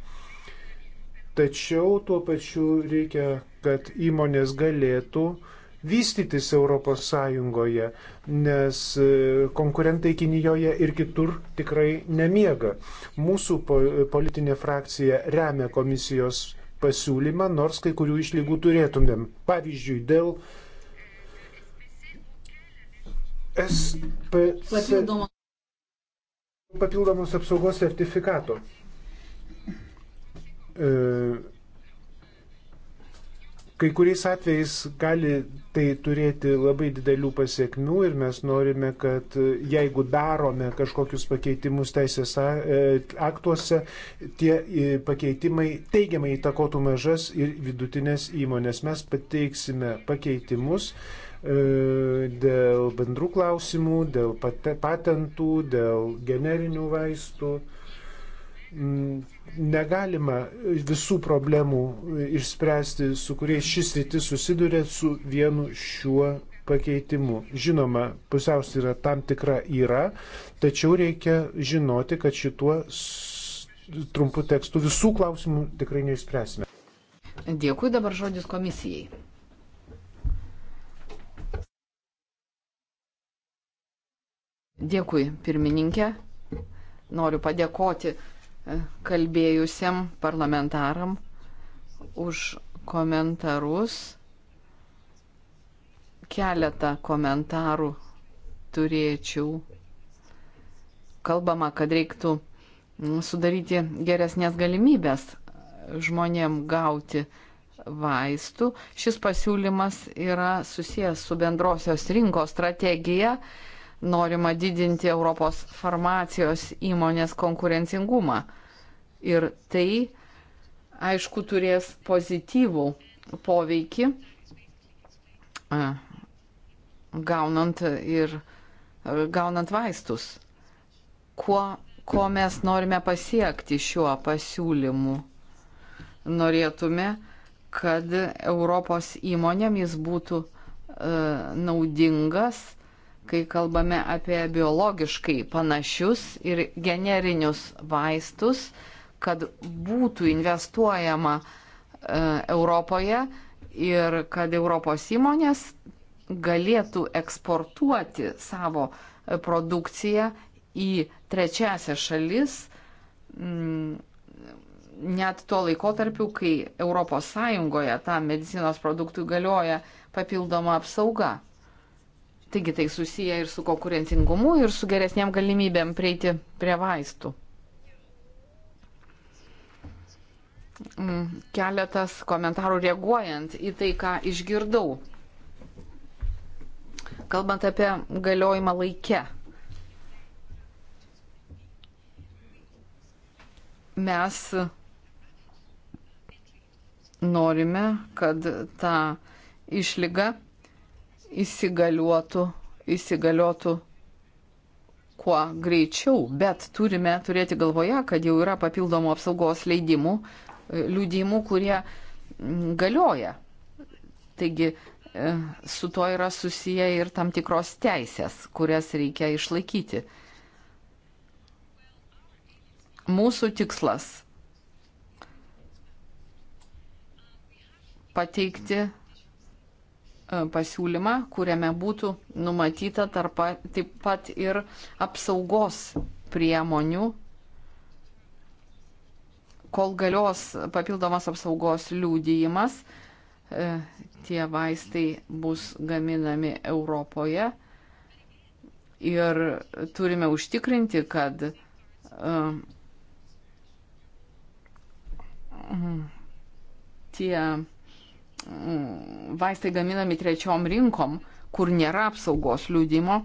A: Tačiau tuo pačiu reikia, kad įmonės galėtų uh, vystytis Europos Sąjungoje, nes e, konkurentai Kinijoje ir kitur tikrai nemiega. Mūsų politinė frakcija remia komisijos pasiūlymą, nors kai kurių išlygų turėtumėm. Pavyzdžiui, dėl SPC papildomos apsaugos sertifikato. E Kai kuriais atvejais gali tai turėti labai didelių pasiekmių ir mes norime, kad e, jeigu darome kažkokius pakeitimus teisės e, aktuose, tie e, pakeitimai teigiamai įtakotų mažas ir vidutinės įmonės. Mes pateiksime pakeitimus dėl bendrų klausimų, dėl patentų, dėl generinių vaistų Negalima visų problemų išspręsti, su kuriais šis rytis susiduria su vienu šiuo pakeitimu. Žinoma, pusiausvyrą tam tikra yra, tačiau reikia žinoti, kad šituo trumpu tekstu visų klausimų tikrai neišspręsime.
C: Dėkui dabar žodis komisijai. Dėkui, pirmininkė. Noriu padėkoti kalbėjusiam parlamentaram už komentarus. Keletą komentarų turėčiau. Kalbama, kad reiktų mm, sudaryti geresnės galimybės žmonėm gauti vaistų. Šis pasiūlymas yra susijęs su bendrosios rinkos strategija norima didinti Europos farmacijos įmonės konkurencingumą. Ir tai, aišku, turės pozityvų poveikį, gaunant ir gaunant vaistus. Kuo, ko mes norime pasiekti šiuo pasiūlymu? Norėtume, kad Europos įmonėm jis būtų naudingas kai kalbame apie biologiškai panašius ir generinius vaistus, kad būtų investuojama e, Europoje ir kad Europos įmonės galėtų eksportuoti savo e, produkciją į trečiasią šalis mm, net tuo laikotarpiu, kai ES tam medicinos produktui galioja papildoma apsauga. Taigi tai susiję ir su konkurencingumu, ir su geresniam galimybėm prieiti prie vaistų. Mm, keletas komentarų reaguojant į tai, ką išgirdau. Kalbant apie galiojimą laikę. Mes norime, kad ta išlyga įsigaliuotų, įsigaliotų kuo greičiau, bet turime turėti galvoje, kad jau yra papildomų apsaugos leidimų, e, liūdimų, kurie galioja. Taigi e, su to yra susiję ir tam tikros teisės, kurias reikia išlaikyti. Mūsų tikslas pateikti E, pasiūlymą, kuriame būtų numatyta tarp, taip pat ir apsaugos priemonių, kol galios papildomas apsaugos liūdėjimas. E, tie vaistai bus gaminami Europoje ir turime užtikrinti, kad e, tie vaistai gaminami trečiom rinkom, kur nėra apsaugos liūdimo,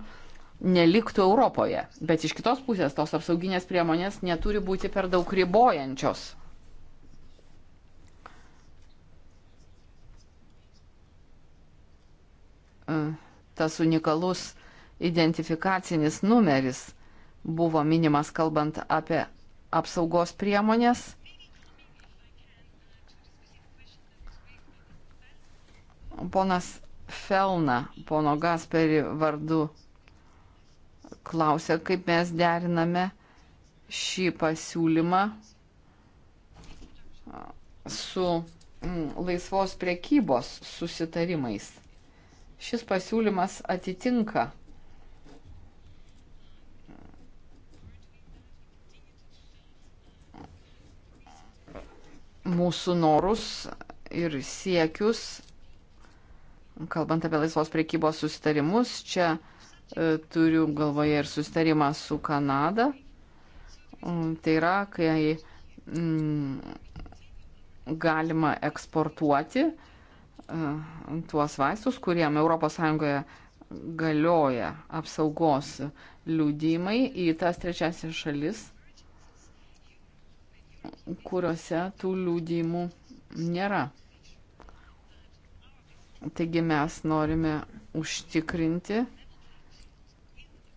C: neliktų Europoje. Bet iš kitos pusės tos apsauginės priemonės neturi būti per daug ribojančios. E, tas unikalus identifikacinis numeris buvo minimas kalbant apie apsaugos priemonės Ponas Felna, pono Gasperi vardu, klausė, kaip mes deriname šį pasiūlymą su mm, laisvos priekybos susitarimais. Šis pasiūlymas atitinka mūsų norus ir siekius Kalbant apie laisvos priekybos sustarimus, čia e, turiu galvoje ir sustarimą su Kanada. Mm, tai yra, kai mm, galima eksportuoti e, tuos vaistus, kuriem ES galioja apsaugos liūdimai į tas trečiasias šalis, kuriuose tų liūdimų nėra. Taigi mes norime užtikrinti,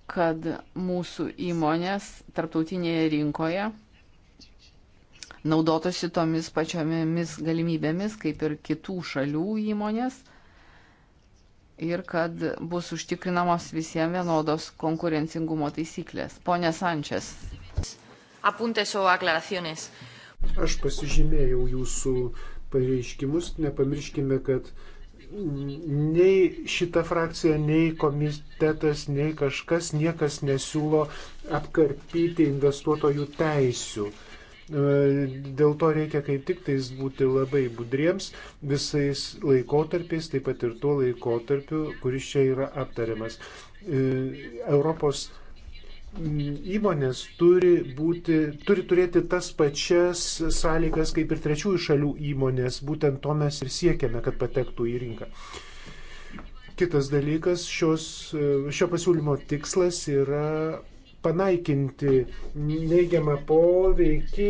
C: kad mūsų įmonės tarptautinėje rinkoje naudotųsi tomis pačiomis galimybėmis kaip ir kitų šalių įmonės ir kad bus užtikrinamos visiems vienodos konkurencingumo taisyklės. Pone Sančias. Aš
A: pasižymėjau jūsų pareiškimus, nepamirškime, kad nei šita frakcija, nei komitetas, nei kažkas, niekas nesiūlo apkarpyti investuotojų teisių. E, dėl to reikia kaip tik tais būti labai budriems visais laikotarpiais, taip pat ir tuo laikotarpiu, kuris čia yra aptariamas. E, Europos įmonės turi, būti, turi turėti tas pačias sąlygas kaip ir trečiųjų šalių įmonės. Būtent to mes ir siekiame, kad patektų į rinką. Kitas dalykas, šios, šio pasiūlymo tikslas yra panaikinti neigiamą poveikį,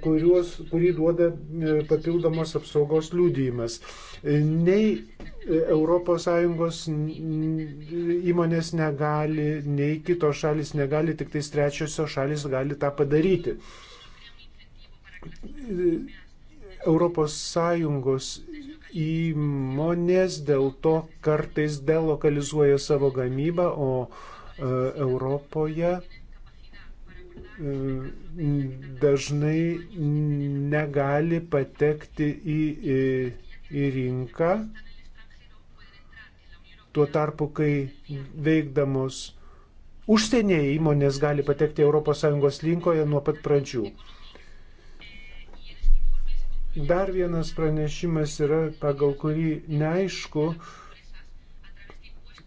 A: kuriuos, kurį duoda e, papildomos apsaugos liūdėjimas. Nei ES įmonės negali, nei kitos šalis negali, tik tais trečiosios šalis gali tą padaryti. ES įmonės dėl to kartais delokalizuoja savo gamybą, o e, Europoje e, dažnai negali patekti į, į, į rinką Tuo tarpu, kai veikdamos užsienyje įmonės gali patekti ES linkoje nuo pat pradžių. Dar vienas pranešimas yra, pagal kurį neaišku,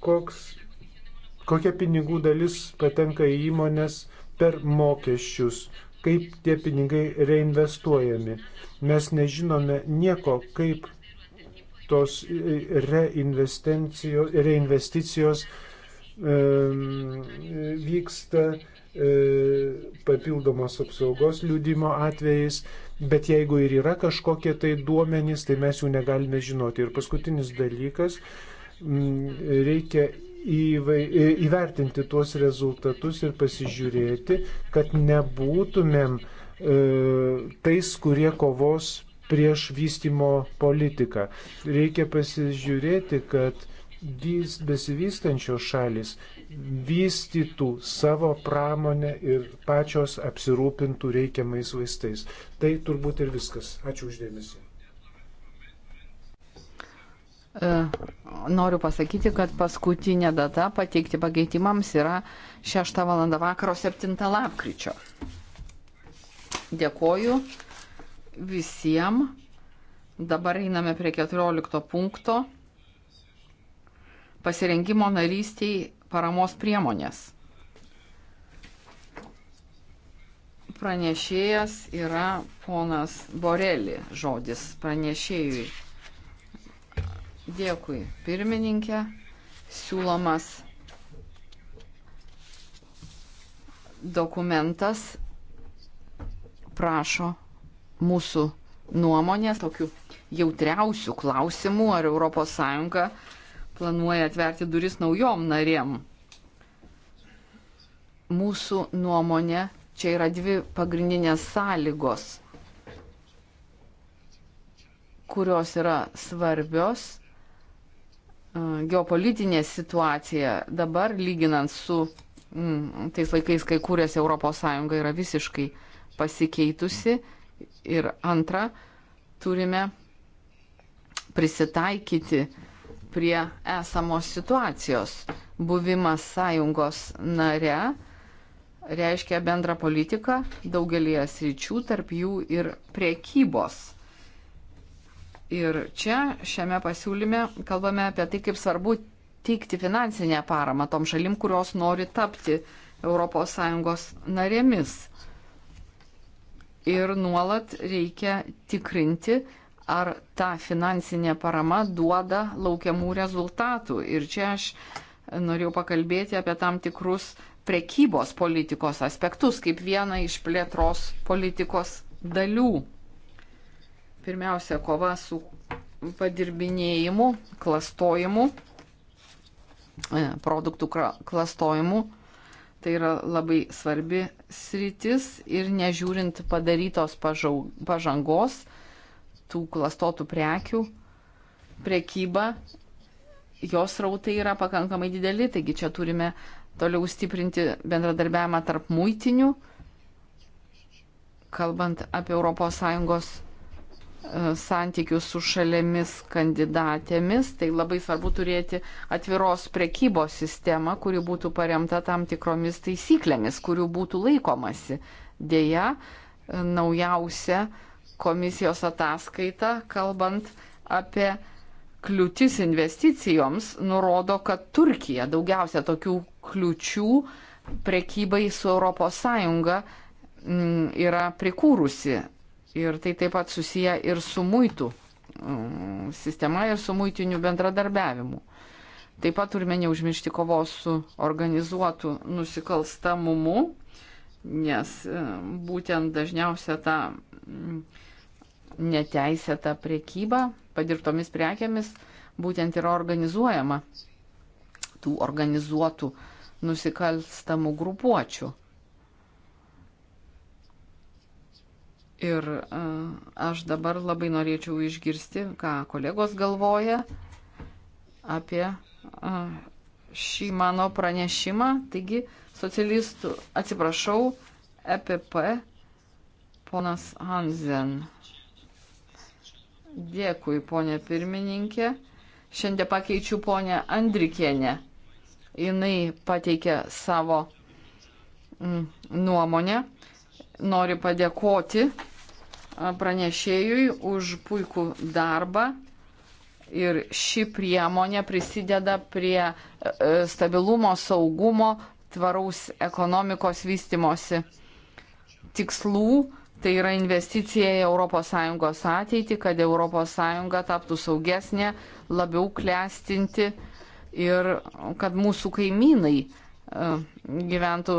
A: koks, kokia pinigų dalis patenka į įmonės per mokesčius, kaip tie pinigai reinvestuojami. Mes nežinome nieko, kaip tos reinvesticijos, reinvesticijos vyksta e, papildomos apsaugos liūdimo atvejais, bet jeigu ir yra kažkokie tai duomenys, tai mes jų negalime žinoti. Ir paskutinis dalykas, reikia įvai, įvertinti tuos rezultatus ir pasižiūrėti, kad nebūtumėm e, tais, kurie kovos prieš vystimo politiką. Reikia pasižiūrėti, kad vis, besivystančios šalis vystytų savo pramonę ir pačios apsirūpintų reikiamais vaistais. Tai turbūt ir viskas. Ačiū uždėmesi.
C: E, noriu pasakyti, kad paskutinė data pateikti pakeitimams yra 6 val. vakaro 7 lapkričio. Dėkoju visiems. Dabar einame prie 14 punkto. Pasirengimo narystiai paramos priemonės. Pranešėjas yra ponas Borelį žodis pranešėjui. Dėkui pirmininkė. Siūlomas dokumentas prašo mūsų nuomonės tokių jautriausių klausimų, ar ES planuoja atverti duris naujom narėm. Mūsų nuomonė čia yra dvi pagrindinės sąlygos, kurios yra svarbios e, geopolitinė situacija dabar, lyginant su mm, tais laikais, kai kūrėsi ES, yra visiškai pasikeitusi. Mm Ir antra, turime prisitaikyti prie esamos situacijos. Buvimas sąjungos nare reiškia bendrą politiką daugelį sričių, tarp jų ir priekybos. Ir čia šiame pasiūlyme kalbame apie tai, kaip svarbu teikti finansinę paramą tom šalim, kurios nori tapti ES narėmis ir nuolat reikia tikrinti, ar ta finansinė parama duoda laukiamų rezultatų. Ir čia aš norėjau pakalbėti apie tam tikrus prekybos politikos aspektus kaip vieną iš plėtros politikos dalių. Pirmiausia, kova su padirbinėjimu, klastojimu, e, produktų klastojimu. Tai yra labai svarbi sritis ir nežiūrint padarytos pažangos, tų klastotų prekių, prekyba, jos rautai yra pakankamai dideli, taigi čia turime toliau stiprinti bendradarbiavimą tarp muitinių, kalbant apie ES santykių su šalėmis kandidatėmis, tai labai svarbu turėti atviros prekybos sistemą, kuri būtų paremta tam tikromis taisyklėmis, kurių būtų laikomasi. Deja, naujausia komisijos ataskaita, kalbant apie kliūtis investicijoms, nurodo, kad Turkija daugiausia tokių kliučių prekybai su ES mm, yra prikūrusi Ir tai taip pat susiję ir su muitų mm, sistema ir su muitiniu bendradarbiavimu. Taip pat turime neužmiršti kovos su organizuotu nusikalstamumu, nes mm, būtent dažniausia ta mm, neteisėta priekyba padirbtomis prekiamis būtent yra organizuojama tų organizuotų nusikalstamų grupuočių. Ir e, aš dabar labai norėčiau išgirsti, ką kolegos galvoja apie e, šį mano pranešimą. Taigi, socialistų, atsiprašau, EPP, ponas Hansen. Dėkui, ponė pirmininkė. Šiandien pakeičiu ponę Andrikienę. Jis pateikė savo mm, nuomonę. Noriu padėkoti pranešėjui už puikų darbą. Ir ši priemonė prisideda prie e, e, stabilumo, saugumo, tvaraus ekonomikos vystimosi tikslų. Tai yra investicija į ES ateitį, kad ES taptų saugesnė, labiau klestinti ir kad mūsų kaimynai e, gyventų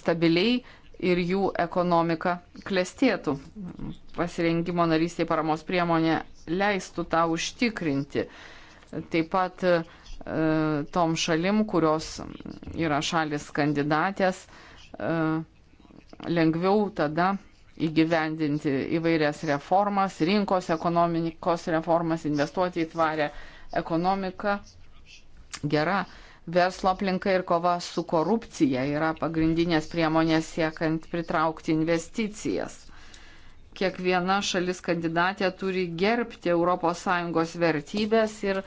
C: stabiliai, ir jų ekonomika klestėtų. Pasirengimo narystiai paramos priemonė leistų tą užtikrinti. Taip pat e, tom šalim, kurios yra šalis kandidatės, e, lengviau tada įgyvendinti įvairias reformas, rinkos ekonomikos reformas, investuoti į tvarę ekonomiką. Gera verslo aplinka ir kova su korupcija yra pagrindinės priemonės siekant pritraukti investicijas. Kiekviena šalis kandidatė turi gerbti ES vertybės ir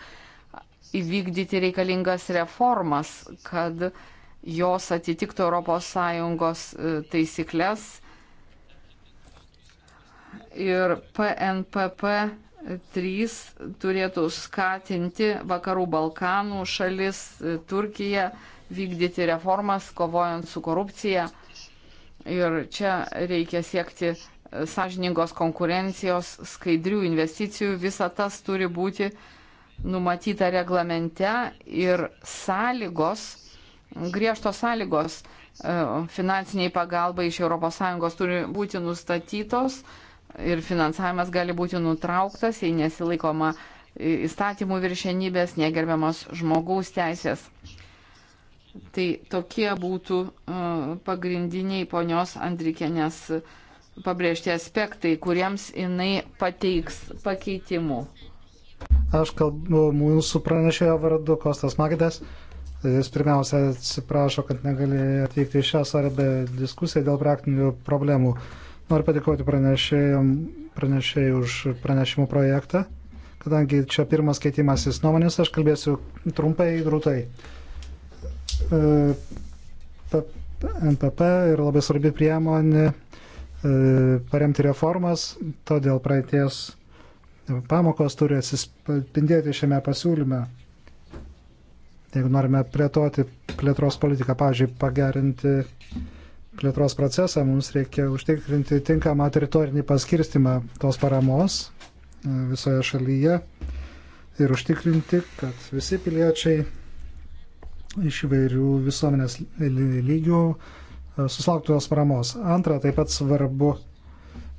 C: įvykdyti reikalingas reformas, kad jos atitiktų ES e, taisyklės. Ir PNPP trys turėtų skatinti Vakarų Balkanų šalis, e, Turkiją vykdyti reformas, kovojant su korupcija. Ir čia reikia siekti e, sąžiningos konkurencijos, skaidrių investicijų. Visa tas turi būti numatyta reglamente ir sąlygos, griežtos sąlygos e, finansiniai pagalbai iš ES turi būti nustatytos ir finansavimas gali būti nutrauktas, jei nesilaikoma įstatymų viršenybės, negerbiamas žmogaus teisės. Tai tokie būtų e, pagrindiniai ponios Andrikienės pabrėžti aspektai, kuriems jinai pateiks pakeitimų.
B: Aš kalbu mūsų pranešėjo vardu Kostas Magdas. Jis pirmiausia atsiprašo, kad negalėjo atvykti į šią svarbę diskusiją dėl praktinių problemų. Noriu padėkoti pranešėjai už pranešimų projektą. Kadangi čia pirmas keitimasis nuomonės, aš kalbėsiu trumpai, grūtai. NPP e, yra labai svarbi priemonė e, paremti reformas, todėl praeities pamokos turi atsispindėti šiame pasiūlyme. Jeigu norime plėtoti plėtros politiką, pavyzdžiui, pagerinti plėtros procesą, mums reikia užtikrinti tinkamą teritorinį paskirstimą tos paramos e, visoje šalyje ir užtikrinti, kad visi piliečiai iš įvairių visuomenės lygių e, susilauktų tos paramos. Antra, taip pat svarbu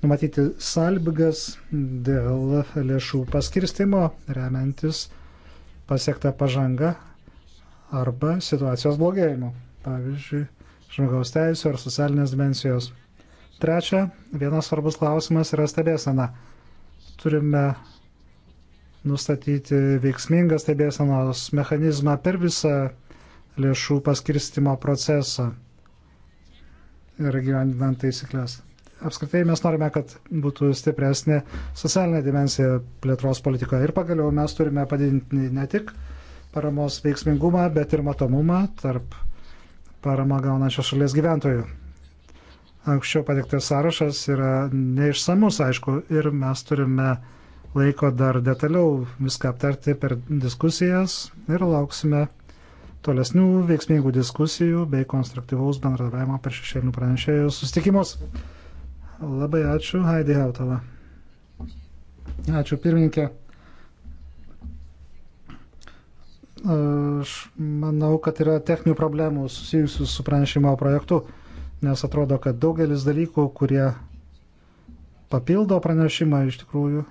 B: numatyti sąlygas dėl lėšų paskirstimo, remiantis pasiektą pažangą arba situacijos blogėjimu. Pavyzdžiui, žmogaus teisų ir socialinės dimensijos. Trečia, vienas svarbus klausimas yra stebėsena. Turime nustatyti veiksmingą stebėsenos mechanizmą per visą lėšų paskirstimo procesą ir gyvendinant taisyklės. Apskritai mes norime, kad būtų stipresnė socialinė dimensija plėtros politikoje ir pagaliau mes turime padidinti ne tik paramos veiksmingumą, bet ir matomumą tarp paramą gaunančios šalies gyventojų. Anksčiau patiktas sąrašas yra neišsamus, aišku, ir mes turime laiko dar detaliau viską aptarti per diskusijas ir lauksime tolesnių veiksmingų diskusijų bei konstruktyvaus bendradavimo per šešėlinių pranešėjų sustikimus. Labai ačiū, Heidi Hautala. Ačiū pirmininkė. Aš manau, kad yra techninių problemų susijusių su pranešimo projektu, nes atrodo, kad daugelis dalykų, kurie papildo pranešimą iš tikrųjų,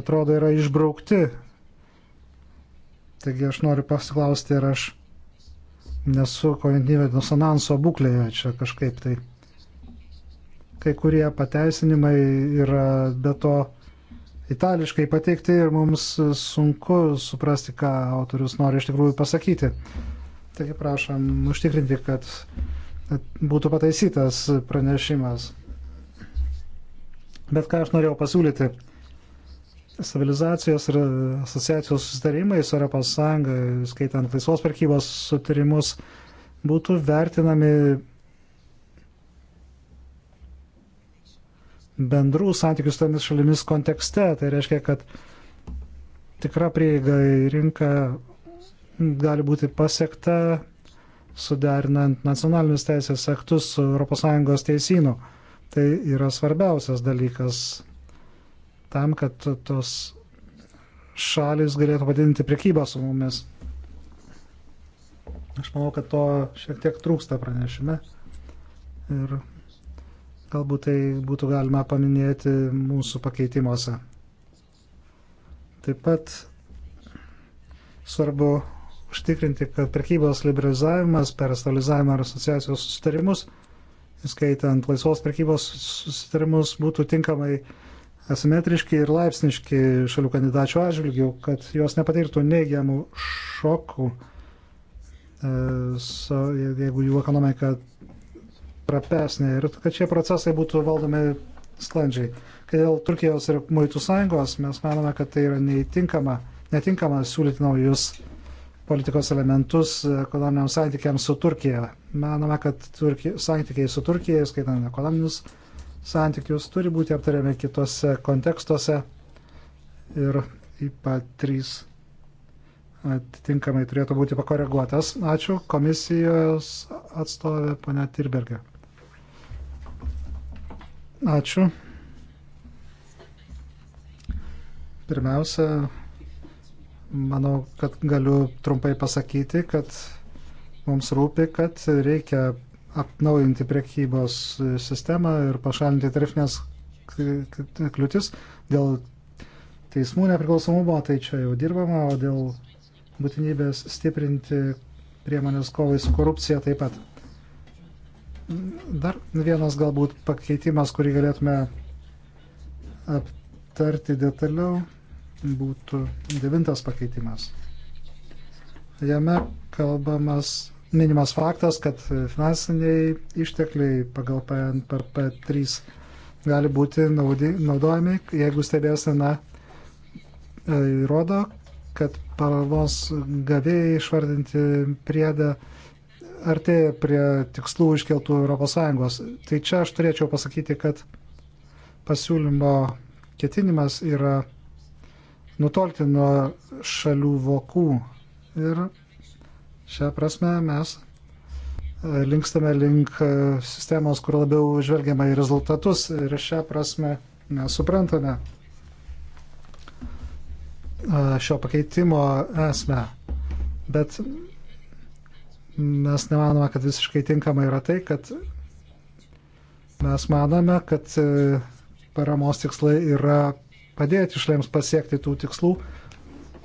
B: atrodo yra išbraukti. Taigi aš noriu pasiklausti, ar aš nesu kognityvinio disonanso būklėje čia kažkaip tai. Kai kurie pateisinimai yra be to itališkai pateikti ir mums sunku suprasti, ką autorius nori iš tikrųjų pasakyti. Taigi prašom užtikrinti, kad būtų pataisytas pranešimas. Bet ką aš norėjau pasiūlyti? Stabilizacijos ir asociacijos sustarimai su ES, skaitant laisvos prekybos sutarimus, būtų vertinami bendrų santykių su tomis šalimis kontekste. Tai reiškia, kad tikra prieiga į rinką gali būti pasiekta suderinant nacionalinius teisės aktus su ES teisynu. Tai yra svarbiausias dalykas tam, kad tos šalis galėtų padidinti prekybą su mumis. Aš manau, kad to šiek tiek trūksta pranešime. Ir Galbūt tai būtų galima paminėti mūsų pakeitimuose. Taip pat svarbu užtikrinti, kad prekybos liberalizavimas per stabilizavimą ir asociacijos sustarimus, skaitant laisvos prekybos sustarimus, būtų tinkamai asimetriški ir laipsniški šalių kandidačių atžvilgių, kad jos nepatirtų neigiamų šokų, e, jeigu jų ekonomika trapesnė ir kad šie procesai būtų valdomi sklandžiai. Kai dėl Turkijos ir Muitų sąjungos mes manome, kad tai yra neįtinkama, netinkama siūlyti naujus politikos elementus ekonominiams santykiams su Turkija. Manome, kad Turki, santykiai su Turkija, skaitant ekonominius santykius, turi būti aptariami kitose kontekstuose ir IPA 3 atitinkamai turėtų būti pakoreguotas. Ačiū komisijos atstovė ponia Tirbergė. Ačiū. Pirmiausia, manau, kad galiu trumpai pasakyti, kad mums rūpi, kad reikia atnaujinti priekybos sistemą ir pašalinti tarifinės kliūtis dėl teismų nepriklausomumo, tai čia jau dirbama, o dėl būtinybės stiprinti priemonės kovai su korupcija taip pat. Dar vienas galbūt pakeitimas, kurį galėtume aptarti detaliau, būtų devintas pakeitimas. Jame kalbamas minimas faktas, kad finansiniai ištekliai pagal PNPP3 gali būti naudi, naudojami, jeigu stebėsena e, įrodo, kad paramos gavėjai išvardinti priedą artėja prie tikslų iškeltų ES. Tai čia aš turėčiau pasakyti, kad pasiūlymo ketinimas yra nutolti nuo šalių vokų. Ir šią prasme mes e, linkstame link e, sistemos, kur labiau žvelgiama į rezultatus ir šią prasme mes suprantame e, šio pakeitimo esmę. Bet mes nemanome, kad visiškai tinkama yra tai, kad mes manome, kad e, paramos tikslai yra padėti šalims pasiekti tų tikslų,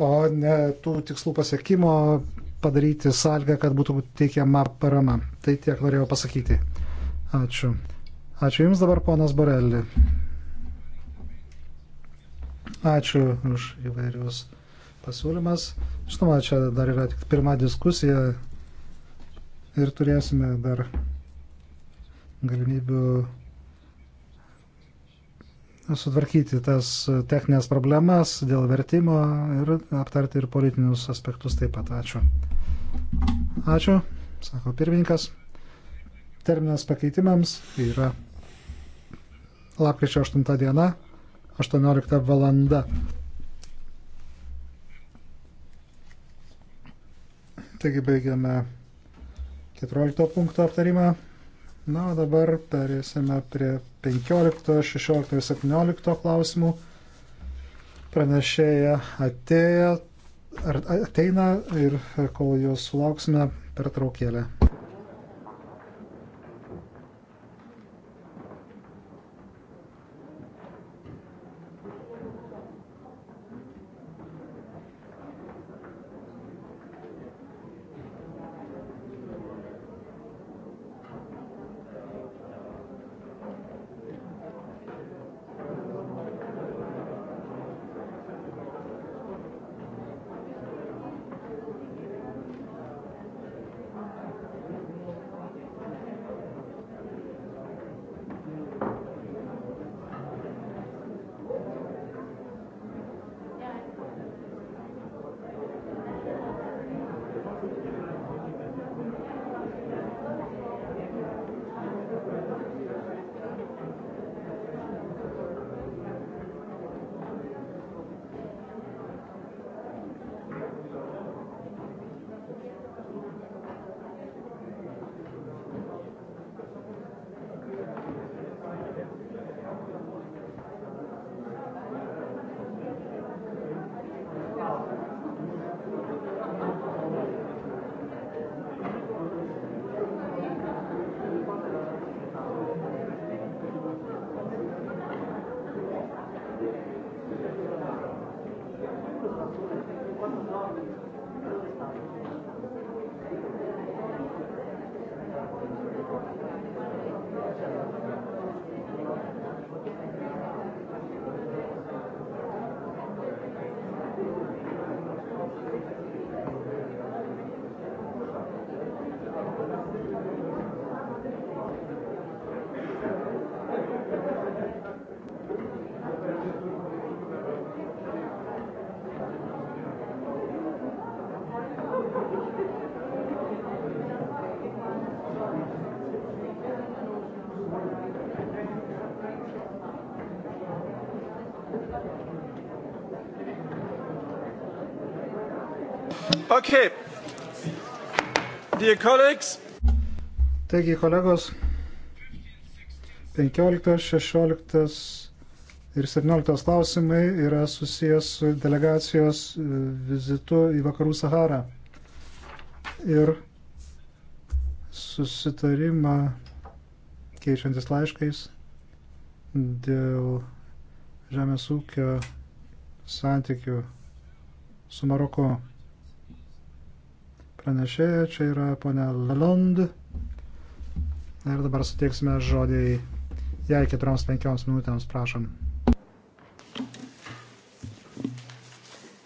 B: o ne tų tikslų pasiekimo padaryti sąlygą, kad būtų teikiama parama. Tai tiek norėjau pasakyti. Ačiū. Ačiū Jums dabar, ponas Borelli. Ačiū už įvairius pasiūlymas. Žinoma, čia dar yra tik pirma diskusija ir turėsime dar galimybių sutvarkyti tas techninės problemas dėl vertimo ir aptarti ir politinius aspektus taip pat. Ačiū. Ačiū, sako pirmininkas. Terminas pakeitimams yra lapkričio 8 diena, 18 valanda. Taigi baigiame 14 punkto aptarimą. Na, o dabar perėsime prie 15, 16 ir 17 klausimų. Pranešėja atėjo, ar ateina ir kol jos sulauksime, pertraukėlę.
A: Okay.
D: Dear colleagues.
B: Taigi, kolegos, 15, 16 ir 17 klausimai yra susijęs su delegacijos e, vizitu į Vakarų Saharą ir susitarimą keičiantis laiškais dėl žemės ūkio santykių su Maroku pranešėja, čia yra ponia Lalond. Ir dabar suteiksime žodį jai keturioms penkioms minutėms, prašom.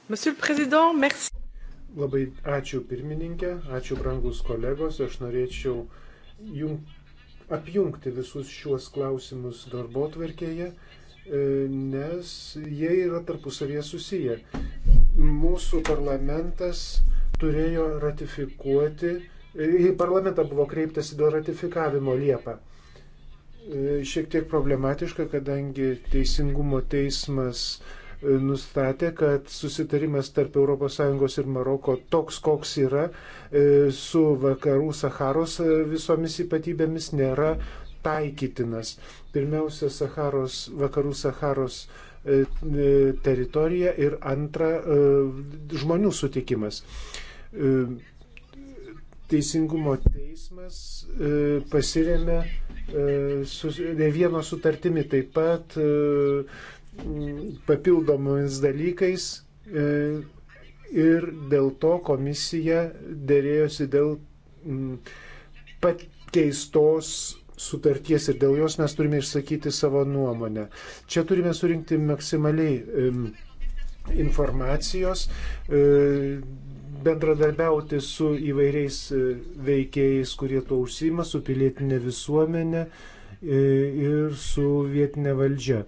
C: Monsieur le Président, merci.
A: Labai ačiū pirmininkė, ačiū brangus kolegos, aš norėčiau jum, apjungti visus šiuos klausimus darbo tvarkėje, e, nes jie yra tarpusavėje susiję. Mūsų parlamentas turėjo ratifikuoti, į parlamentą buvo kreiptasi dėl ratifikavimo Liepą. E, šiek tiek problematiška, kadangi Teisingumo teismas e, nustatė, kad susitarimas tarp ES ir Maroko toks, koks yra, e, su vakarų Saharos visomis ypatybėmis nėra taikytinas. Pirmiausia, Saharos, vakarų Saharos teritorija ir antra, žmonių sutikimas. E, Teisingumo teismas e, pasiremė e, ne vieno sutartimi, taip pat papildomomis dalykais ir dėl to komisija dėrėjosi dėl pakeistos sutarties ir dėl jos mes turime išsakyti savo nuomonę. Čia turime surinkti maksimaliai informacijos bendradarbiauti su įvairiais e, veikėjais, kurie to užsima, su pilietinė visuomenė e, ir su vietinė valdžia.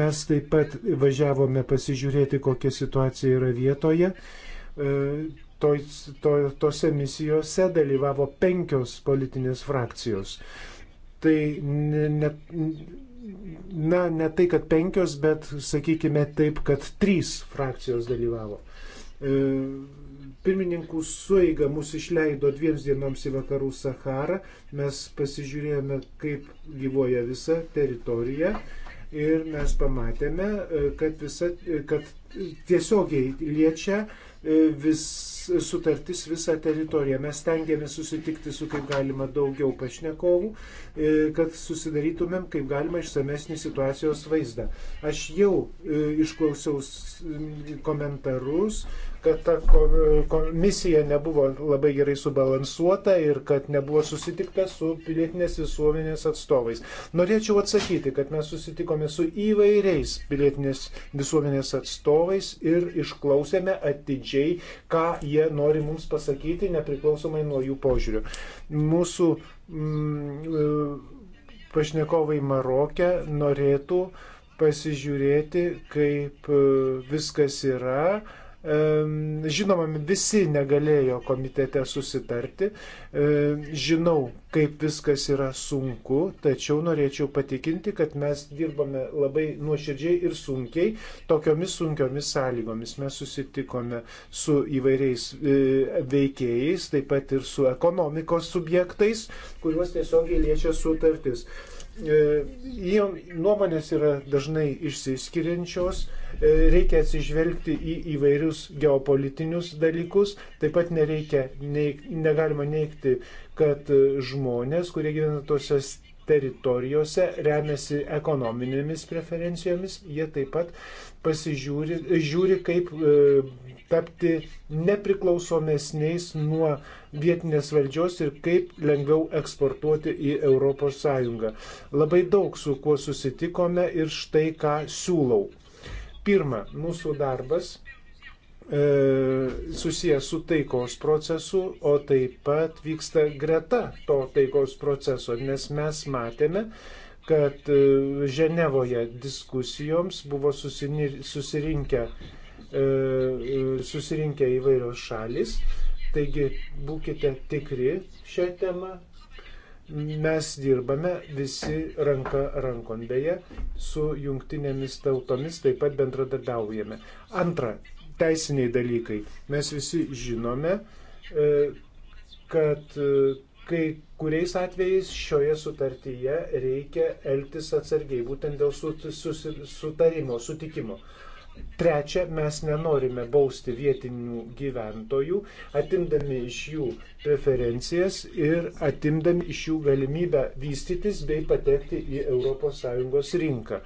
A: Mes taip pat važiavome pasižiūrėti, kokia situacija yra vietoje. E, to, to, tose misijose dalyvavo penkios politinės frakcijos. Tai net, na, ne tai, kad penkios, bet sakykime taip, kad trys frakcijos dalyvavo. Pirmininkų suiga mus išleido dviems dienoms į vakarų Saharą. Mes pasižiūrėjome, kaip gyvoja visa teritorija ir mes pamatėme, e, kad, visa, e, kad tiesiogiai liečia e, vis, sutartis visą teritoriją. Mes tengiamės susitikti su kaip galima daugiau pašnekovų, kad susidarytumėm kaip galima išsamesnį situacijos vaizdą. Aš jau išklausiau komentarus, kad ta komisija nebuvo labai gerai subalansuota ir kad nebuvo susitikta su pilietinės visuomenės atstovais. Norėčiau atsakyti, kad mes susitikome su įvairiais pilietinės visuomenės atstovais ir išklausėme atidžiai, ką jie nori mums pasakyti, nepriklausomai nuo jų požiūrių. Mūsų mm, pašnekovai Marokė norėtų pasižiūrėti, kaip viskas yra, Žinoma, visi negalėjo komitete susitarti. Žinau, kaip viskas yra sunku, tačiau norėčiau patikinti, kad mes dirbame labai nuoširdžiai ir sunkiai. Tokiomis sunkiomis sąlygomis mes susitikome su įvairiais e, veikėjais, taip pat ir su ekonomikos subjektais, kuriuos tiesiogiai liečia sutartis. E, nuomonės yra dažnai išsiskiriančios, e, reikia atsižvelgti į įvairius geopolitinius dalykus, taip pat nereikia, neik, negalima neikti, kad žmonės, kurie gyvena tose teritorijose, remiasi ekonominėmis preferencijomis, jie taip pat pasižiūri, žiūri, kaip e, tapti nepriklausomesniais nuo vietinės valdžios ir kaip lengviau eksportuoti į ES. Labai daug su kuo susitikome ir štai ką siūlau. Pirma, mūsų darbas e, susijęs su taikos procesu, o taip pat vyksta greta to taikos proceso, nes mes matėme, kad e, Ženevoje diskusijoms buvo susirinkę, e, e, susirinkę įvairios šalis. Taigi būkite tikri šią temą. Mes dirbame visi ranka rankon. Beje, su jungtinėmis tautomis taip pat bendradarbiaujame. Antra, teisiniai dalykai. Mes visi žinome, kad kai kuriais atvejais šioje sutartyje reikia elgtis atsargiai, būtent dėl sutarimo, sutikimo. Trečia, mes nenorime bausti vietinių gyventojų, atimdami iš jų preferencijas ir atimdami iš jų galimybę vystytis bei patekti į ES rinką.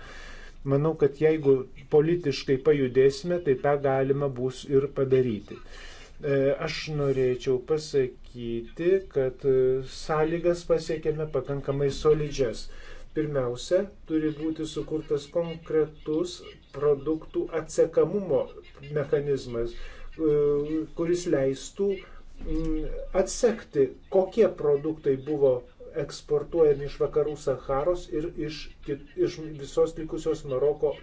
A: Manau, kad jeigu politiškai pajudėsime, tai tą galima bus ir padaryti. E, aš norėčiau pasakyti, kad e, sąlygas pasiekėme pakankamai solidžias. Pirmiausia, turi būti sukurtas konkretus produktų atsekamumo mechanizmas, e, kuris leistų mm, atsekti, kokie produktai buvo eksportuojami iš vakarų Saharos ir iš, iš visos likusios Maroko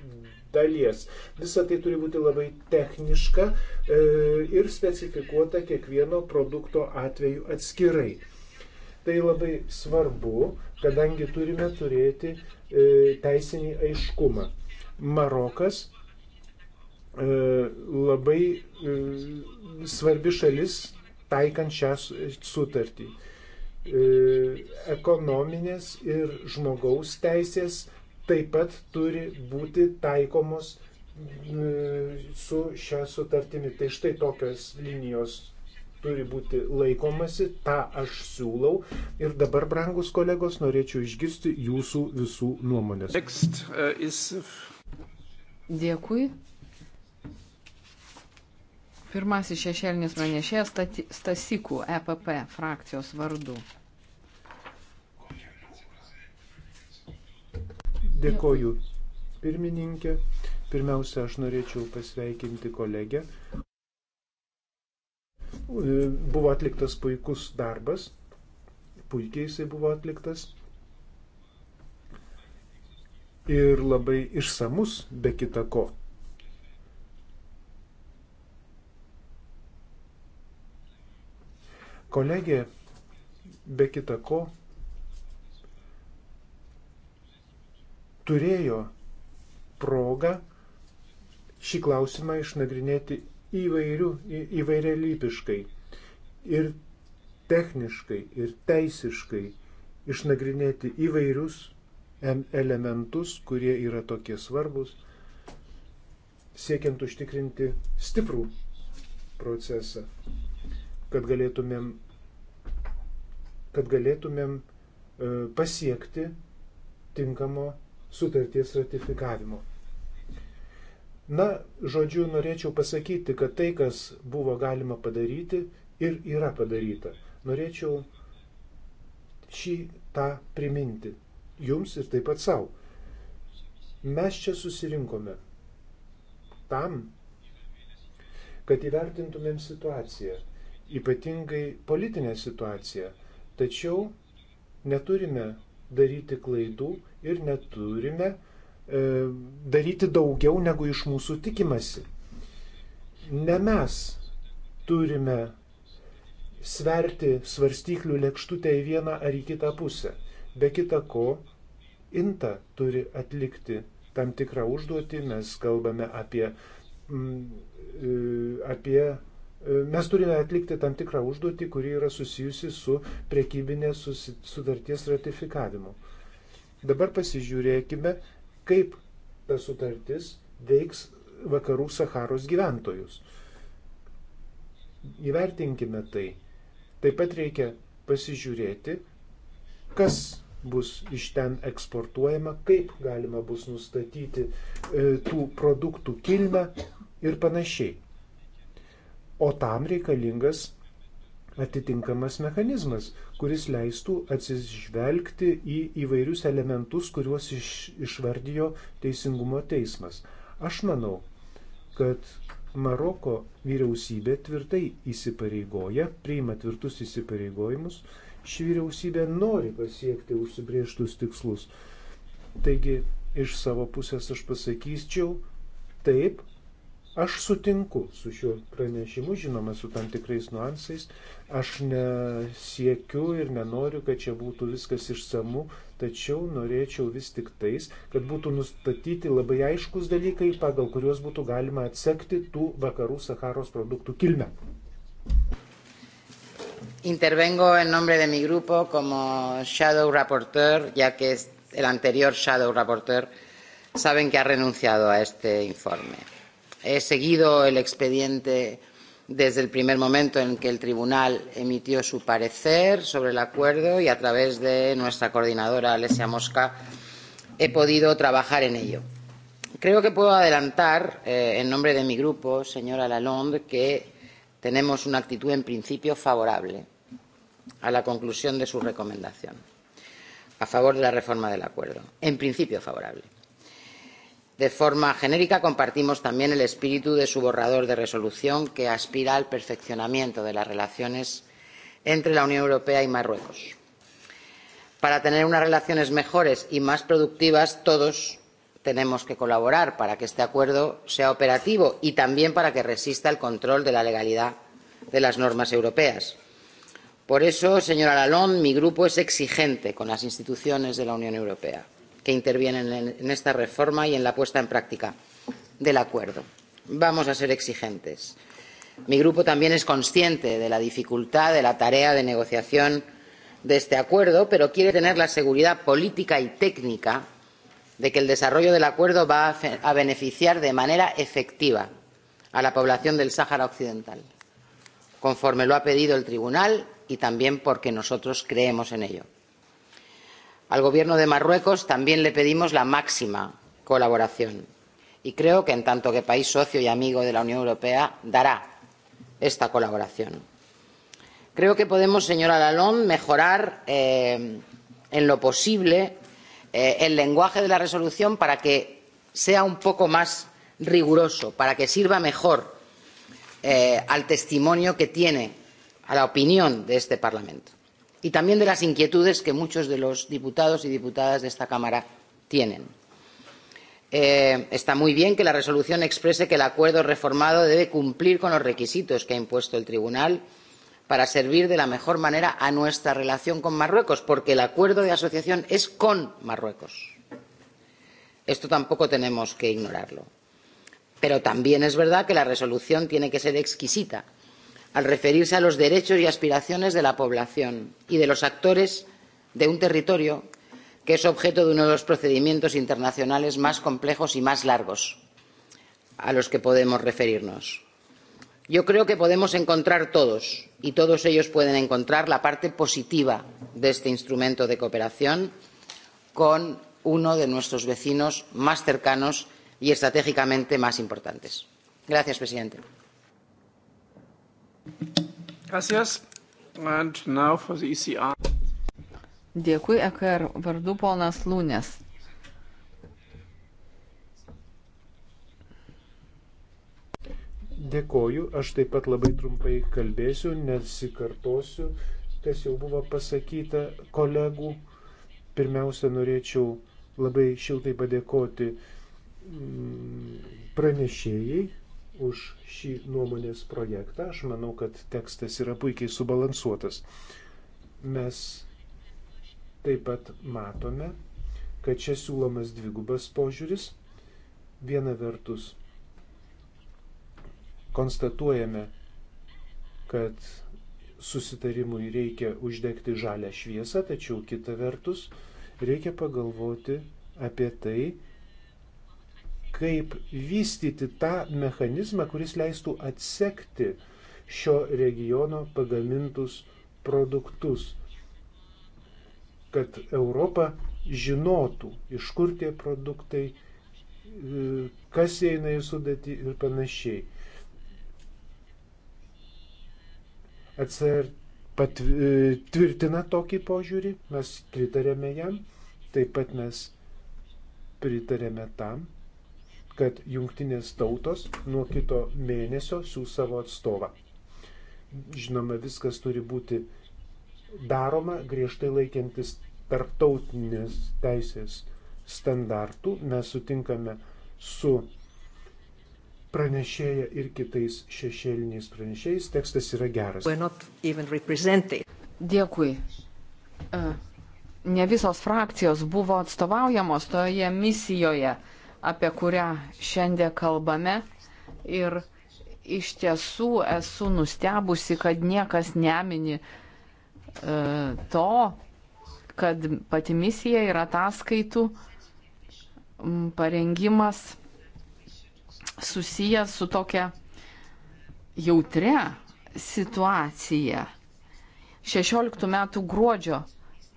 A: dalies. Visa tai turi būti labai techniška e, ir specifikuota kiekvieno produkto atveju atskirai. Tai labai svarbu, kadangi turime turėti e, teisinį aiškumą. Marokas e, labai svarbi šalis taikant šią sutartį. Ekonominės ir žmogaus teisės taip pat turi būti taikomos e, su šią sutartimi. Tai štai tokios linijos turi būti laikomasi, tą aš siūlau. Ir dabar, brangus kolegos, norėčiau išgirsti jūsų visų nuomonės. Next, uh,
C: is... Dėkui. Pirmasis šešėlinis pranešėjas Stasikų EPP frakcijos vardu.
A: Dėkoju pirmininkė. Pirmiausia, aš norėčiau pasveikinti kolegę. Buvo atliktas puikus darbas, puikiai jisai buvo atliktas ir labai išsamus be kita ko. Kolegė be kita ko turėjo progą šį klausimą išnagrinėti įvairių, įvairialypiškai ir techniškai, ir teisiškai išnagrinėti įvairius elementus, kurie yra tokie svarbus, siekiant užtikrinti stiprų procesą, kad galėtumėm, kad galėtumėm e, pasiekti tinkamo sutarties ratifikavimo. Na, žodžiu, norėčiau pasakyti, kad tai, kas buvo galima padaryti ir yra padaryta. Norėčiau šį tą priminti jums ir taip pat savo. Mes čia susirinkome tam, kad įvertintumėm situaciją, ypatingai politinę situaciją, tačiau neturime daryti klaidų ir neturime e, daryti daugiau negu iš mūsų tikimasi. Ne mes turime sverti svarstyklių lėkštutę į vieną ar į kitą pusę. Be kita ko, inta turi atlikti tam tikrą užduotį, mes kalbame apie, m, mm, e, apie E, mes turime atlikti tam tikrą užduotį, kuri yra susijusi su priekybinės sutarties ratifikavimu. Dabar pasižiūrėkime, kaip ta sutartis veiks vakarų Saharos gyventojus. Įvertinkime tai. Taip pat reikia pasižiūrėti, kas bus iš ten eksportuojama, kaip galima bus nustatyti e, tų produktų kilmę ir panašiai. O tam reikalingas atitinkamas mechanizmas, kuris leistų atsižvelgti į įvairius elementus, kuriuos iš, išvardijo Teisingumo teismas. Aš manau, kad Maroko vyriausybė tvirtai įsipareigoja, priima tvirtus įsipareigojimus, ši vyriausybė nori pasiekti užsibrieštus tikslus. Taigi iš savo pusės aš pasakyčiau, taip, Aš sutinku su šiuo pranešimu, žinoma, su tam tikrais nuansais. Aš nesiekiu ir nenoriu, kad čia būtų viskas išsamu, tačiau norėčiau vis tik tais, kad būtų nustatyti labai aiškus dalykai, pagal kuriuos būtų galima atsekti tų vakarų Saharos produktų kilmę.
D: Intervengo en nombre de mi grupo como shadow rapporteur, ya que el anterior shadow rapporteur saben que ha renunciado a este informe. He seguido el expediente desde el primer momento en que el Tribunal emitió su parecer sobre el acuerdo y a través de nuestra coordinadora, Alesia Mosca, he podido trabajar en ello. Creo que puedo adelantar, eh, en nombre de mi grupo, señora Lalonde, que tenemos una actitud en principio favorable a la conclusión de su recomendación a favor de la reforma del acuerdo. En principio favorable. De forma genérica, compartimos también el espíritu de su borrador de resolución que aspira al perfeccionamiento de las relaciones entre la Unión Europea y Marruecos. Para tener unas relaciones mejores y más productivas, todos tenemos que colaborar para que este acuerdo sea operativo y también para que resista el control de la legalidad de las normas europeas. Por eso, señora Lalonde, mi grupo es exigente con las instituciones de la Unión Europea que intervienen en, en esta reforma y en la puesta en práctica del acuerdo. Vamos a ser exigentes. Mi grupo también es consciente de la dificultad de la tarea de negociación de este acuerdo, pero quiere tener la seguridad política y técnica de que el desarrollo del acuerdo va a, a beneficiar de manera efectiva a la población del Sáhara Occidental, conforme lo ha pedido el Tribunal y también porque nosotros creemos en ello al gobierno de marruecos también le pedimos la máxima colaboración y creo que en tanto que país socio y amigo de la unión europea dará esta colaboración. creo que podemos señora lalonde mejorar eh, en lo posible eh, el lenguaje de la resolución para que sea un poco más riguroso para que sirva mejor eh, al testimonio que tiene a la opinión de este parlamento y también de las inquietudes que muchos de los diputados y diputadas de esta Cámara tienen. Eh, está muy bien que la resolución exprese que el acuerdo reformado debe cumplir con los requisitos que ha impuesto el Tribunal para servir de la mejor manera a nuestra relación con Marruecos, porque el acuerdo de asociación es con Marruecos. Esto tampoco tenemos que ignorarlo. Pero también es verdad que la resolución tiene que ser exquisita al referirse a los derechos y aspiraciones de la población y de los actores de un territorio que es objeto de uno de los procedimientos internacionales más complejos y más largos a los que podemos referirnos. Yo creo que podemos encontrar todos y todos ellos pueden encontrar la parte positiva de este instrumento de cooperación con uno de nuestros vecinos más cercanos y estratégicamente más importantes. Gracias, presidente.
A: Gracias. And now for the ECR.
C: Dėkui, EKR. Vardu ponas Lūnės.
A: Dėkoju, aš taip pat labai trumpai kalbėsiu, nesikartosiu, kas jau buvo pasakyta kolegų. Pirmiausia, norėčiau labai šiltai padėkoti mm, pranešėjai už šį nuomonės projektą. Aš manau, kad tekstas yra puikiai subalansuotas. Mes taip pat matome, kad čia siūlomas dvigubas požiūris. Viena vertus konstatuojame, kad susitarimui reikia uždegti žalę šviesą, tačiau kita vertus reikia pagalvoti apie tai, kaip vystyti tą mechanizmą, kuris leistų atsekti šio regiono pagamintus produktus, kad Europa žinotų, iš kur tie produktai, kas įeina į sudėtį ir panašiai. Atsert patvirtina tokį požiūrį, mes pritarėme jam, taip pat mes pritarėme tam, kad jungtinės tautos nuo kito mėnesio siūs savo atstovą. Žinoma, viskas turi būti daroma griežtai laikiantis tarptautinės teisės standartų. Mes sutinkame su pranešėja
C: ir kitais šešėliniais pranešėjais. Tekstas yra geras. Dėkui. E, ne visos frakcijos buvo atstovaujamos toje misijoje apie kurią šiandien kalbame. Ir iš tiesų esu nustebusi, kad niekas nemini e, to, kad pati misija yra ataskaitų parengimas susijęs su tokia jautre situacija. 16 metų gruodžio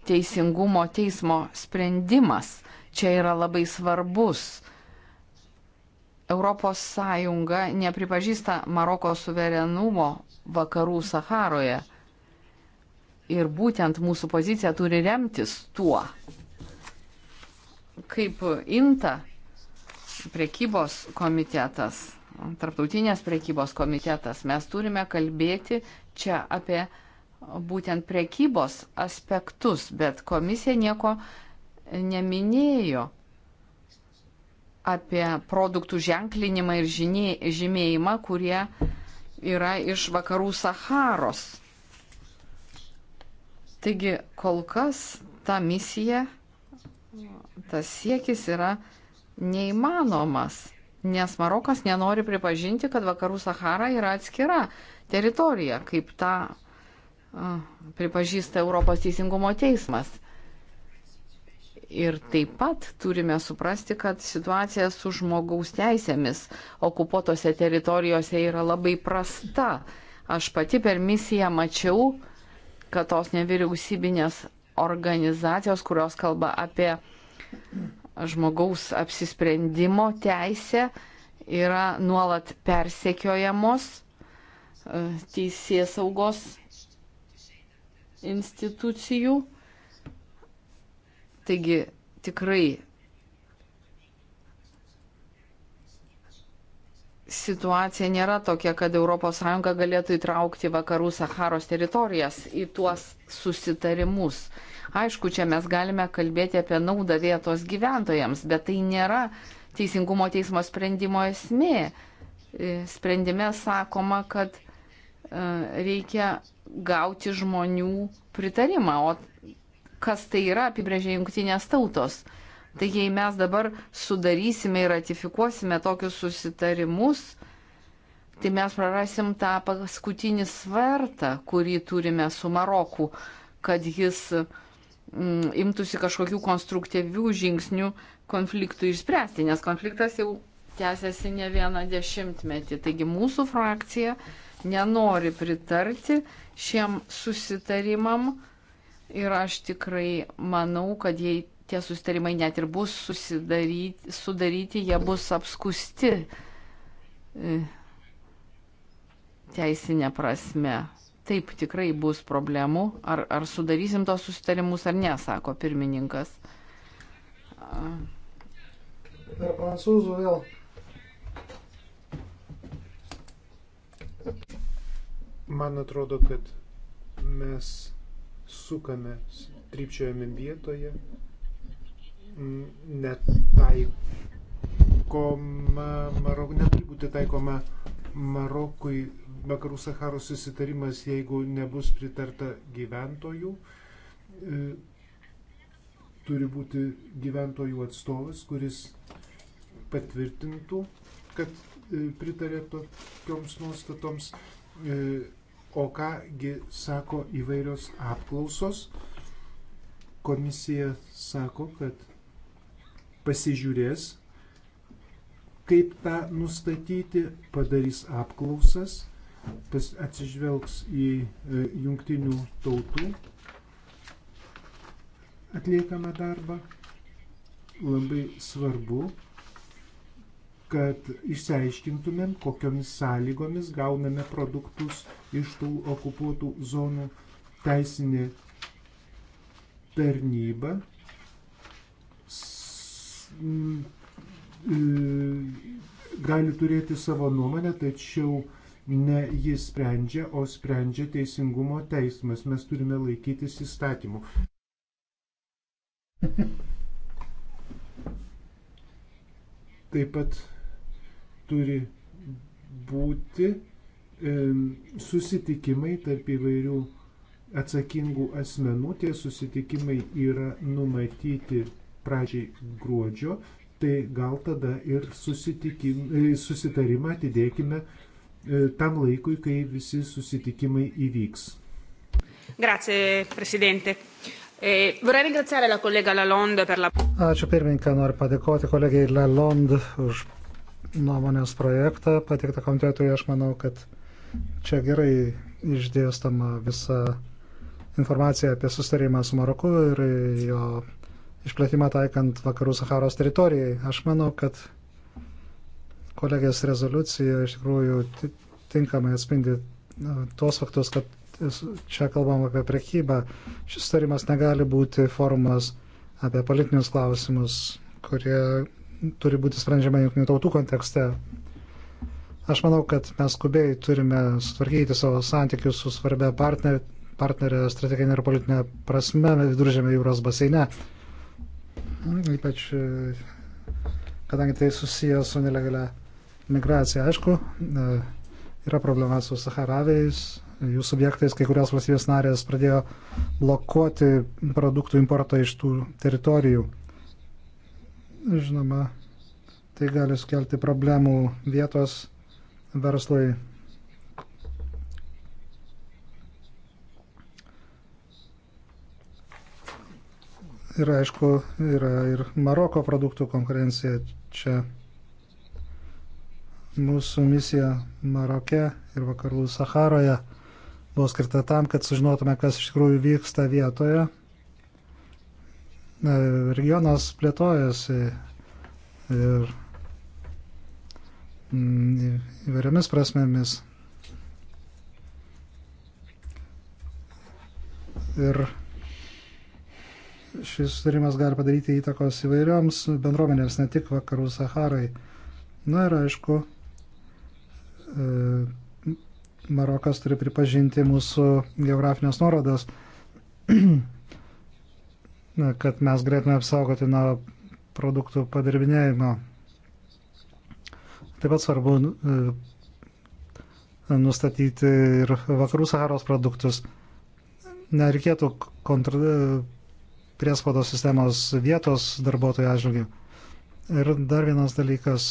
C: teisingumo teismo sprendimas čia yra labai svarbus ES nepripažįsta Maroko suverenumo vakarų Saharoje. Ir būtent mūsų pozicija turi remtis tuo, kaip INTA priekybos komitetas, tarptautinės priekybos komitetas, mes turime kalbėti čia apie būtent priekybos aspektus, bet komisija nieko neminėjo apie produktų ženklinimą ir žinė, žymėjimą, kurie yra iš vakarų Saharos. Taigi kol kas ta misija, tas siekis yra neįmanomas, nes Marokas nenori pripažinti, kad vakarų Sahara yra atskira teritorija, kaip tą pripažįsta Europos teisingumo teismas. Ir taip pat turime suprasti, kad situacija su žmogaus teisėmis okupuotose teritorijose yra labai prasta. Aš pati per misiją mačiau, kad tos nevyriausybinės organizacijos, kurios kalba apie žmogaus apsisprendimo teisę, yra nuolat persekiojamos e, teisės saugos institucijų Taigi tikrai situacija nėra tokia, kad ES galėtų įtraukti vakarų Saharos teritorijas į tuos susitarimus. Aišku, čia mes galime kalbėti apie naudą vietos gyventojams, bet tai nėra teisingumo teismo sprendimo esmė. E, sprendime sakoma, kad e, reikia gauti žmonių pritarimą, o kas tai yra, apibrėžia jungtinės tautos. Tai jei mes dabar sudarysime ir ratifikuosime tokius susitarimus, tai mes prarasim tą paskutinį svertą, kurį turime su Maroku, kad jis mm, imtųsi kažkokių konstruktyvių žingsnių konfliktui išspręsti, nes konfliktas jau tęsiasi ne vieną dešimtmetį. Taigi mūsų frakcija nenori pritarti šiem susitarimam Ir aš tikrai manau, kad jei tie sustarimai net ir bus sudaryti, jie bus apskusti e, teisinė prasme. Taip tikrai bus problemų, ar, ar sudarysim tos sustarimus ar ne, sako pirmininkas.
B: Per prancūzų vėl.
A: Man atrodo, kad mes sukame, trypčiojame vietoje, netaikoma, Marok, neturi būti taikoma Marokui vakarų Saharos susitarimas, jeigu nebus pritarta gyventojų. E, turi būti gyventojų atstovas, kuris patvirtintų, kad e, pritarė tokioms nuostatoms. E, O kągi sako įvairios apklausos, komisija sako, kad pasižiūrės, kaip tą nustatyti, padarys apklausas, atsižvelgs į e, jungtinių tautų atliekamą darbą. Labai svarbu, kad išsiaiškintumėm, kokiomis sąlygomis gauname produktus iš tų okupuotų zonų teisinė tarnyba mm, gali turėti savo nuomonę, tačiau ne jis sprendžia, o sprendžia teisingumo teismas. Mes turime laikytis įstatymų. Taip pat turi būti susitikimai tarp įvairių atsakingų asmenų. Tie susitikimai yra numatyti pradžiai gruodžio, tai gal tada ir e, susitarimą atidėkime e, tam laikui, kai visi susitikimai įvyks.
C: Grazie, Presidente. E, vorrei ringraziare la collega Lalonde per la...
B: Ačiū pirmininką, noriu padėkoti kolegijai Lalonde už nuomonės projektą pateiktą komitetui. Aš manau, kad čia gerai išdėstama visa informacija apie sustarimą su Maroku ir jo išplėtimą taikant vakarų Saharos teritorijai. Aš manau, kad kolegės rezoliucija iš tikrųjų tinkamai atspindi tuos faktus, kad čia kalbam apie prekybą. Šis sustarimas negali būti formas apie politinius klausimus, kurie turi būti sprendžiama jungtinių tautų kontekste. Aš manau, kad mes skubiai turime sutvarkyti savo santykius su svarbia partner, partnerė strateginė ir politinė prasme viduržėme jūros baseine. Ypač kadangi tai susijęs su nelegalia migracija. Aišku, yra problema su Saharavėjais, jų subjektais, kai kurios valstybės narės pradėjo blokuoti produktų importą iš tų teritorijų. Žinoma, tai gali skelti problemų vietos verslui. Ir aišku, yra ir Maroko produktų konkurencija čia. Mūsų misija Maroke ir vakarų Saharoje buvo skirta tam, kad sužinotume, kas iš tikrųjų vyksta vietoje regionas plėtojasi ir mm, įvairiamis prasmėmis. Ir šis sutarimas gali padaryti įtakos įvairioms bendruomenėms, ne tik vakarų Saharai. Na ir aišku, e, Marokas turi pripažinti mūsų geografinės nuorodas. kad mes galėtume apsaugoti nuo produktų padirbinėjimo. Taip pat svarbu e, nustatyti ir vakarų Saharos produktus. Nereikėtų kontra... E, priespaudos sistemos vietos darbuotojų atžvilgių. Ir dar vienas dalykas.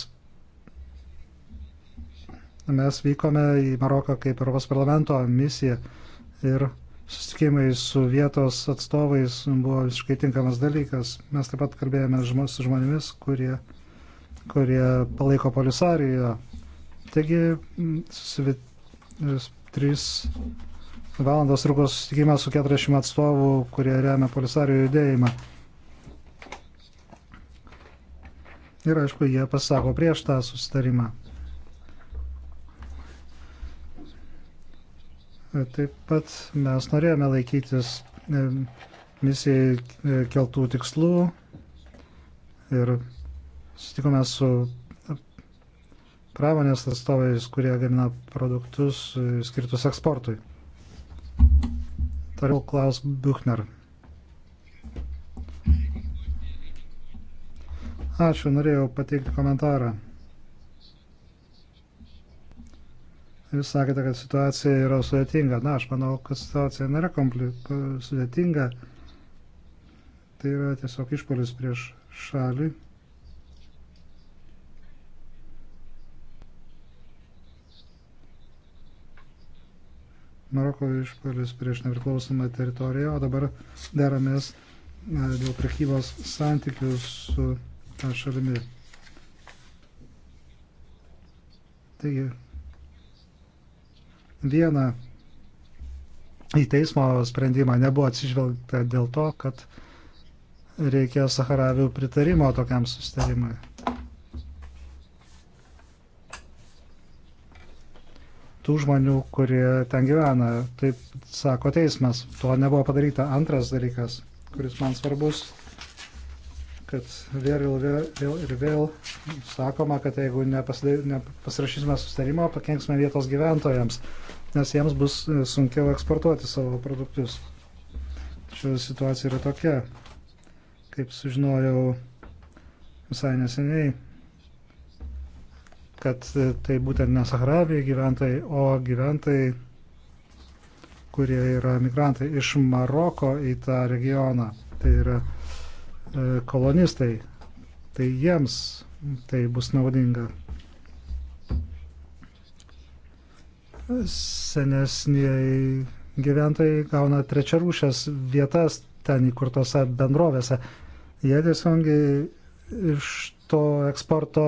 B: Mes vykome į Maroką kaip Europos parlamento misiją ir susitikimai su vietos atstovais buvo visiškai tinkamas dalykas. Mes taip pat kalbėjome su žmonėmis, kurie, kurie palaiko polisariją. Taigi, susivit, trys valandos truko susitikimas su 40 atstovų, kurie remia polisarijų judėjimą. Ir aišku, jie pasako prieš tą susitarimą. Taip pat mes norėjome laikytis e, misijai e, keltų tikslų ir sutikome su pramonės atstovais, kurie gamina produktus e, skirtus eksportui. Toliau Klaus Buchner. Ačiū, norėjau pateikti komentarą. Jūs sakėte, kad situacija yra sudėtinga. Na, aš manau, kad situacija nėra kompli... sudėtinga. Tai yra tiesiog išpolis prieš šalį. Maroko išpolis prieš nepriklausomą teritoriją, o dabar deramės e, dėl prekybos santykių su ta šalimi. Taigi, vieną į teismo sprendimą nebuvo atsižvelgta dėl to, kad reikėjo Saharavių pritarimo tokiam sustarimui. Tų žmonių, kurie ten gyvena, taip sako teismas. To nebuvo padaryta. Antras dalykas, kuris man svarbus, kad vėl ir vėl, vėl, ir vėl sakoma, kad jeigu nepasirašysime sustarimo, pakenksime vietos gyventojams, nes jiems bus e, sunkiau eksportuoti savo produktus. Tačiau situacija yra tokia, kaip sužinojau visai neseniai, kad e, tai būtent ne Saharabiai gyventojai, o gyventojai, kurie yra migrantai iš Maroko į tą regioną. Tai yra E, kolonistai. Tai jiems tai bus naudinga. Senesniai gyventojai gauna trečiarūšės vietas ten įkurtose bendrovėse. Jie tiesiog iš to eksporto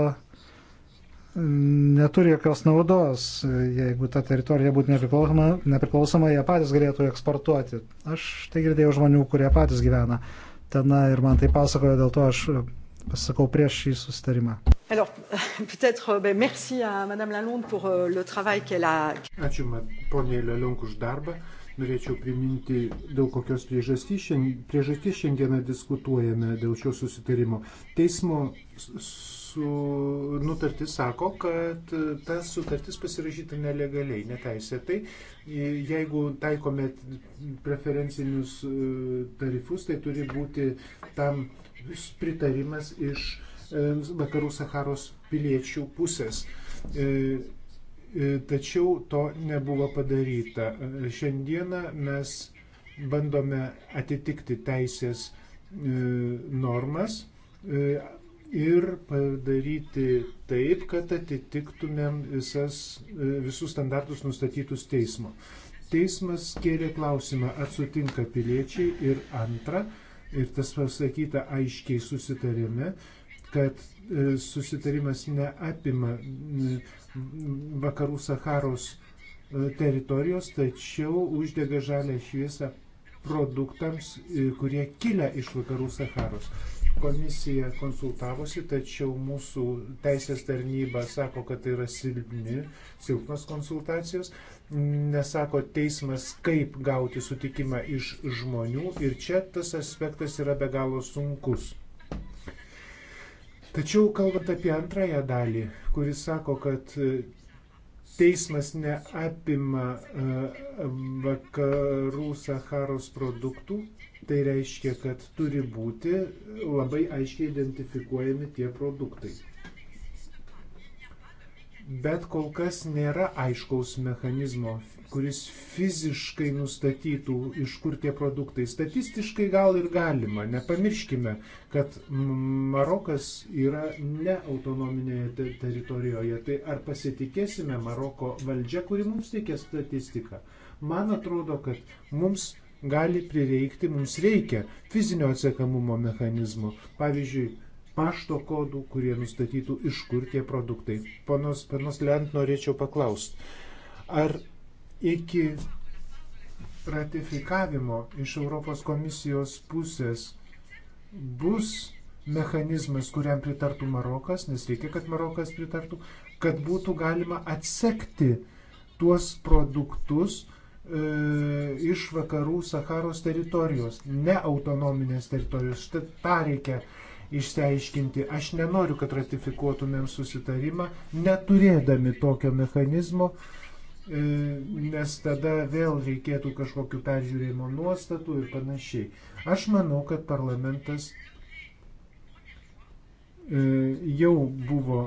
B: neturi jokios naudos. Jeigu ta teritorija būtų nepriklausoma, nepriklausoma jie patys galėtų eksportuoti. Aš tai girdėjau žmonių, kurie patys gyvena tenai ir man tai pasakojo, dėl to aš e, pasakau prieš šį susitarimą.
C: Alors, peut-être, euh, ben, merci à Madame Lalonde pour euh, le travail qu'elle a.
A: Ačiū, poniai Lalonde, už darbą. Norėčiau priminti, dėl kokios priežastys šiandien, priežastys šiandieną diskutuojame dėl šio susitarimo. Teismo su nutartis sako, kad ta sutartis pasirašyta nelegaliai, neteisėtai. Jeigu taikome preferencinius e, tarifus, tai turi būti tam pritarimas iš e, vakarų Saharos piliečių pusės. E, tačiau to nebuvo padaryta. Šiandieną mes bandome atitikti teisės normas ir padaryti taip, kad atitiktumėm visas, e, visus standartus nustatytus teismo. Teismas kėlė klausimą, atsutinka piliečiai ir antra, ir tas pasakyta aiškiai susitarime, kad e, susitarimas neapima vakarų Saharos e, teritorijos, tačiau uždega žalę šviesą produktams, kurie kilia iš vakarų Saharos. Komisija konsultavosi, tačiau mūsų teisės tarnyba sako, kad tai yra silpni, silpnos konsultacijos. Nesako teismas, kaip gauti sutikimą iš žmonių ir čia tas aspektas yra be galo sunkus. Tačiau kalbant apie antrąją dalį, kuris sako, kad e, teismas neapima e, vakarų Saharos produktų, Tai reiškia, kad turi būti labai aiškiai identifikuojami tie produktai. Bet kol kas nėra aiškaus mechanizmo, kuris fiziškai nustatytų, iš kur tie produktai. Statistiškai gal ir galima. Nepamirškime, kad Marokas yra ne autonominėje te teritorijoje. Tai ar pasitikėsime Maroko valdžia, kuri mums teikia statistiką? Man atrodo, kad mums gali prireikti, mums reikia fizinio atsiekamumo mechanizmo, pavyzdžiui, pašto kodų, kurie nustatytų, iš kur tie produktai. Panos, panos Lent norėčiau paklausti, ar iki ratifikavimo iš Europos komisijos pusės bus mechanizmas, kuriam pritartų Marokas, nes reikia, kad Marokas pritartų, kad būtų galima atsekti tuos produktus, E, iš vakarų Saharos teritorijos, ne autonominės teritorijos. Štai tą reikia išsiaiškinti. Aš nenoriu, kad ratifikuotumėm susitarimą, neturėdami tokio mechanizmo, e, nes tada vėl reikėtų kažkokiu peržiūrėjimo nuostatų ir panašiai. Aš manau, kad parlamentas e, jau buvo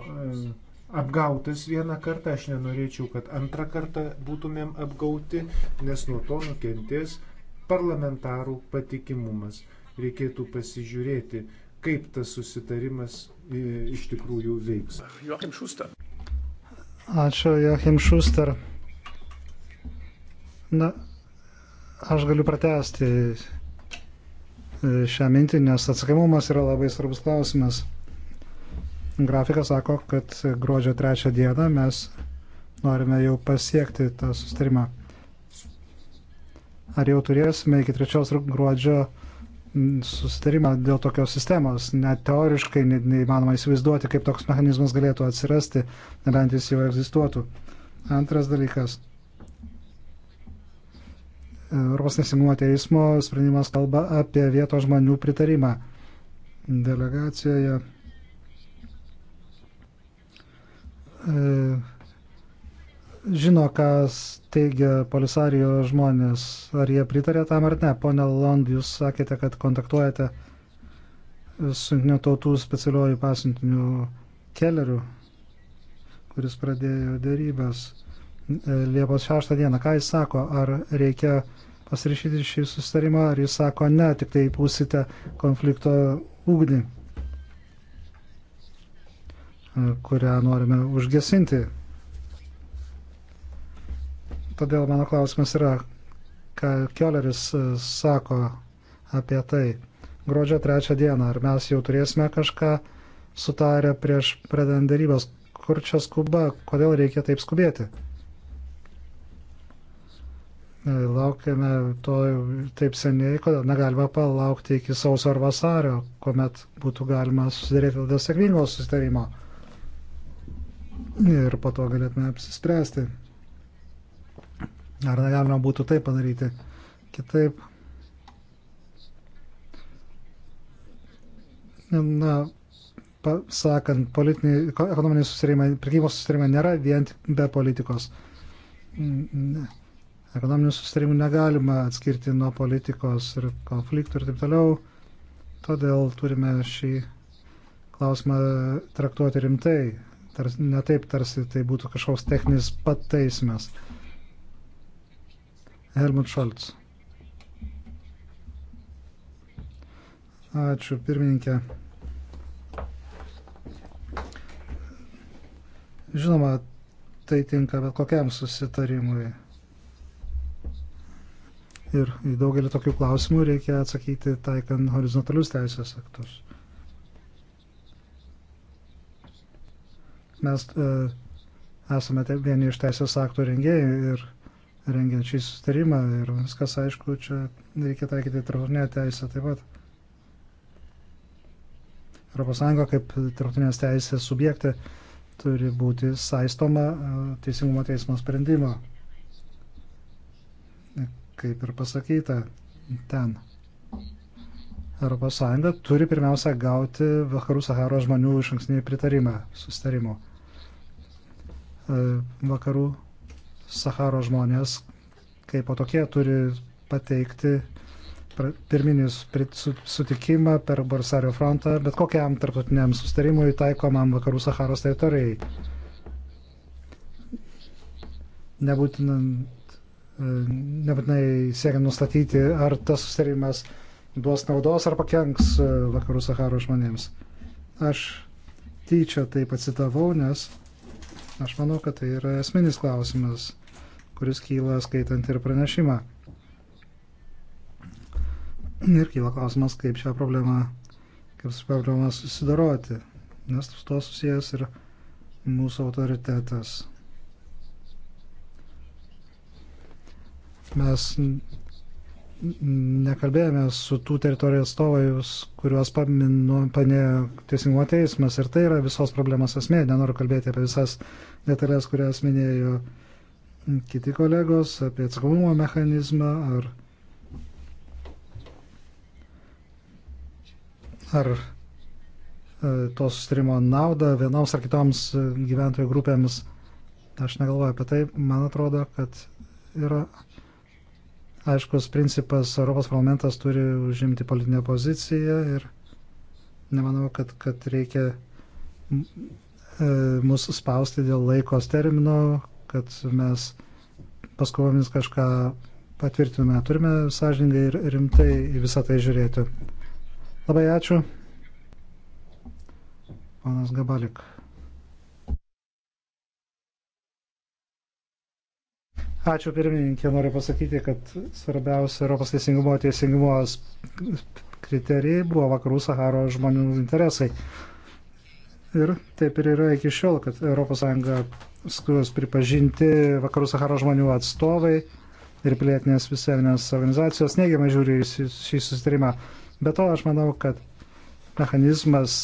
A: apgautas vieną kartą, aš nenorėčiau, kad antrą kartą būtumėm apgauti, nes nuo to nukentės parlamentarų patikimumas. Reikėtų pasižiūrėti, kaip tas susitarimas e, iš tikrųjų veiks. Joachim Šuster.
B: Ačiū, Joachim Šuster. Na, aš galiu pratesti e, šią mintį, nes atsakymumas yra labai svarbus klausimas grafikas sako, kad gruodžio trečią dieną mes norime jau pasiekti tą sustarimą. Ar jau turėsime iki trečios gruodžio sustarimą dėl tokios sistemos? Net teoriškai neįmanoma įsivaizduoti, kaip toks mechanizmas galėtų atsirasti, nebent jis jau egzistuotų. Antras dalykas. Europos nesimumo teismo sprendimas kalba apie vietos žmonių pritarimą delegacijoje E, žino, ką teigia polisario žmonės, ar jie pritarė tam ar ne. Pone Lond, jūs sakėte, kad kontaktuojate su jungtinių tautų specialiuoju pasiuntiniu Kelleriu, kuris pradėjo dėrybas e, Liepos 6 dieną. Ką jis sako, ar reikia pasirašyti šį susitarimą, ar jis sako, ne, tik tai pusite konflikto ugnį kurią norime užgesinti. Todėl mano klausimas yra, ką Kioleris e, sako apie tai. Gruodžio trečią dieną, ar mes jau turėsime kažką sutarę prieš pradedant darybas, kur čia skuba, kodėl reikia taip skubėti. E, laukiame to taip seniai, kodėl negalima palaukti iki sausio ar vasario, kuomet būtų galima susidaryti dėl sėkmingo susitarimo ir po to galėtume apsispręsti. Ar negalima būtų taip padaryti kitaip? Na, sakant, politiniai, ekonominiai susirimai, prekybos susirimai nėra vien be politikos. Ekonominių susirimų negalima atskirti nuo politikos ir konfliktų ir taip toliau. Todėl turime šį klausimą traktuoti rimtai tars, ne taip tarsi tai būtų kažkoks techninis pataisimas. Helmut Šolts. Ačiū, pirmininkė. Žinoma, tai tinka bet kokiam susitarimui. Ir į daugelį tokių klausimų reikia atsakyti taikant horizontalius teisės aktus. Mes e, esame vieni iš teisės aktų rengėjų ir rengiant šį sustarimą ir viskas aišku, čia reikia taikyti tarptautinę teisę taip pat. ES kaip tarptautinės teisės subjektė turi būti saistoma e, teisingumo teismo sprendimo, kaip ir pasakyta ten. ES turi pirmiausia gauti Vakarų Saharos žmonių iš ankstinį pritarimą sustarimo. E, vakarų Saharo žmonės kaip po tokie turi pateikti pirminį sutikimą per Barsario frontą, bet kokiam tarptautiniam sustarimui taikomam vakarų Saharos teritorijai. Nebūtinant, e, nebūtinai siekiant nustatyti, ar tas sustarimas duos naudos ar pakenks e, vakarų Saharos žmonėms. Aš tyčia taip pacitavau, nes Aš manau, kad tai yra esminis klausimas, kuris kyla skaitant ir pranešimą. Ir kyla klausimas, kaip šią problemą, kaip su problemą susidoroti, nes su to susijęs ir mūsų autoritetas. Mes nekalbėjome su tų teritorijų atstovais, kuriuos paminu, panėjo teisingumo teismas ir tai yra visos problemos esmė. Nenoriu kalbėti apie visas detalės, kurias minėjo kiti kolegos, apie atsakomumo mechanizmą ar, ar e, to sustarimo naudą vienoms ar kitoms gyventojų grupėms. Aš negalvoju apie tai. Man atrodo, kad yra aiškus principas, Europos parlamentas turi užimti politinę poziciją ir nemanau, kad, kad reikia e, mus spausti dėl laikos termino, kad mes paskovomis kažką patvirtinome. Turime sąžininkai ir rimtai į visą tai žiūrėti. Labai ačiū. Panas Gabalik. Ačiū pirmininkė, noriu pasakyti, kad svarbiausia Europos teisingumo teisingumo kriterijai buvo vakarų Saharo žmonių interesai. Ir taip ir yra iki šiol, kad ES skubės pripažinti vakarų Saharo žmonių atstovai ir pilietinės visuomenės organizacijos neigiamai žiūri į šį susitarimą. Be to, aš manau, kad mechanizmas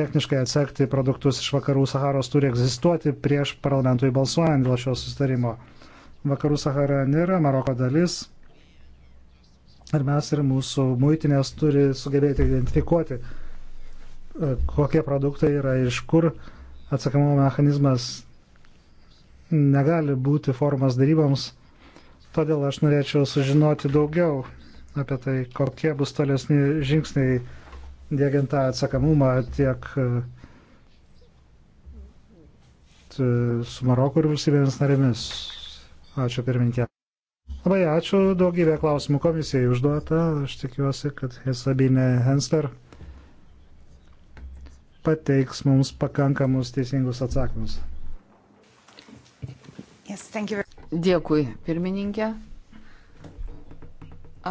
B: techniškai atsekti produktus iš vakarų Saharos turi egzistuoti prieš parlamentui balsuojant dėl šio susitarimo. Vakarų Sahara nėra Maroko dalis. Ir mes ir mūsų muitinės turi sugebėti identifikuoti, e, kokie produktai yra iš kur. Atsakymo mechanizmas negali būti formas daryboms. Todėl aš norėčiau sužinoti daugiau apie tai, kokie bus tolesni žingsniai dėgiant tą atsakamumą tiek e, su Maroku ir valstybėmis narėmis. Ačiū pirminkė. Labai ačiū daugybė klausimų komisijai užduota. Aš tikiuosi, kad Sabine Hensler pateiks mums pakankamus teisingus atsakymus.
D: Yes,
C: Dėkui, pirmininkė.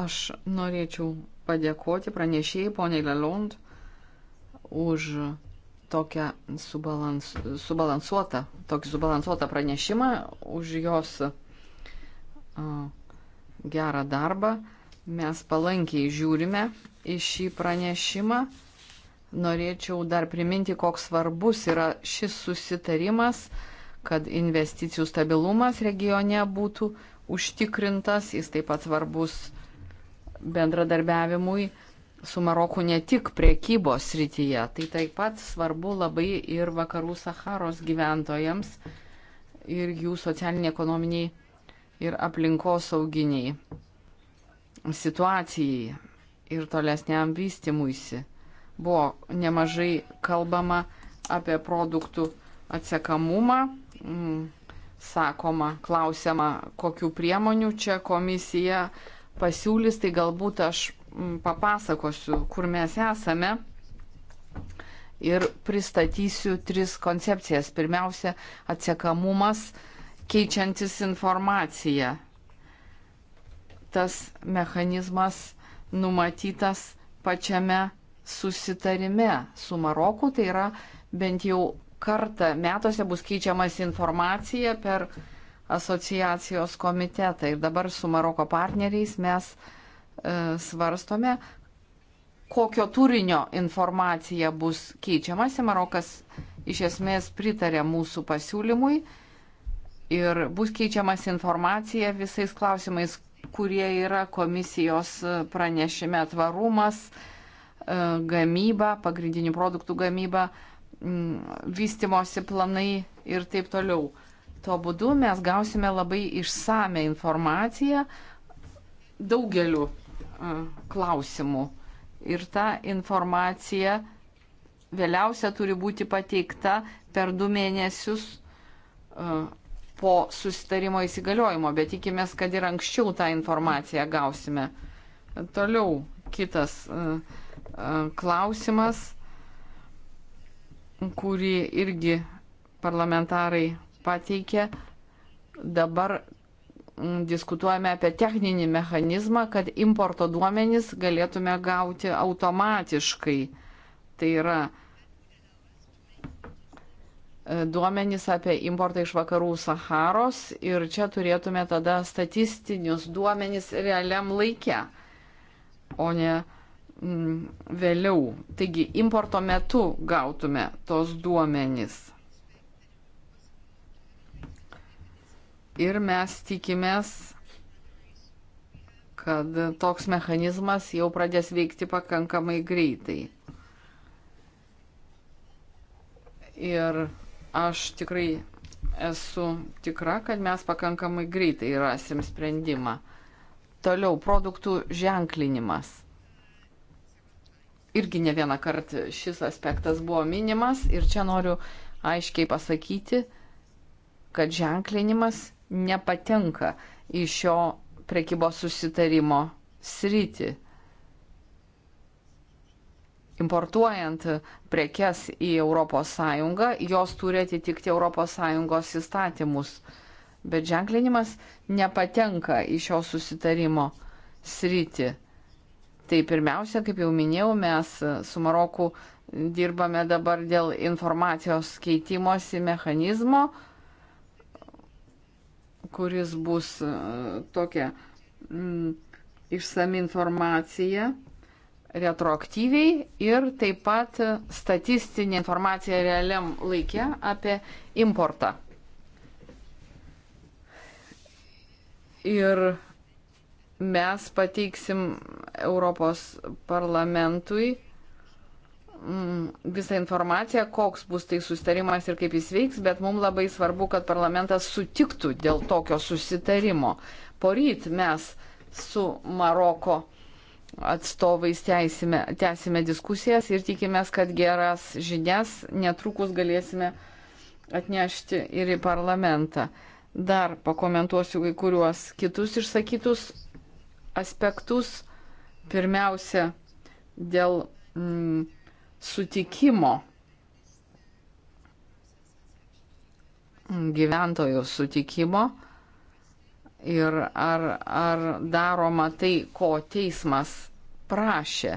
C: Aš norėčiau padėkoti pranešėjai poniai Lelond už tokią subalans, subalansuotą, tokį subalansuotą pranešimą, už jos uh, gerą darbą. Mes palankiai žiūrime į šį pranešimą. Norėčiau dar priminti, koks svarbus yra šis susitarimas, kad investicijų stabilumas regione būtų užtikrintas. Jis taip pat svarbus bendradarbiavimui su Maroku ne tik priekybos srityje. Tai taip pat svarbu labai ir vakarų Saharos gyventojams ir jų socialiniai ekonominiai ir aplinkosauginiai situacijai ir tolesniam vystimuisi. Buvo nemažai kalbama apie produktų atsekamumą, mm, sakoma, klausiama, kokiu priemoniu čia komisija pasiūlys, tai galbūt aš mm, papasakosiu, kur mes esame ir pristatysiu tris koncepcijas. Pirmiausia, atsekamumas keičiantis informaciją. Tas mechanizmas numatytas pačiame susitarime su Maroku, tai yra bent jau kartą metuose bus keičiamas informacija per asociacijos komitetą. Ir dabar su Maroko partneriais mes e, svarstome, kokio turinio informacija bus keičiamasi. Marokas iš esmės pritarė mūsų pasiūlymui ir bus keičiamas informacija visais klausimais, kurie yra komisijos pranešime tvarumas, e, gamyba, pagrindinių produktų gamyba, vystimosi planai ir taip toliau. Tuo būdu mes gausime labai išsame informaciją daugeliu e, klausimų. Ir ta informacija vėliausia turi būti pateikta per du mėnesius e, po susitarimo įsigaliojimo, bet tikimės, kad ir anksčiau tą informaciją gausime. Toliau kitas e, e, klausimas, kurį irgi parlamentarai pateikė. Dabar diskutuojame apie techninį mechanizmą, kad importo duomenys galėtume gauti automatiškai. Tai yra E, duomenys apie importą iš vakarų Saharos ir čia turėtume tada statistinius duomenys realiam laikė, o ne mm, vėliau. Taigi importo metu gautume tos duomenys. Ir mes tikimės, kad toks mechanizmas jau pradės veikti pakankamai greitai. Ir Aš tikrai esu tikra, kad mes pakankamai greitai rasim sprendimą. Toliau produktų ženklinimas. Irgi ne vieną kartą šis aspektas buvo minimas ir čia noriu aiškiai pasakyti, kad ženklinimas nepatenka į šio prekybos susitarimo sritį importuojant prekes į ES, jos turi atitikti ES įstatymus. Bet ženklinimas nepatenka į šio susitarimo sritį. Tai pirmiausia, kaip jau minėjau, mes su Maroku dirbame dabar dėl informacijos keitimosi mechanizmo, kuris bus e, tokia mm, išsami informacija retroaktyviai ir taip pat statistinė informacija realiam laikė apie importą. Ir mes pateiksim Europos parlamentui mm, visą informaciją, koks bus tai sustarimas ir kaip jis veiks, bet mums labai svarbu, kad parlamentas sutiktų dėl tokio susitarimo. Poryt mes su Maroko uh, atstovais teisime, tęsime diskusijas ir tikimės, kad geras žinias netrukus galėsime atnešti ir į parlamentą. Dar pakomentuosiu kai kuriuos kitus išsakytus aspektus. Pirmiausia, dėl mm, sutikimo, gyventojų sutikimo ir ar, ar daroma tai, ko teismas prašė.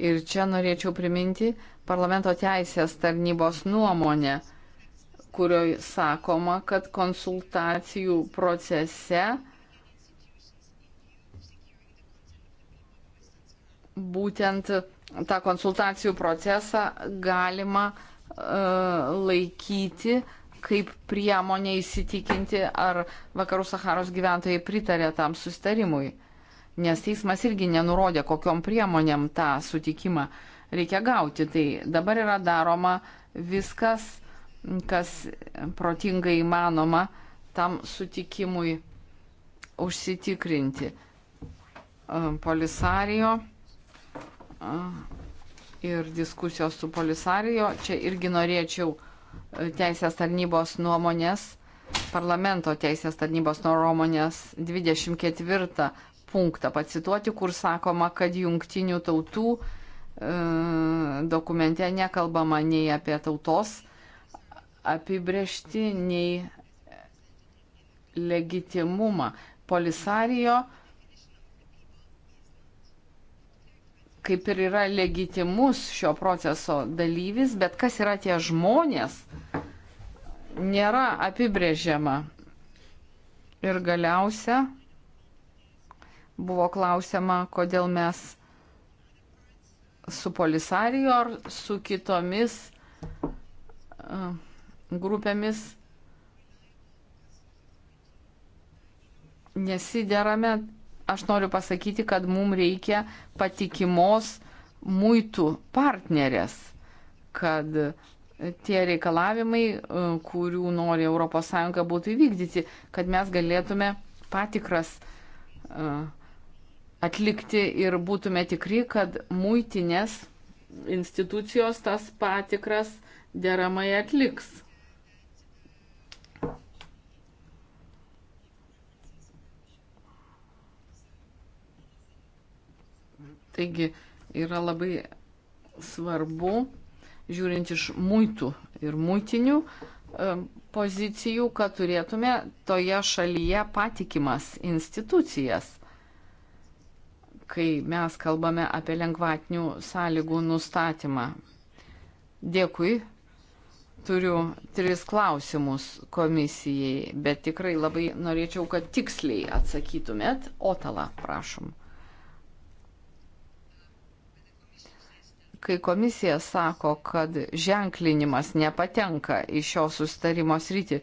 C: Ir čia norėčiau priminti parlamento teisės tarnybos nuomonę, kurioje sakoma, kad konsultacijų procese būtent tą konsultacijų procesą galima uh, laikyti uh, kaip priemonė įsitikinti, ar vakarų Saharos gyventojai pritarė tam sustarimui. Nes teismas irgi nenurodė, kokiom priemonėm tą sutikimą reikia gauti. Tai dabar yra daroma viskas, kas protingai įmanoma tam sutikimui užsitikrinti. Polisario ir diskusijos su Polisario. Čia irgi norėčiau teisės tarnybos nuomonės, parlamento teisės tarnybos nuomonės 24 punktą pacituoti, kur sakoma, kad jungtinių tautų e, dokumente nekalbama nei apie tautos apibriešti, nei legitimumą. Polisario kaip ir yra legitimus šio proceso dalyvis, bet kas yra tie žmonės, nėra apibrėžiama. Ir galiausia buvo klausima, kodėl mes su Polisario ar su kitomis grupėmis nesiderame aš noriu pasakyti, kad mums reikia patikimos muitų partnerės, kad tie reikalavimai, e, kurių nori ES būtų įvykdyti, kad mes galėtume patikras e, atlikti ir būtume tikri, kad muitinės institucijos tas patikras deramai atliks. Taigi yra labai svarbu, žiūrint iš muitų ir muitinių e, pozicijų, kad turėtume toje šalyje patikimas institucijas. Kai mes kalbame apie lengvatinių sąlygų nustatymą. Dėkui. Turiu tris klausimus komisijai, bet tikrai labai norėčiau, kad tiksliai atsakytumėt. Otala, prašom. kai komisija sako, kad ženklinimas nepatenka į šio sustarimo sritį,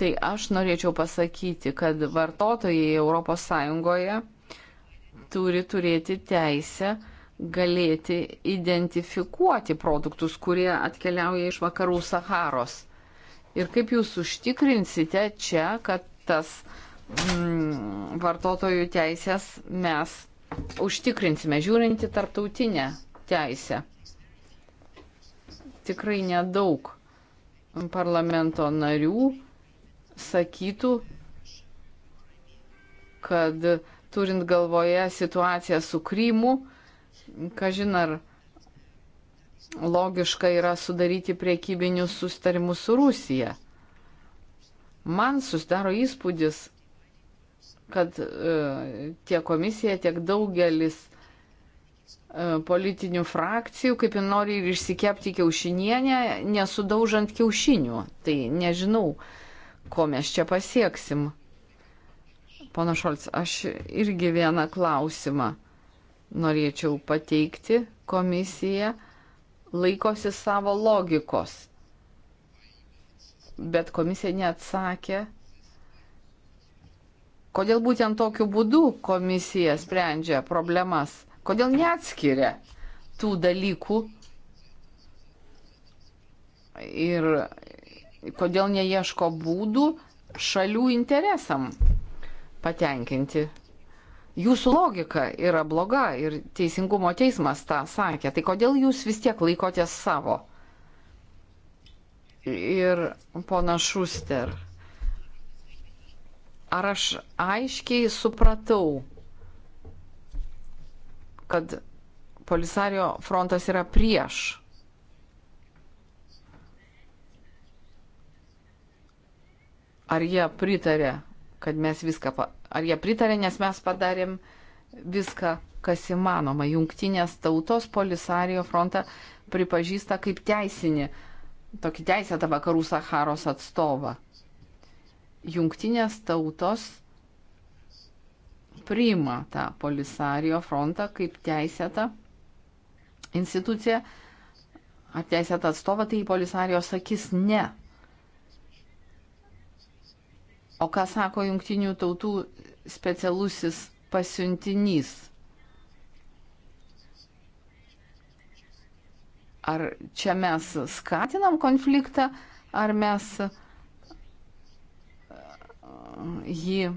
C: tai aš norėčiau pasakyti, kad vartotojai ES turi turėti teisę galėti identifikuoti produktus, kurie atkeliauja iš vakarų Saharos. Ir kaip jūs užtikrinsite čia, kad tas mm, vartotojų teisės mes užtikrinsime, žiūrinti tarptautinę teisę. Tikrai nedaug parlamento narių sakytų, kad turint galvoje situaciją su Krymu, kažin ar logiška yra sudaryti priekybinius sustarimus su Rusija. Man susidaro įspūdis, kad e, tiek komisija, tiek daugelis E, politinių frakcijų, kaip jin nori ir išsikepti kiaušinienę, nesudaužant kiaušinių. Tai nežinau, ko mes čia pasieksim. Pana Šolc, aš irgi vieną klausimą norėčiau pateikti. Komisija laikosi savo logikos, bet komisija neatsakė Kodėl būtent tokiu būdu komisija sprendžia problemas? Kodėl neatskiria tų dalykų ir kodėl neieško būdų šalių interesam patenkinti. Jūsų logika yra bloga ir teisingumo teismas tą sakė. Tai kodėl jūs vis tiek laikotės savo? Ir pona Šuster, ar aš aiškiai supratau, kad Polisario frontas yra prieš. Ar jie pritarė, kad mes viską, ar jie pritarė, nes mes padarėm viską, kas įmanoma. Jungtinės tautos Polisario frontą pripažįsta kaip teisinį, tokį teisėtą vakarų Saharos atstovą. Jungtinės tautos priima tą polisario frontą kaip teisėtą instituciją ar teisėtą atstovą, tai polisario sakys ne. O ką sako jungtinių tautų specialusis pasiuntinys? Ar čia mes skatinam konfliktą, ar mes e, jį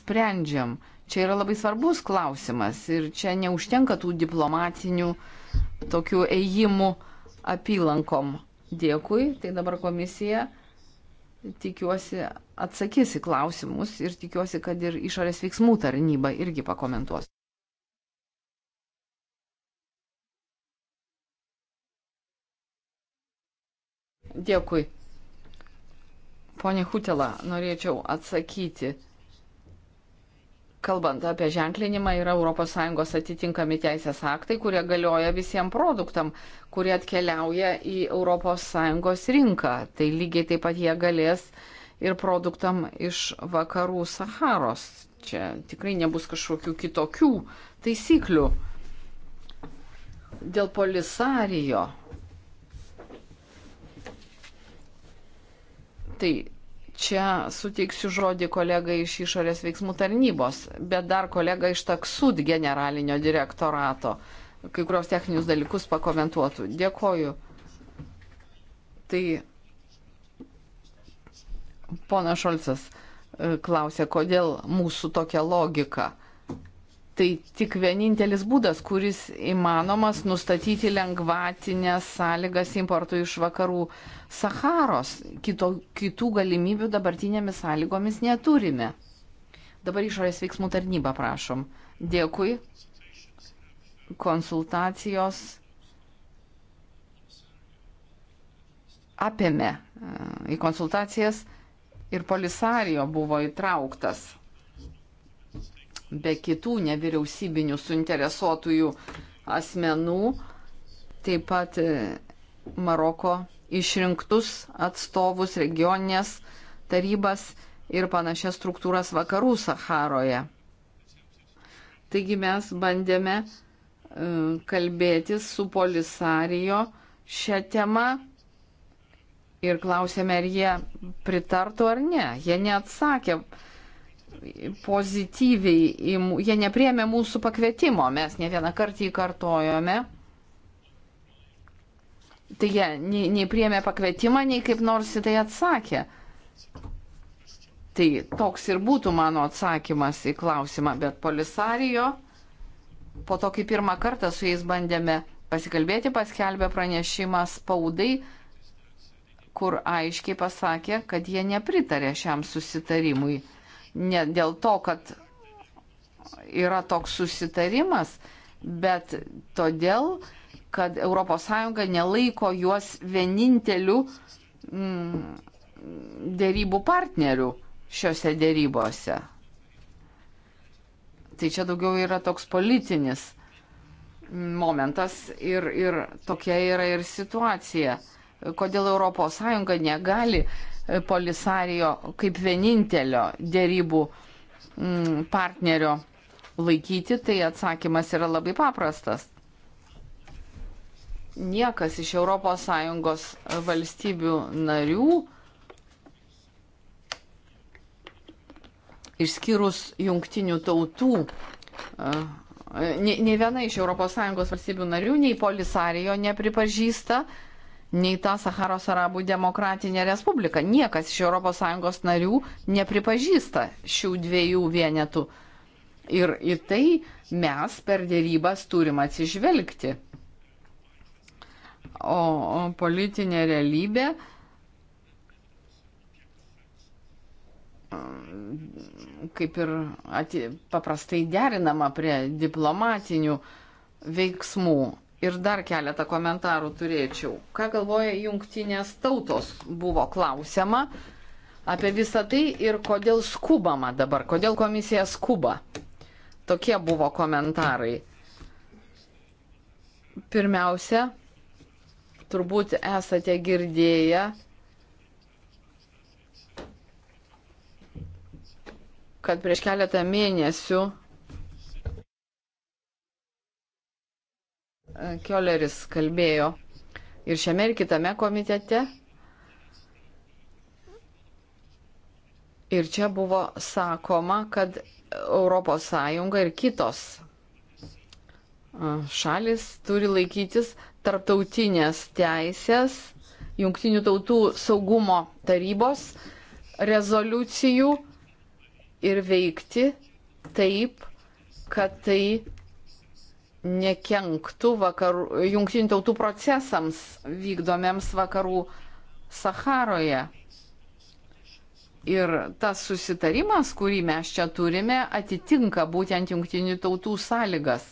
C: sprendžiam? Čia yra labai svarbus klausimas ir čia neužtenka tų diplomatinių tokių ėjimų apylankom. Dėkui, tai dabar komisija tikiuosi atsakys į klausimus ir tikiuosi, kad ir išorės veiksmų tarnyba irgi pakomentuos. Dėkui. Pone Hutela, norėčiau atsakyti kalbant apie ženklinimą, yra ES atitinkami teisės aktai, kurie galioja visiems produktam, kurie atkeliauja į ES rinką. Tai lygiai taip pat jie galės ir produktam iš vakarų Saharos. Čia tikrai nebus kažkokių kitokių taisyklių. Dėl polisarijo. Tai čia suteiksiu žodį kolegai iš išorės veiksmų tarnybos, bet dar kolega iš taksud generalinio direktorato kai kurios techninius dalykus pakomentuotų. Dėkoju. Tai pona Šolcas e, klausė, kodėl mūsų tokia logika. Tai tik vienintelis būdas, kuris įmanomas nustatyti lengvatinės sąlygas importui iš vakarų Saharos. Kito, kitų galimybių dabartinėmis sąlygomis neturime. Dabar išorės veiksmų tarnybą prašom. Dėkui. Konsultacijos apėmė e, į konsultacijas ir polisario buvo įtrauktas be kitų nevyriausybinių suinteresuotųjų asmenų, taip pat e, Maroko išrinktus atstovus, regioninės tarybas ir panašias struktūras vakarų Saharoje. Taigi mes bandėme e, kalbėtis su Polisarijo šią temą ir klausėme, ar jie pritartų ar ne. Jie neatsakė pozityviai, jie nepriemė mūsų pakvietimo, mes ne vieną kartą jį kartojome. Tai jie nei, nei priemė pakvietimą, nei kaip nors į tai atsakė. Tai toks ir būtų mano atsakymas į klausimą, bet polisarijo, po to, kai pirmą kartą su jais bandėme pasikalbėti, paskelbė pranešimą spaudai, kur aiškiai pasakė, kad jie nepritarė šiam susitarimui ne dėl to, kad yra toks susitarimas, bet todėl, kad ES nelaiko juos vieninteliu mm, dėrybų partneriu šiuose dėrybose. Tai čia daugiau yra toks politinis momentas ir, ir tokia yra ir situacija. Kodėl ES negali Polisarijo kaip vienintelio dėrybų mm, partnerio laikyti, tai atsakymas yra labai paprastas. Niekas iš ES valstybių narių, išskyrus jungtinių tautų, e, e, nei viena iš ES valstybių narių, nei Polisarijo nepripažįsta uh, nei ta Saharos arabų demokratinė respublika. Niekas iš ES narių nepripažįsta šių dviejų vienetų. Ir į tai mes per dėrybas turim atsižvelgti. O, o politinė realybė kaip ir ati, paprastai derinama prie diplomatinių veiksmų Ir dar keletą komentarų turėčiau. Ką galvoja jungtinės tautos buvo klausima apie visą tai ir kodėl skubama dabar, kodėl komisija skuba. Tokie buvo komentarai. Pirmiausia, turbūt esate girdėję, kad prieš keletą mėnesių Kioleris kalbėjo ir šiame ir kitame komitete. Ir čia buvo sakoma, kad ES ir kitos šalis turi laikytis tarptautinės teisės, jungtinių tautų saugumo tarybos rezoliucijų ir veikti taip, kad tai nekenktų vakarų, jungtinių tautų procesams vykdomiems vakarų Saharoje. Ir tas susitarimas, kurį mes čia turime, atitinka būtent jungtinių tautų sąlygas.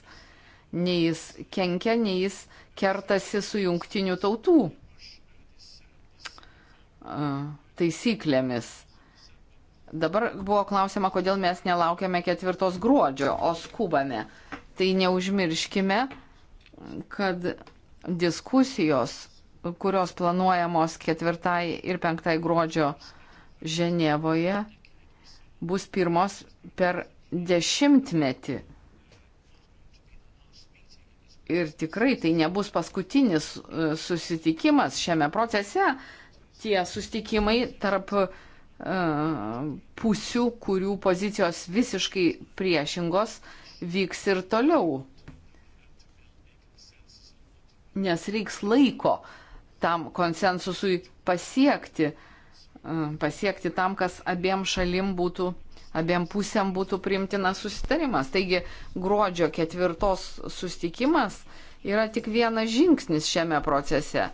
C: Nei jis kenkia, nei jis kertasi su jungtinių tautų taisyklėmis. Dabar buvo klausima, kodėl mes nelaukiame ketvirtos gruodžio, o skubame tai neužmirškime, kad diskusijos, kurios planuojamos ketvirtai ir penktai gruodžio Ženevoje, bus pirmos per dešimtmetį. Ir tikrai tai nebus paskutinis e, susitikimas šiame procese. Tie susitikimai tarp uh, pusių, kurių pozicijos visiškai priešingos, uh, vyks ir toliau. Nes reiks laiko tam konsensusui pasiekti, uh, pasiekti tam, kas abiem šalim būtų, abiem pusėm būtų primtinas susitarimas. Taigi gruodžio ketvirtos sustikimas yra tik vienas žingsnis šiame procese.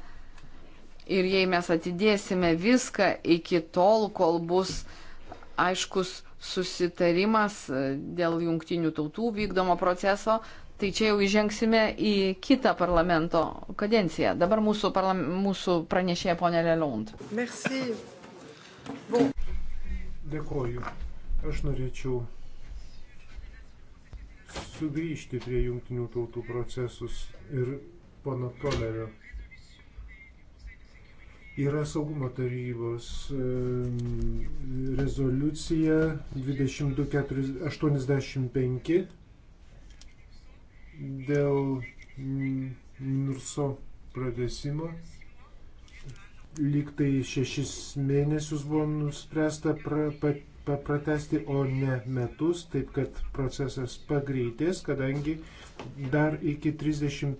C: Ir jei mes atidėsime viską iki tol, kol bus aiškus susitarimas e, dėl jungtinių tautų vykdomo proceso, tai čia jau įžengsime į kitą parlamento kadenciją. Dabar mūsų, parlam, mūsų pranešėja ponė Lelond.
A: Bon. Dėkoju. Aš norėčiau sugrįžti prie jungtinių tautų procesus ir pono Tolerio yra saugumo tarybos rezoliucija 2285 dėl Nurso mm, pradėsimo. Liktai šešis mėnesius buvo nuspręsta pra, pa, pa, pratesti, o ne metus, taip kad procesas pagreitės, kadangi dar iki 31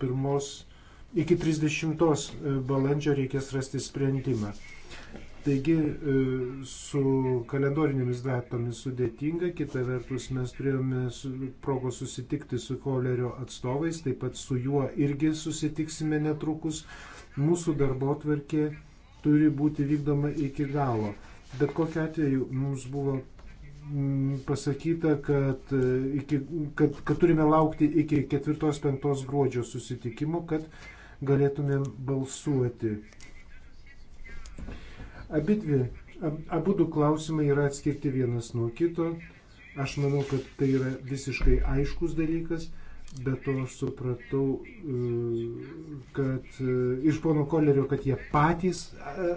A: iki 30 e, balandžio reikės rasti sprendimą. Taigi e, su kalendorinėmis datomis sudėtinga, kita vertus mes turėjome progos susitikti su kolerio atstovais, taip pat su juo irgi susitiksime netrukus. Mūsų darbo tvarkė turi būti vykdoma iki galo. Bet kokiu atveju mums buvo mm, pasakyta, kad, e, iki, kad, kad turime laukti iki 4-5 gruodžio susitikimo, kad galėtumėm balsuoti. Abidvi, ab, abu du klausimai yra atskirti vienas nuo kito. Aš manau, kad tai yra visiškai aiškus dalykas, bet to aš supratau, e, kad e, iš pono Kolerio, kad jie patys e,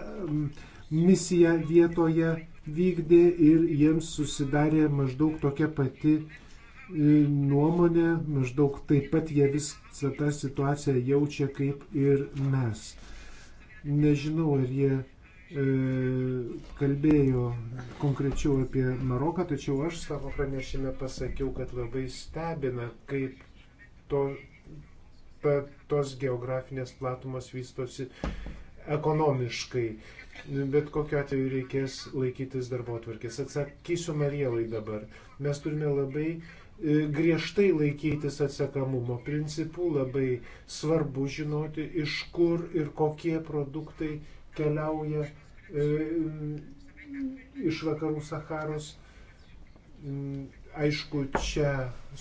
A: misiją vietoje vykdė ir jiems susidarė maždaug tokia pati uh, nuomonė, maždaug taip pat jie visą tą situaciją jaučia kaip ir mes. Nežinau, ar jie e, kalbėjo konkrečiau apie Maroką, tačiau aš savo pranešime pasakiau, kad labai stebina, kaip to, ta, tos geografinės platumos vystosi ekonomiškai. Bet kokiu atveju reikės laikytis darbo atvarkės. Atsakysiu Marielai dabar. Mes turime labai uh, E, griežtai laikytis atsekamumo principų, labai svarbu žinoti, iš kur ir kokie produktai keliauja e, iš vakarų Saharos. Mm, aišku, čia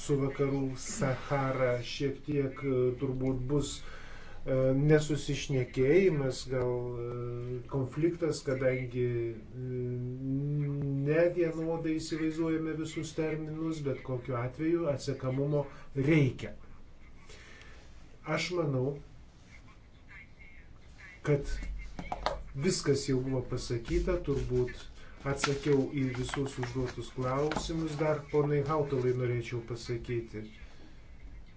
A: su vakarų Sahara šiek tiek e, turbūt bus uh, E, nesusišnekėjimas, gal e, konfliktas, kadangi e, ne vienodai įsivaizduojame visus terminus, bet kokiu atveju atsiekamumo reikia. Aš manau, kad viskas jau buvo pasakyta, turbūt atsakiau į visus užduotus klausimus, dar ponai Hautalai norėčiau pasakyti.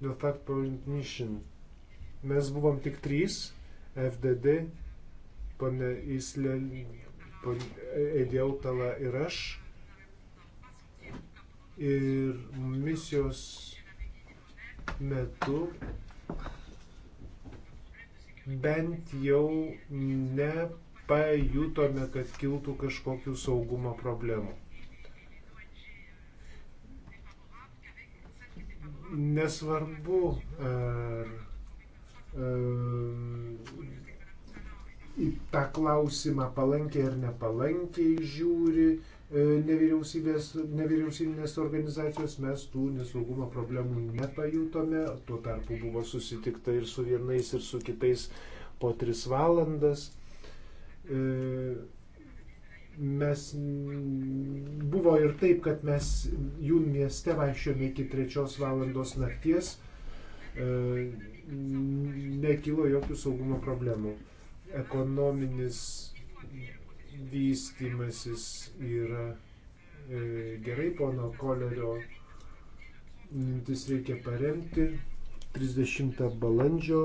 A: The fact point mission Mes buvom tik trys - FDD, ponė Islė, ponė Eidiautala ir aš. Ir misijos metu bent jau nepajutome, kad kiltų kažkokių saugumo problemų. Nesvarbu, ar Ehm, į tą klausimą palankiai ar nepalankiai žiūri e, nevyriausybinės organizacijos, mes tų nesaugumo problemų nepajutome, tuo tarpu buvo susitikta ir su vienais, ir su kitais po tris valandas. E, mes buvo ir taip, kad mes jų mieste vaikščiojome iki trečios valandos nakties, nekilo jokių saugumo problemų. Ekonominis vystimasis yra e, gerai, pono Kolerio mintis reikia paremti. 30 balandžio,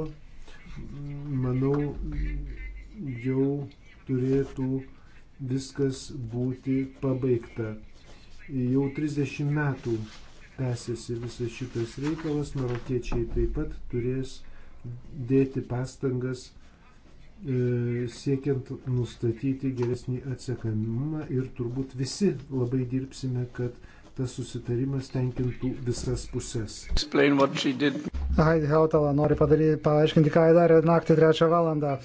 A: manau, jau turėtų viskas būti pabaigta. Jau 30 metų tęsiasi visas šitas reikalas, marokiečiai taip pat turės dėti pastangas e, siekiant nustatyti geresnį atsekamumą ir turbūt visi labai dirbsime, kad tas susitarimas tenkintų visas puses.
B: Heidi Hautala nori padaryti, paaiškinti, ką jie darė naktį trečią valandą.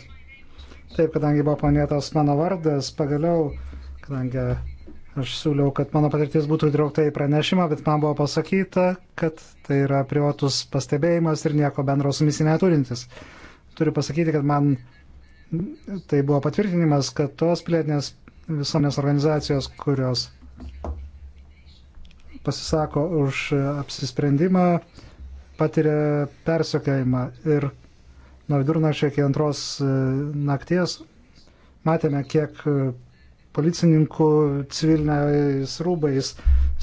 B: Taip, kadangi buvo paminėtas mano vardas, pagaliau, kadangi Aš siūliau, kad mano patirtis būtų įtraukta į pranešimą, bet man buvo pasakyta, kad tai yra privatus pastebėjimas ir nieko bendro su misija neturintis. Turiu pasakyti, kad man tai buvo patvirtinimas, kad tos pilietinės visuomenės organizacijos, kurios pasisako už apsisprendimą, patiria persiokėjimą. Ir nuo vidurnačio iki antros e, nakties matėme, kiek e, policininkų civiliniais rūbais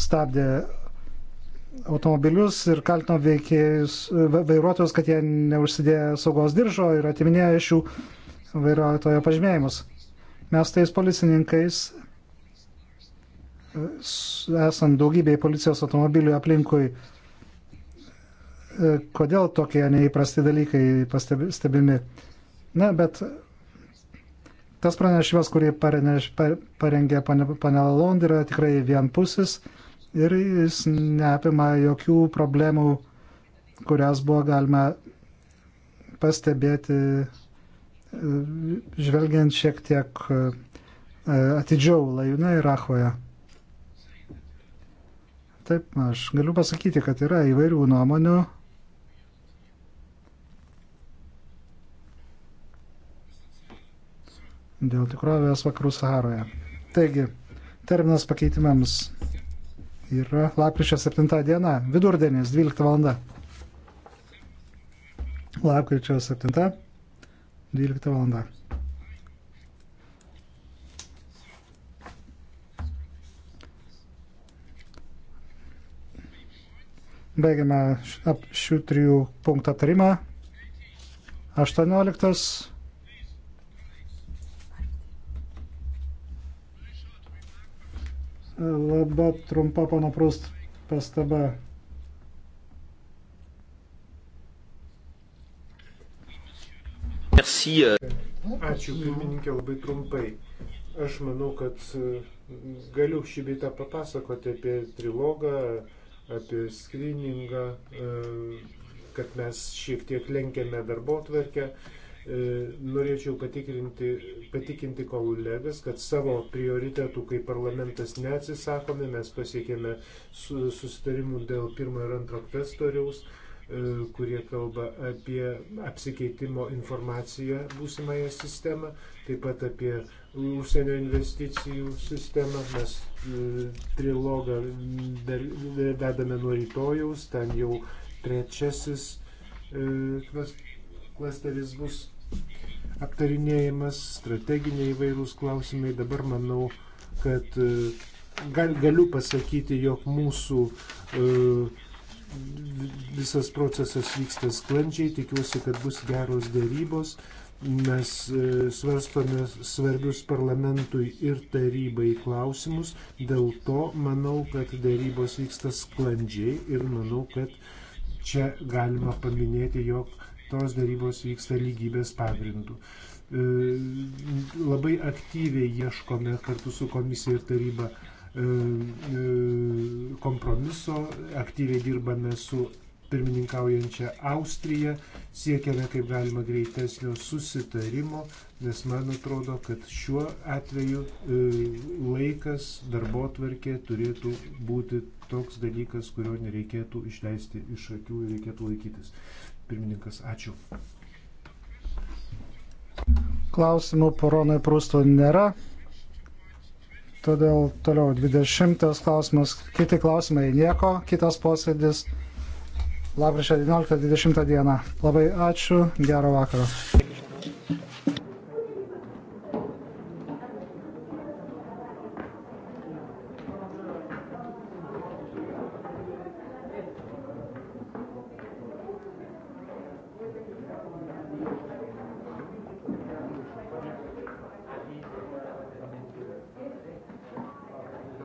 B: stabdė automobilius ir kaltino veikėjus, vairuotojus, kad jie neužsidėjo saugos diržo ir atiminėjo iš jų vairuotojo pažymėjimus. Mes tais policininkais, e, esant daugybėj policijos automobilių aplinkui, e, kodėl tokie neįprasti dalykai pastebimi. Na, bet Tas pranešimas, kurį pareneš, parengė panelė Lond, yra tikrai vienpusis ir jis neapima jokių problemų, kurias buvo galima pastebėti, žvelgiant šiek tiek e, atidžiau Lajune ir Rahoje. Taip, aš galiu pasakyti, kad yra įvairių nuomonių dėl tikrovės vakarų Saharoje. Taigi, terminas pakeitimams yra lapkričio 7 diena, vidurdienis, 12 val. Lapkričio 7, 12 val. Baigiame šių trijų punktų aptarimą. 18. Labai trumpa pono Prust pastaba.
C: Merci. Euh.
A: Ačiū, pirmininkė, labai trumpai. Aš manau, kad mm, galiu šį beitą papasakoti apie trilogą, apie skriningą, e, kad mes šiek tiek lenkėme darbo tvarkę. E, norėčiau patikinti, patikinti kolegas, kad savo prioritetų kaip parlamentas neatsisakome, mes pasiekėme susitarimų dėl pirmo ir antro kvestoriaus, e, kurie kalba apie apsikeitimo informaciją būsimąją sistemą, taip pat apie užsienio investicijų sistemą. Mes e, trilogą vedame nuo rytojaus, ten jau trečiasis klasteris bus aptarinėjimas, strateginiai įvairūs klausimai. Dabar manau, kad e, gal, galiu pasakyti, jog mūsų e, visas procesas vyksta sklandžiai, tikiuosi, kad bus geros dėrybos. Mes e, svarstome svarbius parlamentui ir tarybai klausimus, dėl to manau, kad dėrybos vyksta sklandžiai ir manau, kad čia galima paminėti, jog tos darybos vyksta lygybės pagrindu. E, labai aktyviai ieškome kartu su komisija ir taryba e, e, kompromiso, aktyviai dirbame su pirmininkaujančia Austrija, siekiame kaip galima greitesnio susitarimo, nes man atrodo, kad šiuo atveju laikas darbo tvarkė turėtų būti toks dalykas, kurio nereikėtų išleisti iš akių ir reikėtų laikytis. Pirmininkas, ačiū.
B: Klausimų poronai prūstų nėra. Todėl toliau 20 klausimas, kiti klausimai nieko, kitas posėdis lapkričio 19-20 dieną. Labai ačiū, gero vakaro.